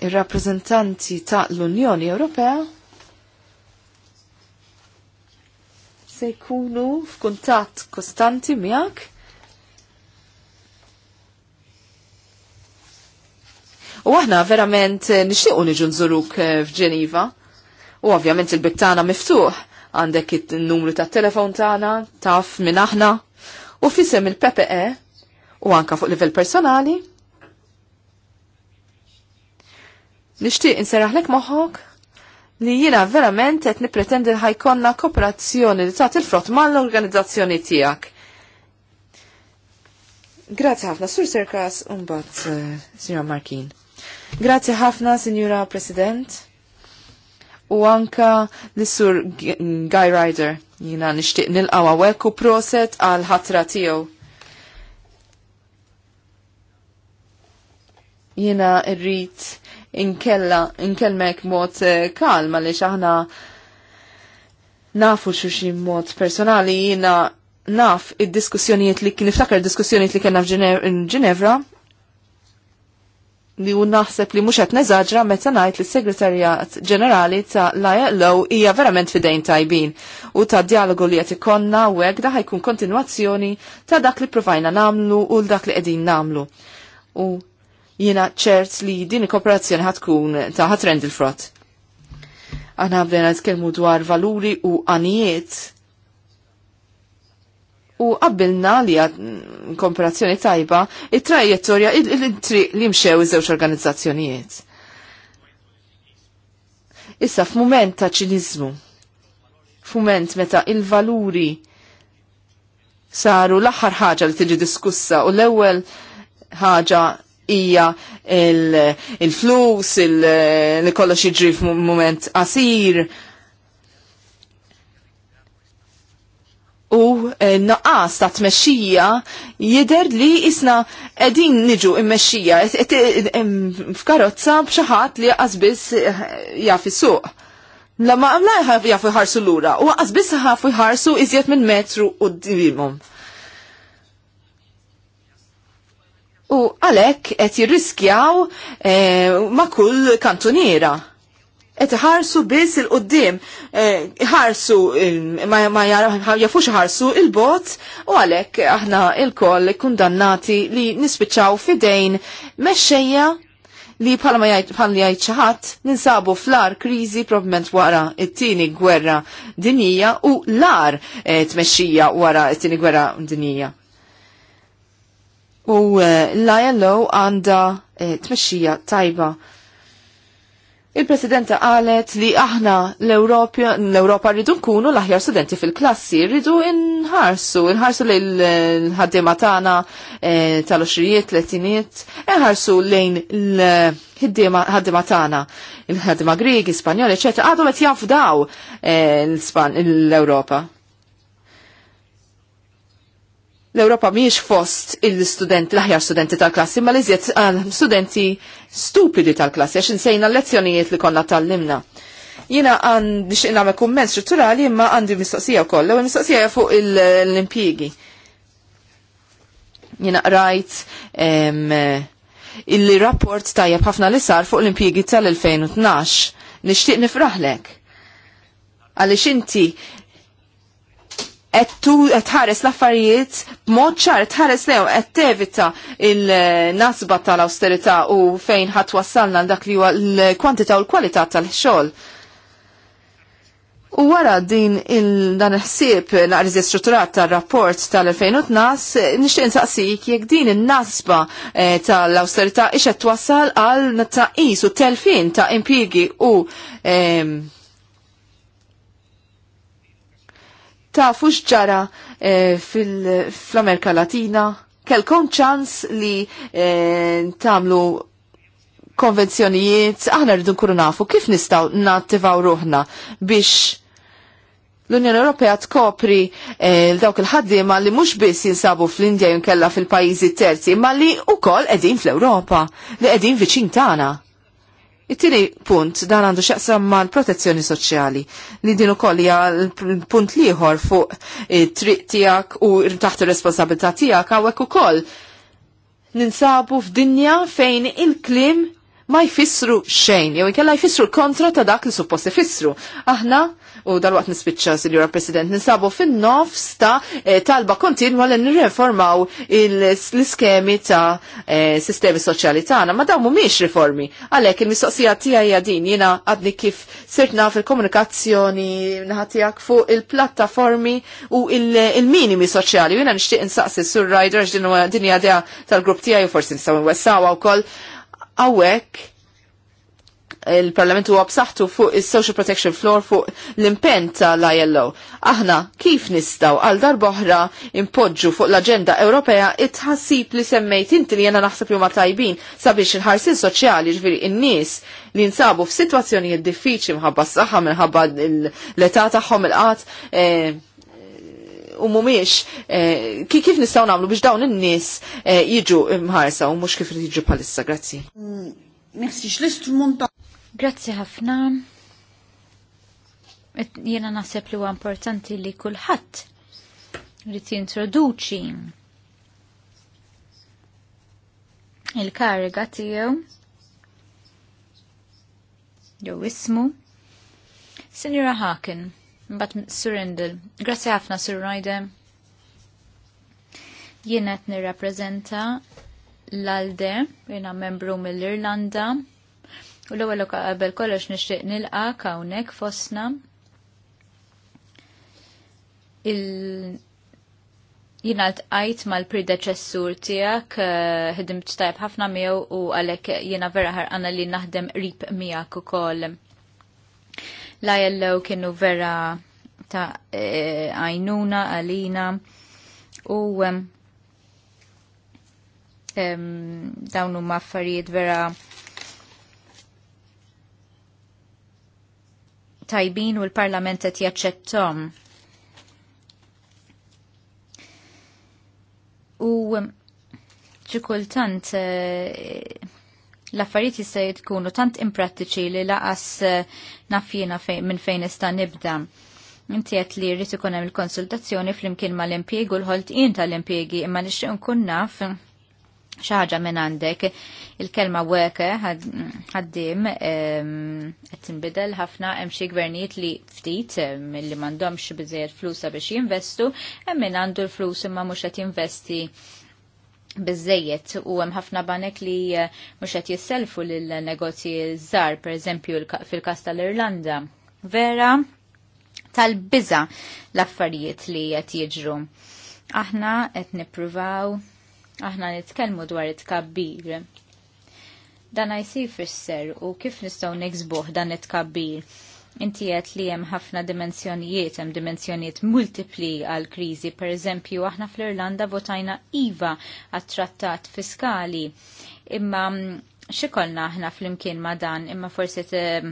ir-rappreżentanti ta' l-Unjoni Ewropea se jkunu f'kuntatt kostanti miegħek U aħna verament eh, nixtiequ niġu nżuruk eh, f'Ġeniva. U ovvjament il bittana miftuħ għandek il-numru ta' telefon tagħna, taf minn aħna, u fisem il-PPE, u anka fuq livell personali. Nixtieq inserraħlek moħħok li jina verament qed nippretendi ħajkonna kooperazzjoni li tagħti il-frott mal-organizzazzjoni tiegħek. Grazzi ħafna, Sur Serkas, un bat, uh, Signor Markin. Grazzi ħafna, Signora President. U anka l-sur Guy Ryder, jina nishtiq nil-qawa wekku proset għal ħatra tiegħu. Jina rrit inkella inkelmek mod eh, kalma li aħna nafu xuxi mod personali jina naf id-diskussjonijiet li kien iftakar diskussjonijiet li kena f'Ġinevra li u naħseb li mhux qed neżaġra meta ngħid li s-Segretarjat Ġenerali ta' l-ILO hija verament fidejn tajbin u ta' dialogu li qed konna u hekk da jkun kontinwazzjoni ta' dak li provajna namlu u dak li qegħdin namlu. U jiena ċert li din il-kooperazzjoni ħatkun ta' ħatrend il-frott. Aħna bdejna nitkellmu dwar valuri u għanijiet u qabbilna li għad komparazzjoni tajba il trajettorja il tri li mxew iż-żewġ organizzazzjonijiet. Issa f'mument ta' ċinizmu, f'mument meta il-valuri saru l-aħħar ħaġa li tiġi diskussa u l-ewwel ħaġa hija il-flus, il-kollox jiġri f'mument qasir, u eh, naqas ta' tmexxija jider li isna edin niġu immexxija f'karozza b'xaħat li qasbis eh, jaf is-suq. Lama għamla jafu jħarsu l-ura u qasbis jafu jħarsu iżjed minn metru u d-dimum. U għalek qed jirriskjaw eh, ma' kull kantuniera qed iħarsu biss eh, il qudiem ħarsu ma jafux iħarsu il-bot u għalhekk aħna il-koll kundannati li nispiċċaw fidejn mexxejja li bħalma bħal jgħid xi ħadd ninsabu fl-ar kriżi probment wara t-tieni gwerra dinija u l-ar eh, tmexxija wara t-tieni gwerra dinija. U eh, l-ILO għandha tmexxija tajba Il-Presidenta għalet li aħna l-Europa rridu nkunu l-aħjar studenti fil-klassi, rridu nħarsu, nħarsu l-ħaddima tagħna tal 20 l 30 nħarsu lejn l-ħaddima tagħna, il-ħaddima Grieg, Spanjol, eċetera, għadu għet jafdaw eh, l-Europa l-Europa miex fost il-studenti, l-aħjar studenti tal-klassi, ma l-iżjed studenti stupidi tal-klassi, għax insejna l-lezzjonijiet li konna tal-limna. Jina għandi xina me kumment strutturali, imma għandi mistoqsija u koll, u mistoqsija fuq l-impiegi. Jina rajt il-rapport tajjeb ħafna li sar fuq l-impiegi tal-2012. Nishtiq nifraħlek għalix inti qed tħares l-affarijiet b'mod ċar tħares lew qed tevita il-nasba tal austerita u fejn ħadd wassalna dak li huwa l kwantita u l-kwalità tal-xogħol. U wara din il dan il-ħsieb naqriżi strutturat tal-rapport tal-2012, nixtieq insaqsik jekk din in-nasba eh, tal-austerità qed twassal għal tnaqqis u telfin ta' impjiegi u ehm, tafu xġara e, eh, fil-Amerika Latina, kelkom ċans li e, eh, tamlu konvenzjonijiet, aħna rridu nkunu nafu kif nistaw nattivaw ruħna biex l-Unjoni Ewropea tkopri e, dawk il-ħaddiema li mhux biss jinsabu fl-Indja jinkella fil-pajjiżi terzi, ma li wkoll qegħdin fl-Ewropa, li qegħdin viċin tagħna. It-tieni punt dan għandu x'jaqsam mal-protezzjoni soċjali li din ukoll hija l-punt liħor fuq it-triq tiegħek u taħt ir-responsabilità tiegħek hawnhekk ukoll ninsabu f'dinja fejn il-klim ma jfissru xejn, jew inkella jfissru l-kontra ta' dak li suppost jfissru Aħna u dal-waqt nispiċċa Sinjura President ninsabu fin-nofs ta' eh, talba kontinwa li nirreformaw l-iskemi ta' eh, sistemi soċjali tagħna, ma dawn mhumiex riformi. Għalhekk il-mistoqsija tiegħi din jiena għadni kif sirtna fil komunikazzjoni naħatijak fuq il-plattaformi u il-minimi soċjali. Jiena nixtieq insaqsi sur Riders din hija idea tal-grupp tiegħi u forsi nistgħu nwessawha wkoll Awek, il-Parlament huwa b'saħħtu fuq is-Social Protection Floor fuq l-impenn l ilo Aħna kif nistgħu għal darboħra impoġġu fuq l-aġenda Ewropea it-ħassib li semmejt inti li jena naħseb li huma tajbin sabiex il-ħarsin soċjali ġviri in-nies li nsabu f'sitwazzjonijiet diffiċi mħabba s-saħħa minħabba l-età tagħhom il qat eh, u mumiex eh, kif nistaw namlu biex dawn in-nies eh, jiġu mħarsa u mhux kif jiġu bħalissa, grazzi. Mm, merci, je laisse tout le monde Grazzi ħafna. Jena naħseb li huwa importanti li kulħadd rrid jintroduċi il-kariga tiegħu jew ismu. Sinjura Haken, mbagħad Surindel. Grazzi ħafna Sur Rajde. Jien qed nirrappreżenta l-Alde, jiena membru mill-Irlanda, U l-ewwel qabel kollox nixtieq nilqa hawnhekk fosna il jina tqajt mal-predeċessur tijak, eh, ħedimt tajb ħafna miegħu u għalek jina vera ħarqana li naħdem qrib miegħek ukoll. La kienu vera ta' eh, għajnuna għalina u dawnu maffarijiet vera tajbin u l-Parlament qed jaċċettom. U ċikultant um, eh, l-affarijiet jista' jkunu tant imprattiċi li laqas eh, nafjina minn fejn nista' nibda. Inti qed li jrid ikun hemm il-konsultazzjoni flimkien mal impjegu l-ħoltqien tal-impjegi imma nixtieq nkun naf xaħġa minn għandek il-kelma weke ħaddim qed tinbidel ħafna hemm xi gvernijiet li ftit li m'għandhomx biżejjed flusa biex jinvestu hemm min għandu l-flus imma mhux qed jinvesti bizzejiet u hemm ħafna banek li eh, mhux qed jisselfu lill negozji żgħar pereżempju fil-każ tal-Irlanda. Vera tal-biża l-affarijiet li qed jiġru. Aħna qed nippruvaw aħna nitkellmu dwar it-kabbir. Dan għajsi fisser u kif nistgħu niksbuh dan it-kabbir. Inti għet li hemm ħafna dimensjonijiet, hemm dimensjonijiet multipli għal kriżi, pereżempju aħna fl-Irlanda votajna IVA għat-trattat fiskali. Imma mm, xikolna aħna fl-imkien ma dan, imma forsi t eh,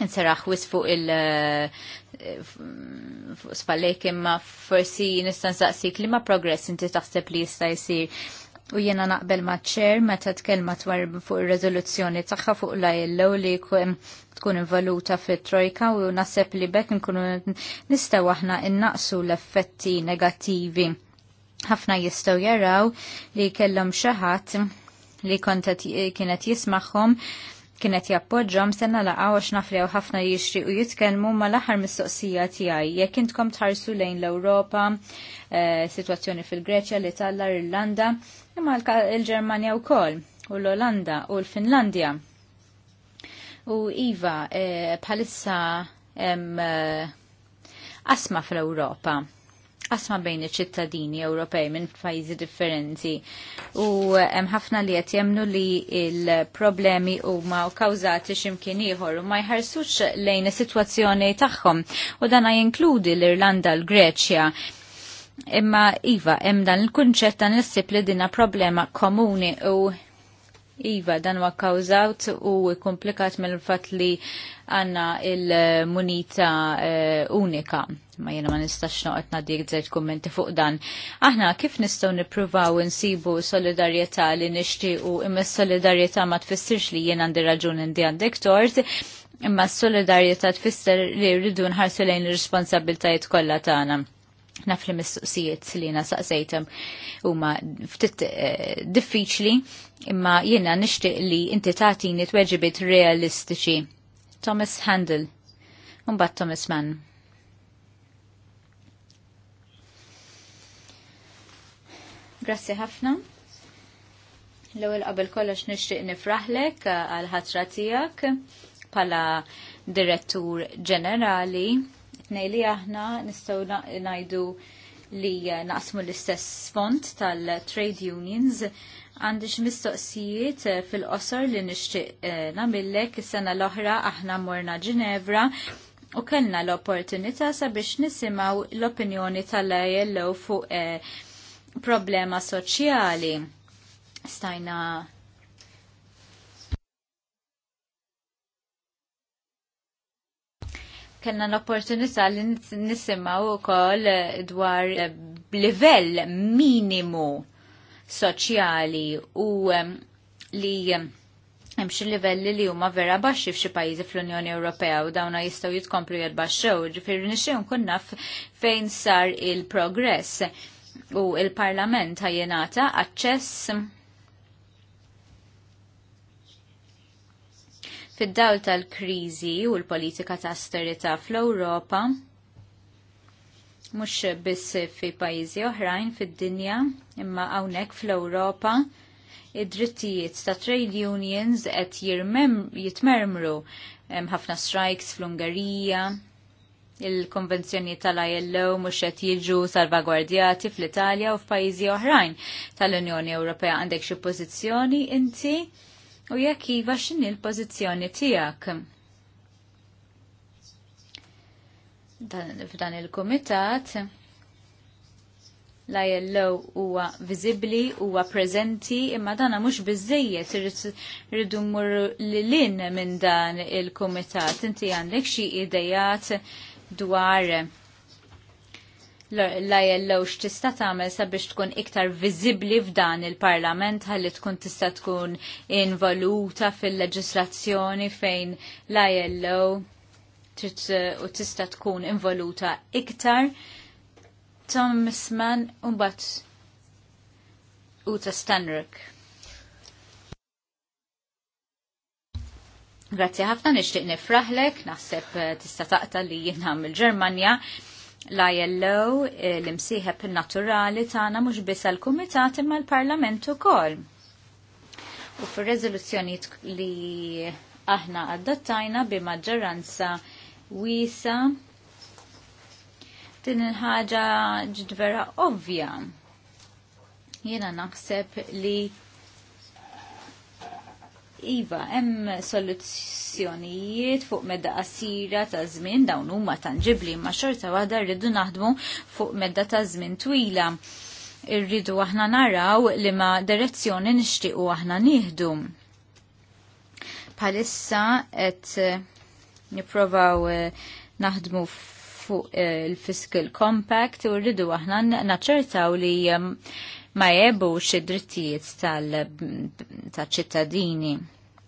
nseraħ wis fuq il eh, spallek imma forsi nistan saqsik li ma progress inti taħseb li jista' jsir. U jiena naqbel ma ċer meta tkellma dwar fuq ir rezoluzzjoni tagħha fuq la jellow li tkun involuta fit trojka u naħseb li bekk nkunu nistaw aħna innaqsu l-effetti negattivi. Ħafna jistgħu jaraw li kellom xi ħadd li kontet kienet jismaħħom kienet jappoġġom senna laqa għax naflew ħafna jixri u jitkellmu ma l-aħħar mistoqsija tiegħi. Jekk intkom tħarsu lejn l-Ewropa, eh, situazzjoni fil-Greċja, l-Italja, l-Irlanda, imma l-Ġermanja wkoll u l-Olanda u l-Finlandja. U Iva, eh, bħalissa eh, asma fl-Ewropa qasma bejn iċ-ċittadini Ewropej minn pajjiżi differenti. U hemm ħafna li qed jemnu li l-problemi huma kawżati x'imkien ieħor u ma jħarsux lejn is-sitwazzjoni tagħhom. U dan jinkludi l-Irlanda l-Greċja. Imma iva, hemm dan il-kunċett dan issib li dinha problema komuni u Iva, dan huwa kkawżat u komplikat mill fatt li għanna il-munita eh, unika ma jena ma nistax noqgħod nadik żejt kummenti fuq dan. Aħna kif nistgħu nippruvaw insibu solidarjetà li nixtiequ imma s-solidarjetà ma tfissirx li jien għandi raġun indi għandek tort, imma s-solidarjetà tfisser li rridu nħarsu lejn ir-responsabiltajiet kollha tagħna naf li mistoqsijiet li jena saqsejtem huma ftit eh, diffiċli imma jiena nixtieq li inti tagħtini weġibiet realistiċi Thomas Handel, unbat Thomas Mann. Grazzi ħafna. L-ewwel qabel kollox nixtieq nifraħlek uh, għal ħatra tiegħek bħala direttur ġenerali. Tnej li aħna nistgħu ngħidu li uh, naqsmu l-istess font tal-trade unions għandix mistoqsijiet eh, fil-qosor li nixtieq eh, namillek is-sena l-oħra aħna morna Ġinevra u kellna l-opportunità sabiex nisimaw l-opinjoni tal-ILO fuq eh, problema soċjali. Stajna kellna l-opportunità li nisimaw ukoll dwar livell minimu soċjali u li hemm xi livelli li huma vera baxxi f'xi pajjiżi fl-Unjoni Ewropea u dawna jistgħu jitkomplu jitbaxxew, ġifieri nixxi nkun naf fejn sar il-progress u il-Parlament ħajjenata aċċess fid-dawl tal-kriżi u l-politika ta' austerità fl-Ewropa mhux biss fi pajjiżi oħrajn fid-dinja imma hawnhekk fl-Ewropa id-drittijiet ta' trade unions qed jitmermru ħafna strikes fl-Ungerija, il-konvenzjoni tal-ILO mhux qed jiġu salvagwardjati fl-Italja u f'pajjiżi oħrajn tal-Unjoni Ewropea għandek xi pożizzjoni inti u jekk iva x'inhi l-pożizzjoni tiegħek f'dan il-komitat la jellow huwa viżibbli, huwa preżenti, imma dana mhux biżejjed irridu mmur lilin minn dan il-kumitat. Inti għandek xi idejat dwar la jellow x'tista' tagħmel sabiex tkun iktar viżibbli f'dan il-Parlament ħalli tkun tista' tkun involuta fil-leġislazzjoni fejn la jellow trid eh, u tista' tkun involuta iktar. Tom Misman u ta' Uta Stanrik. Grazzi ħafna nixtieq nifraħlek, naħseb eh, tista' taqta li jien il-Ġermanja l-ILO, eh, l-imsieħeb naturali tagħna mhux biss għall-Kumitat imma l-Parlament ukoll. U fir-reżoluzzjonijiet li aħna adottajna bi maġġoranza wisa. Din il-ħaġa ġidvera ovvja. Jiena naħseb li Iva, hemm soluzzjonijiet fuq medda qasira ta' żmien dawn huma tanġibli ma' xorta waħda rridu naħdmu fuq medda ta' żmien twila. Irridu aħna naraw li ma' direzzjoni nixtiequ aħna nieħdu. Palissa qed niprovaw eh, naħdmu fuq eh, il-Fiscal Compact u rridu aħna naċċertaw li eh, ma jebu id-drittijiet tal-ċittadini.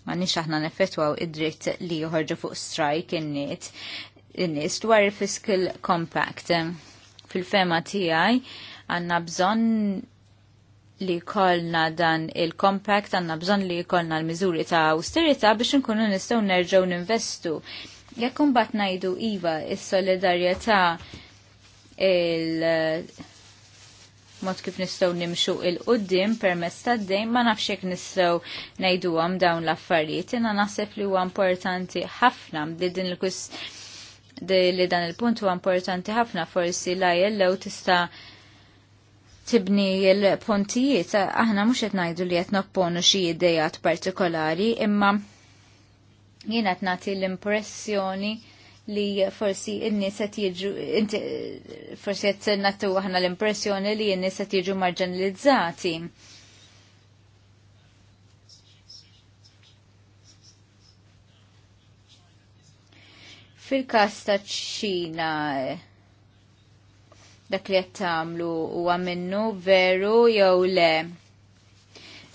Ma nix aħna neffettwaw id-dritt li joħorġu fuq strajk in-niet in-nies dwar il-Fiscal Compact. Fil-fema tiegħi għandna bżonn li kolna dan il-compact għanna bżon li kolna l-mizuri ta' austerita biex nkunu nistaw nerġaw n-investu. Jekkum bat najdu Iva il-solidarieta il- mod kif nistaw nimxu il-qoddim permess ta' dejn ma nafx jekk nistaw najdu għam dawn l-affarijiet. Jena nasef li huwa importanti ħafna li din il-kus li dan il-punt huwa importanti ħafna forsi la jellew tista' tibni l-pontijiet, aħna mhux qed ngħidu li qed xie xi idejat partikolari, imma jien qed nagħti l-impressjoni li forsi n-nies qed jiġu forsi qed nagħtu aħna l-impressjoni li n-nies qed jiġu marġanalizzati. Fil-każ ta' Ċina, dak li qed tagħmlu huwa minnu veru jew le.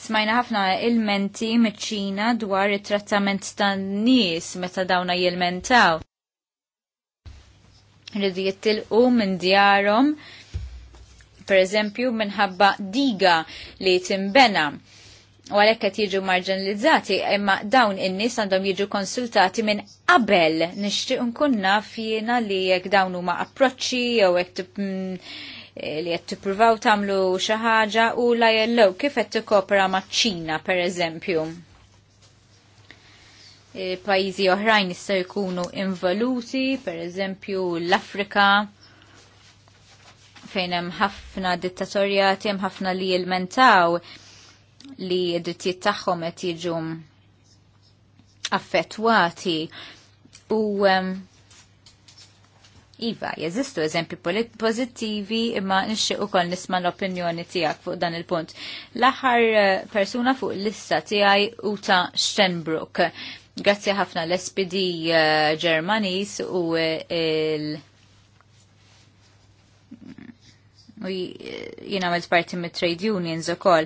Smajna ħafna ilmenti miċ-Ċina dwar it-trattament tan-nies meta dawna jilmentaw. Rridu jittilqu minn djarhom per eżempju minħabba diga li timbena u għalhekk qed jiġu marginalizzati imma dawn in għandhom jiġu konsultati minn qabel nixtieq nkun fjena li jekk dawn huma approċċi jew jek mm, eh, li qed tippruvaw tagħmlu xi ħaġa u la jellow kif qed tikkopera maċ-Ċina pereżempju. E, pajjiżi oħrajn jista' jkunu involuti, pereżempju l-Afrika fejn hemm ħafna dittatorjati, hemm ħafna li jilmentaw li d-drittijiet tagħhom qed jiġu affettwati u Iva, jeżistu eżempi pozittivi imma nixxieq ukoll nisma' l-opinjoni tiegħek fuq dan il-punt. L-aħħar eh, persuna fuq l-lista tiegħi Uta Stenbrook. Grazzi ħafna l-SPD eh, Ġermanis u eh, il- u jien għamilt parti mit trade unions ukoll.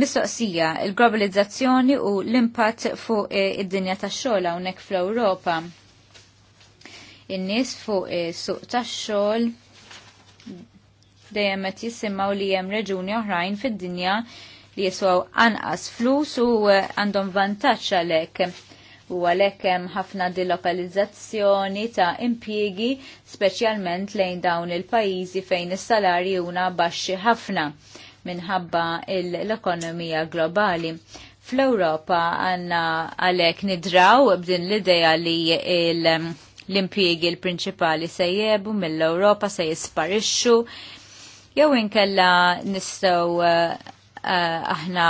Mistoqsija, il-globalizzazzjoni u l-impatt fuq eh, id-dinja tax-xogħol hawnhekk fl-Ewropa. In-nies fuq eh, suq tax-xogħol dejjem qed jisimgħu li hemm reġuni oħrajn fid-dinja li jiswaw anqas flus u eh, għandhom vantaġġ għalhekk. U għalhekk hemm ħafna delokalizzazzjoni ta' impjiegi speċjalment lejn dawn il-pajjiżi fejn is-salarji huna baxxi ħafna minħabba l-ekonomija globali. Fl-Europa għanna għalek nidraw b'din l-ideja li l-impiegi l-prinċipali se jebu mill-Europa se jisparixxu jew inkella nistgħu uh, uh, aħna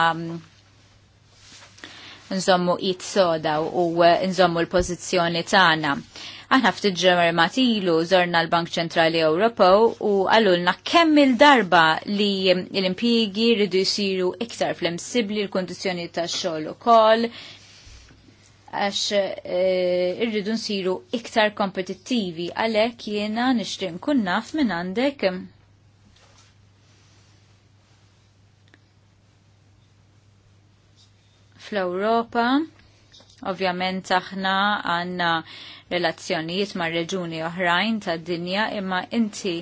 nżommu it soda u uh, nżommu l-pożizzjoni tagħna. Aħna ftit ġemer matilu zorna l-Bank Ċentrali Ewropew u għallulna kemm il-darba li l-impjigi rridu jsiru iktar fl-imsibli l-kondizjoni tax xogħol ukoll għax eh, irridu nsiru iktar kompetittivi għalhekk jiena nixtri nkun naf minn għandek fl-Ewropa ovvjament aħna għanna relazzjonijiet ma' reġuni oħrajn tad dinja imma inti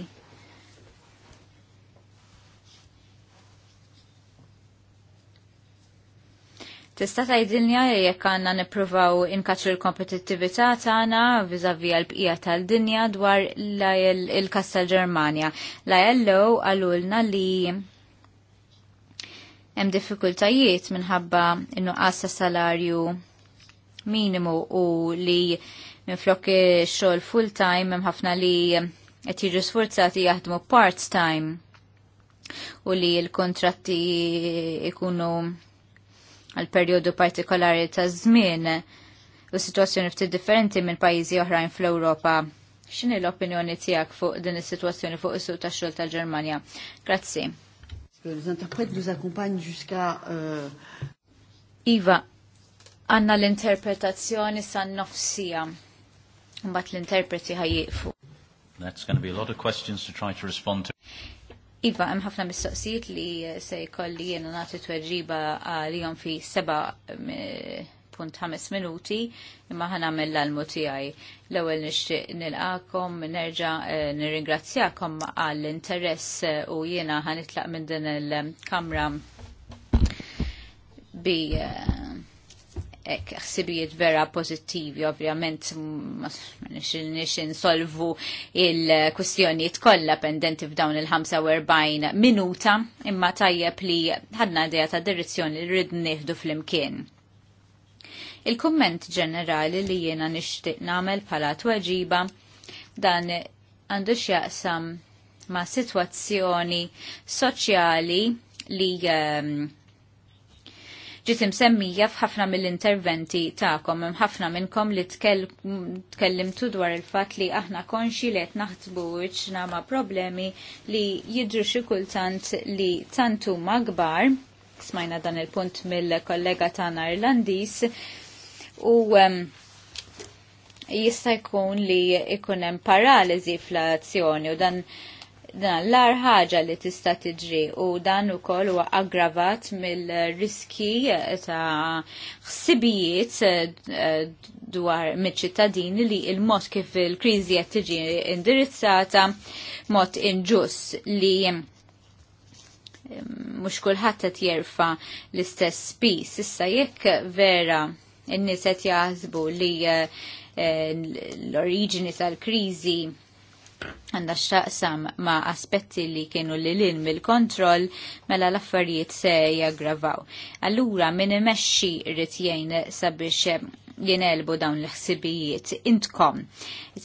Tista' tgħidilna jekk għandna nippruvaw inkaċċu l-kompetittività tagħna viżavi l-bqija tal-dinja dwar il kass tal-Ġermanja. La jellow għalulna li hemm diffikultajiet minħabba innuqqas ta' salarju minimu u li Minflok xogħol full-time hemm ħafna li qed jiġu sforzati jaħdmu part-time u li l-kontratti ikunu għal perjodu partikolari ta' żmien u situazzjoni ftit differenti minn pajjiżi oħrajn fl-Ewropa. X'inhi l-opinjoni tiegħek fuq din is-sitwazzjoni fuq is-suq tax-xogħol tal-Ġermanja? Grazzi. Iva, għanna l-interpretazzjoni san nofsija. Mbagħad l-interpreti ħajjiqfu. That's going to be a lot of questions to try to respond to. Iva, hemm ħafna mistoqsijiet li se jkolli jiena nagħti tweġiba għalihom fi seba' punt ħames minuti imma ħan għamil l-almu tiegħi. L-ewwel nixtieq nilqakom nerġa' eh, nirringrazzjakom għall-interess eh, u jiena ħanitlaq minn din il-kamra bi eh, ek ħsibijiet vera pozittivi, ovvjament mm, nix insolvu il kustjoniet kollha pendenti f'dawn il-45 minuta, imma tajjeb li ħadna idea ta' direzzjoni li rrid nieħdu fl-imkien. Il-kumment ġenerali li jiena nixtieq nagħmel bħala tweġiba dan għandu x'jaqsam ma' sitwazzjoni soċjali li um, ġiet imsemmija f'ħafna mill-interventi tagħkom hemm ħafna minnkom li tkellimtu dwar il-fatt li aħna konxi li qed naħsbu wiċċna ma' problemi li jidru xi kultant li tantu ma' kbar smajna dan il-punt mill-kollega tagħna Irlandis u um, jista' jkun li jkun hemm paraliżi fl-azzjoni u dan dan l-ar ħaġa li tista' tiġri u dan ukoll huwa aggravat mill-riski eh, ta' ħsibijiet eh, dwar miċ-ċittadini li il-mod kif il-kriżi qed tiġi indirizzata mod inġuss li eh, mhux kulħadd qed jerfa l-istess spis. Issa jekk vera n-nies qed jaħsbu li l-oriġini tal-kriżi għanda xtaqsam ma aspetti li kienu li l-in mill-kontroll mela l-affarijiet se jaggravaw. Allura minn imexxi rritjejn sabiex jenelbu dawn l-ħsibijiet intkom.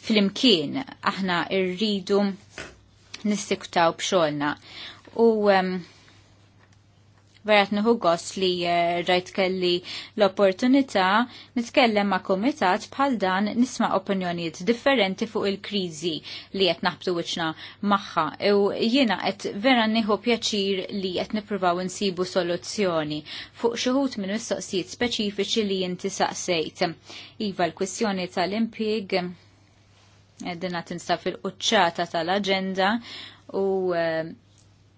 Fl-imkien aħna irridu nistiktaw bxolna u um, verat nuhu gost li eh, rajt kelli l-opportunità nitkellem ma' komitat bħal dan nisma' opinjonijiet differenti fuq il-krizi li qed naħbtu wiċna magħha. U jiena qed vera nieħu pjaċir li qed nippruvaw insibu soluzzjoni fuq xi ħut minn mistoqsijiet speċifiċi li inti saqsejt. Iva l-kwistjoni tal-impjieg eh, dinna tinsa fil-qċata tal-agenda u uh,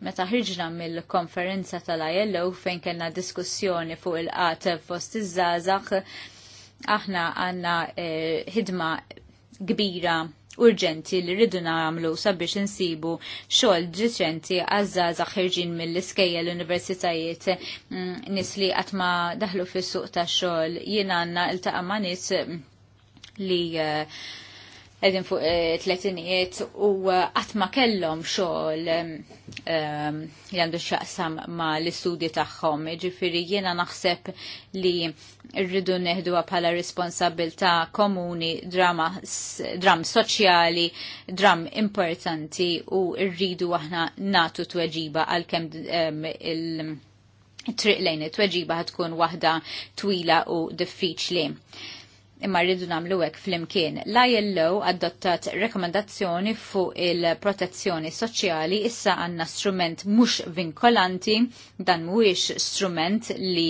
meta ħriġna mill-konferenza tal-ILO fejn kellna diskussjoni fuq il-qat fost iż-żazax, aħna għanna eh, ħidma kbira urġenti li rridu nagħmlu sabiex insibu xogħol ġiċenti għaż-żazax ħirġin mill-iskejja l-universitajiet mm, nies li qatt ma daħlu fis-suq tax-xogħol jien għandna iltaqa' ma' nies li uh, edin fuq eh, tletinijiet u għatma eh, kellom xoħl li għandu xaqsam ma l-istudji taħħom. Ġifiri jena naħseb li rridu neħdu bħala responsabilta komuni, drama, dram soċjali, dram importanti u rridu aħna natu tweġiba għal kem il-triq it-tweġiba tkun wahda twila u diffiċli. li imma rridu nagħmlu hekk flimkien. L-ILO adottat rekomendazzjoni fuq il-protezzjoni soċjali issa għandna strument mhux vinkolanti, dan mhuwiex strument li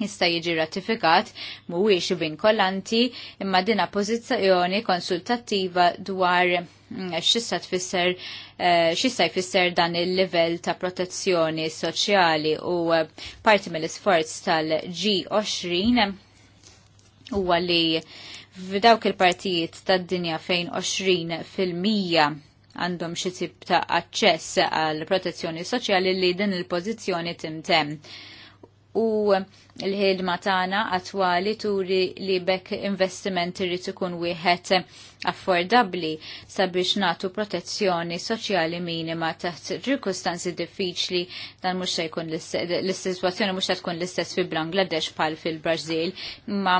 jista' jiġi ratifikat mhuwiex vinkolanti imma dina pożizzjoni konsultattiva dwar mm, x'issa tfisser eh, x'issa jfisser dan il-livell ta' protezzjoni soċjali u eh, parti mill-isforz tal-G20 huwa li f'dawk il-partijiet tad-dinja fejn 20 fil-mija għandhom xi tip ta' aċċess għal protezzjoni soċjali li din il-pożizzjoni timtem. U l-ħidma tagħna attwali turi li bekk investiment irid ikun wieħed affordabbli sabiex nagħtu protezzjoni soċjali minima taħt ċirkustanzi diffiċli dan mhux se jkun l-istess sitwazzjoni mhux se tkun l-istess fi Bangladesh bħal fil-Brażil, imma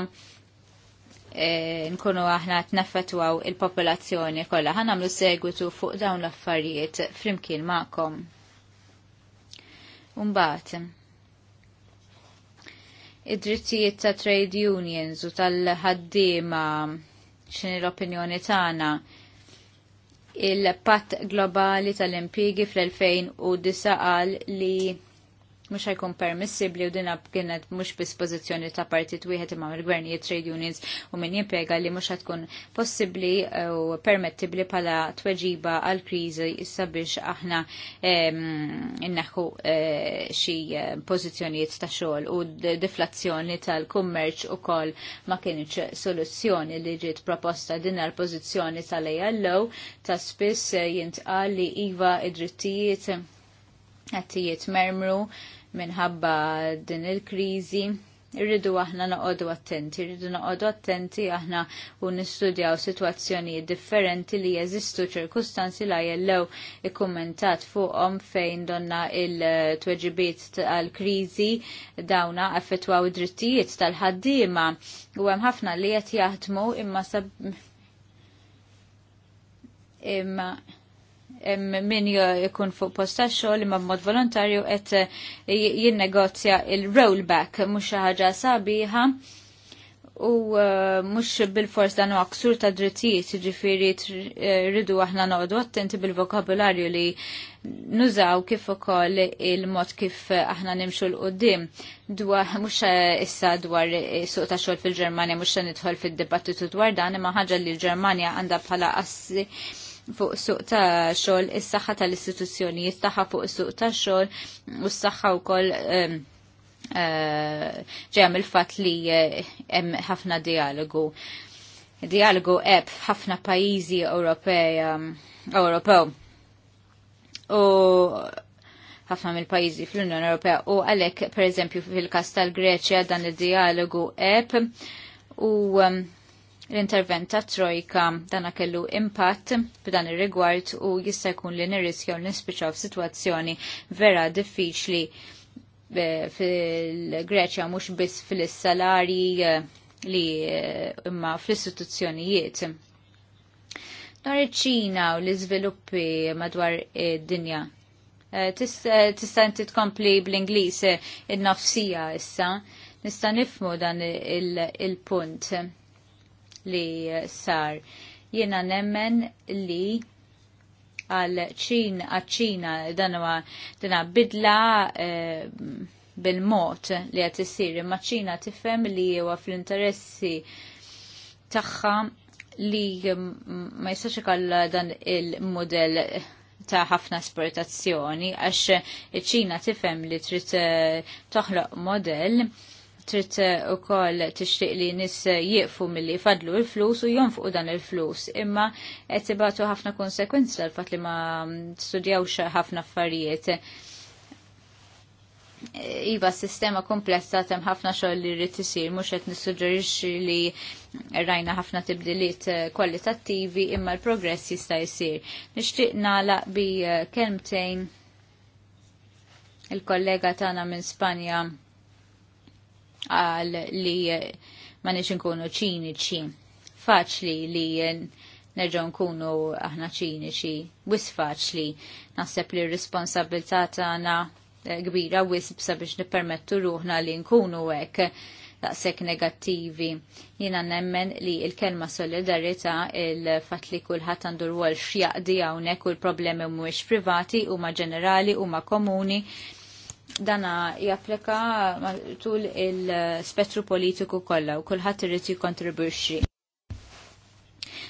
Eh, nkunu aħna t-naffetwaw il-popolazzjoni kolla. għamlu segwitu fuq dawn l-affarijiet flimkien ma'kom. Umbat, id-drittijiet ta' trade unions u tal-ħaddima xini l-opinjoni tagħna il-patt globali tal-impigi fl-2009 qal li mux ħajkun permissibli u dinab kienet mux bispozizjoni ta' partit wieħed imma mill-gvernijiet trade unions u min jimpjega li mux ħatkun possibli u permettibli pala tweġiba għal kriżi biex aħna innaħu eh, xi eh, pożizzjonijiet ta' xogħol u deflazzjoni tal-kummerċ ukoll ma kienx soluzzjoni li ġiet proposta din l-pożizzjoni tal-ALO ta' spiss jintqal li iva id-drittijiet għattijiet mermru minħabba din il-krizi. Irridu aħna naqodu attenti, irridu naqodu attenti aħna u nistudjaw situazzjoni differenti li jeżistu ċirkustanzi la jellew ikkommentat fuqhom fejn donna il-tweġibiet tal-krizi dawna affetwaw drittijiet tal-ħaddiema u hemm ħafna li qed jaħdmu imma sab imma min ikun fuq posta xogħol imma mod volontarju qed eh, jinnegozja il-rollback mhux xi ħaġa sabiħa u eh, mhux bil-fors dan u ksur ta' drittijiet, jiġifieri eh, ridu aħna noqogħdu attenti bil-vokabularju li nużaw kif ukoll il-mod kif aħna nimxu l-qoddim. Dwar mhux issa dwar suq ta' xogħol fil-Ġermanja mhux se nidħol fid-dibattitu dwar dan imma ħaġa li l-Ġermanja għandha bħala assi fuq suq ta' xogħol, is-saħħa tal-istituzzjonijiet tagħha fuq suq ta' xogħol u s-saħħa wkoll ġem eh, il-fatt li eh, hemm ħafna dialogu. Dialogu eb ħafna pajjiżi Ewropeja Ewropew. U ħafna mill-pajjiżi fl-Unjoni Ewropea u għalhekk pereżempju fil-każ tal-Greċja dan id-dialogu eb u um, l-intervent ta' trojka dana kellu impatt b'dan ir-rigward u jista' jkun li nirriskjaw nispiċaw f'sitwazzjoni vera diffiċli eh, fil-Greċja mhux biss fil-salari eh, li eh, imma fl-istituzzjonijiet. Nar iċ-Ċina u l-iżviluppi madwar id-dinja. Tista' inti tkompli bl-Ingliż in-nofsija issa, nista' nifmu dan il-punt. il punt li sar. Jiena nemmen li għal ċin għacċina ċina dana bidla eh, bil-mod li qed issir imma ċina tifhem li huwa fl-interessi tagħha li ma jistax ikollha dan il-modell ta' ħafna esportazzjoni għax ċina tifhem li trid eh, toħloq modell trid eh, ukoll tixtieq li nis eh, jieqfu milli fadlu l-flus u jonfqu dan il-flus, imma qed tibatu ħafna konsekwenzi l fatt li ma mm, studjawx ħafna affarijiet. Eh, iva, sistema komplessa tem ħafna xogħol li rrit isir, mhux qed nissuġġerixxi li rajna ħafna tibdiliet kwalitattivi imma l-progress jista' jsir. Nixtieq nagħlaq bi kelmtejn il-kollega tagħna minn Spanja għal li ma nix nkunu ċiniċi. Faċli li nerġaw nkunu aħna ċiniċi, wis faċli. Naħseb li r-responsabilità tagħna eh, kbira wis sabiex nippermettu ruħna li nkunu hekk daqshekk negattivi. Jiena nemmen li il-kelma solidarita il-fat li kulħadd għandu rwol x'jaqdi hawnhekk u l-problemi mhuwiex privati huma ġenerali huma komuni dana japplika tul il-spettru politiku kollha u kulħadd irid jikkontribwixxi.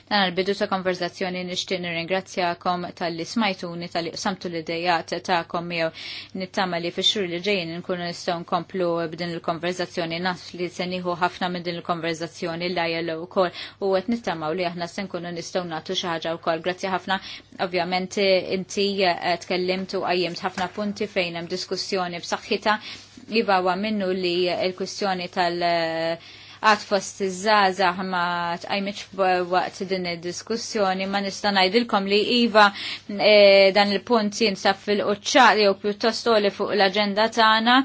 Dan għal-bidu ta' konverzazzjoni nixtieq nirringrazzjakom tal-li smajtuni tal-li samtu l-idejat kom jew nittama li fix li ġejjin nkunu nistgħu nkomplu b'din il-konverzazzjoni naf li se nieħu ħafna minn din il-konverzazzjoni l u kol u qed u li aħna se nkunu nistgħu nagħtu xi ħaġa wkoll. Grazzi ħafna. Ovvjament inti eh, tkellimt u għajjimt ħafna punti fejn hemm diskussjoni b'saħħitha jibawa minnu li l-kwistjoni tal- għat fost iż żaza ma tqajmitx waqt din id-diskussjoni ma nista' ngħidilkom li iva e, dan il-punt jinsab fil-quċċaq jew pjuttost li fuq l-aġenda tagħna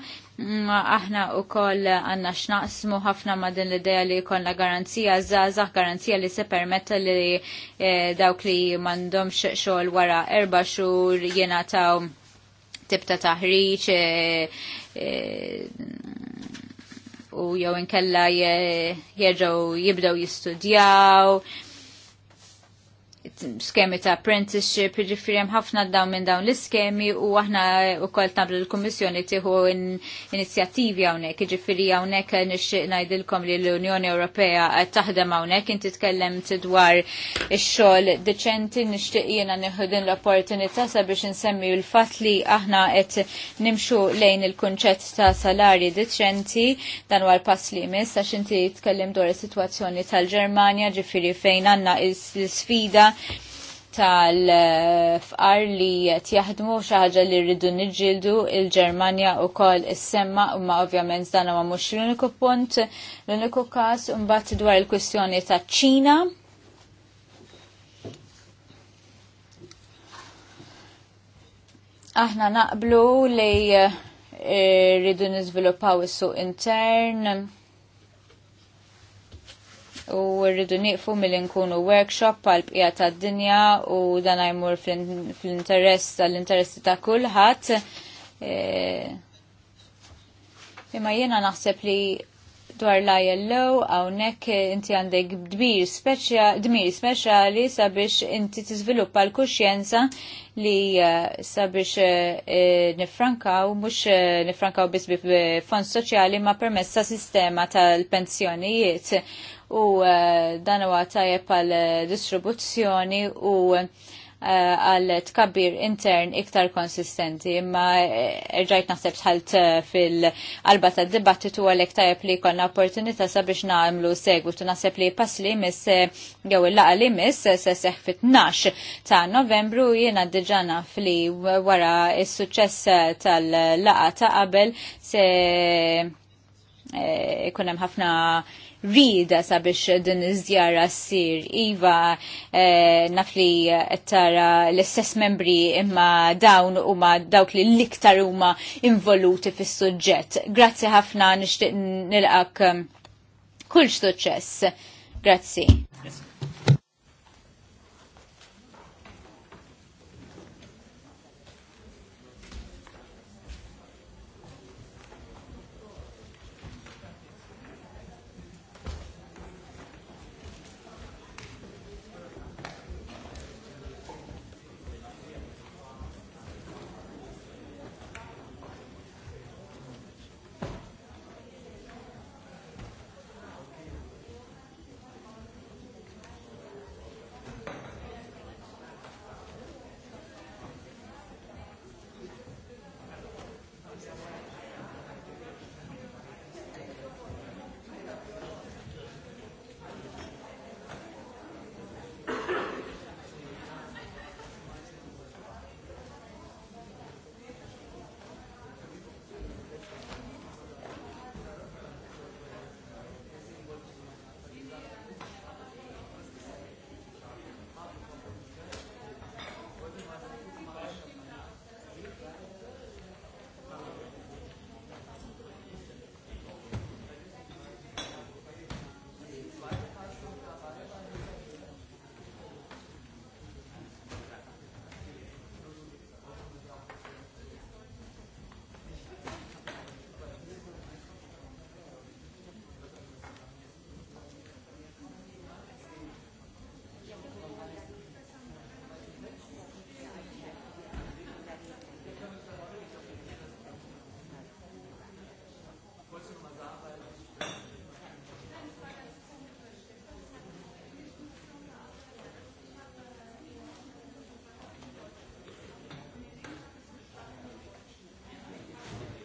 aħna u koll għanna xnaqsmu ħafna ma din l-ideja li la garanzija zazax, garanzija li se permetta li e, dawk li mandom xol wara erba xur jena taw tibta taħriċ e, u jew inkella jerġgħu jibdew jistudjaw skemi ta' apprenticeship, ġifiri ħafna dawn minn dawn l-iskemi u aħna u koll l kummissjoni tiħu inizjattivi għawnek, ġifiri għawnek nixtieq najdilkom li l-Unjoni Ewropea taħdem għawnek, inti tkellem dwar il-xol deċenti nixxiq jena nħudin l-opportunità sabiex nsemmi l-fat li aħna qed nimxu lejn il-kunċett ta' salari deċenti dan għal pass li mis, għax inti tkellem dwar is-sitwazzjoni tal-Ġermanja, ġifiri fejn għanna is-sfida tal-fqar li tjaħdmu xaħġa li rridu nġildu il-Germania u kol is-semma u ma ovvjament dan ma mux l-uniku punt, l-uniku kas un-bat dwar il-kwistjoni ta' ċina. Aħna naqblu li eh, rridu nizvilupaw is-suq intern, u rridu nieqfu milli nkunu workshop għal bqija tad-dinja u dan jmur fl-interess tal-interessi ta' kulħadd. E, imma jiena naħseb li dwar la jellow hawnhekk inti għandek dmir speċjali sabiex inti tiżviluppa l-kuxjenza li e, sabiex e, nifrankaw, mux nifrankaw biss bi fond soċjali ma permessa sistema tal-pensjonijiet u eh, dan huwa tajjeb għal eh, distribuzzjoni u eh, għal tkabbir intern iktar konsistenti. Imma rġajt naħseb sħalt fil-qalba ta' dibattitu għalek tajab li konna opportunita sabiex naħamlu segwu naħseb li pass li mis jew il-laqa li mis se seħ fit-12 ta' novembru jena d-ġana fli wara il sucċess tal-laqa ta' qabel se ikunem ħafna rida sabiex din iż-żjara ssir. Iva eh, naf li tara l-istess membri imma dawn huma dawk li l-iktar huma involuti fis-suġġett. Grazzi ħafna nixtieq nilqak eh, kull suċċess. Grazzi.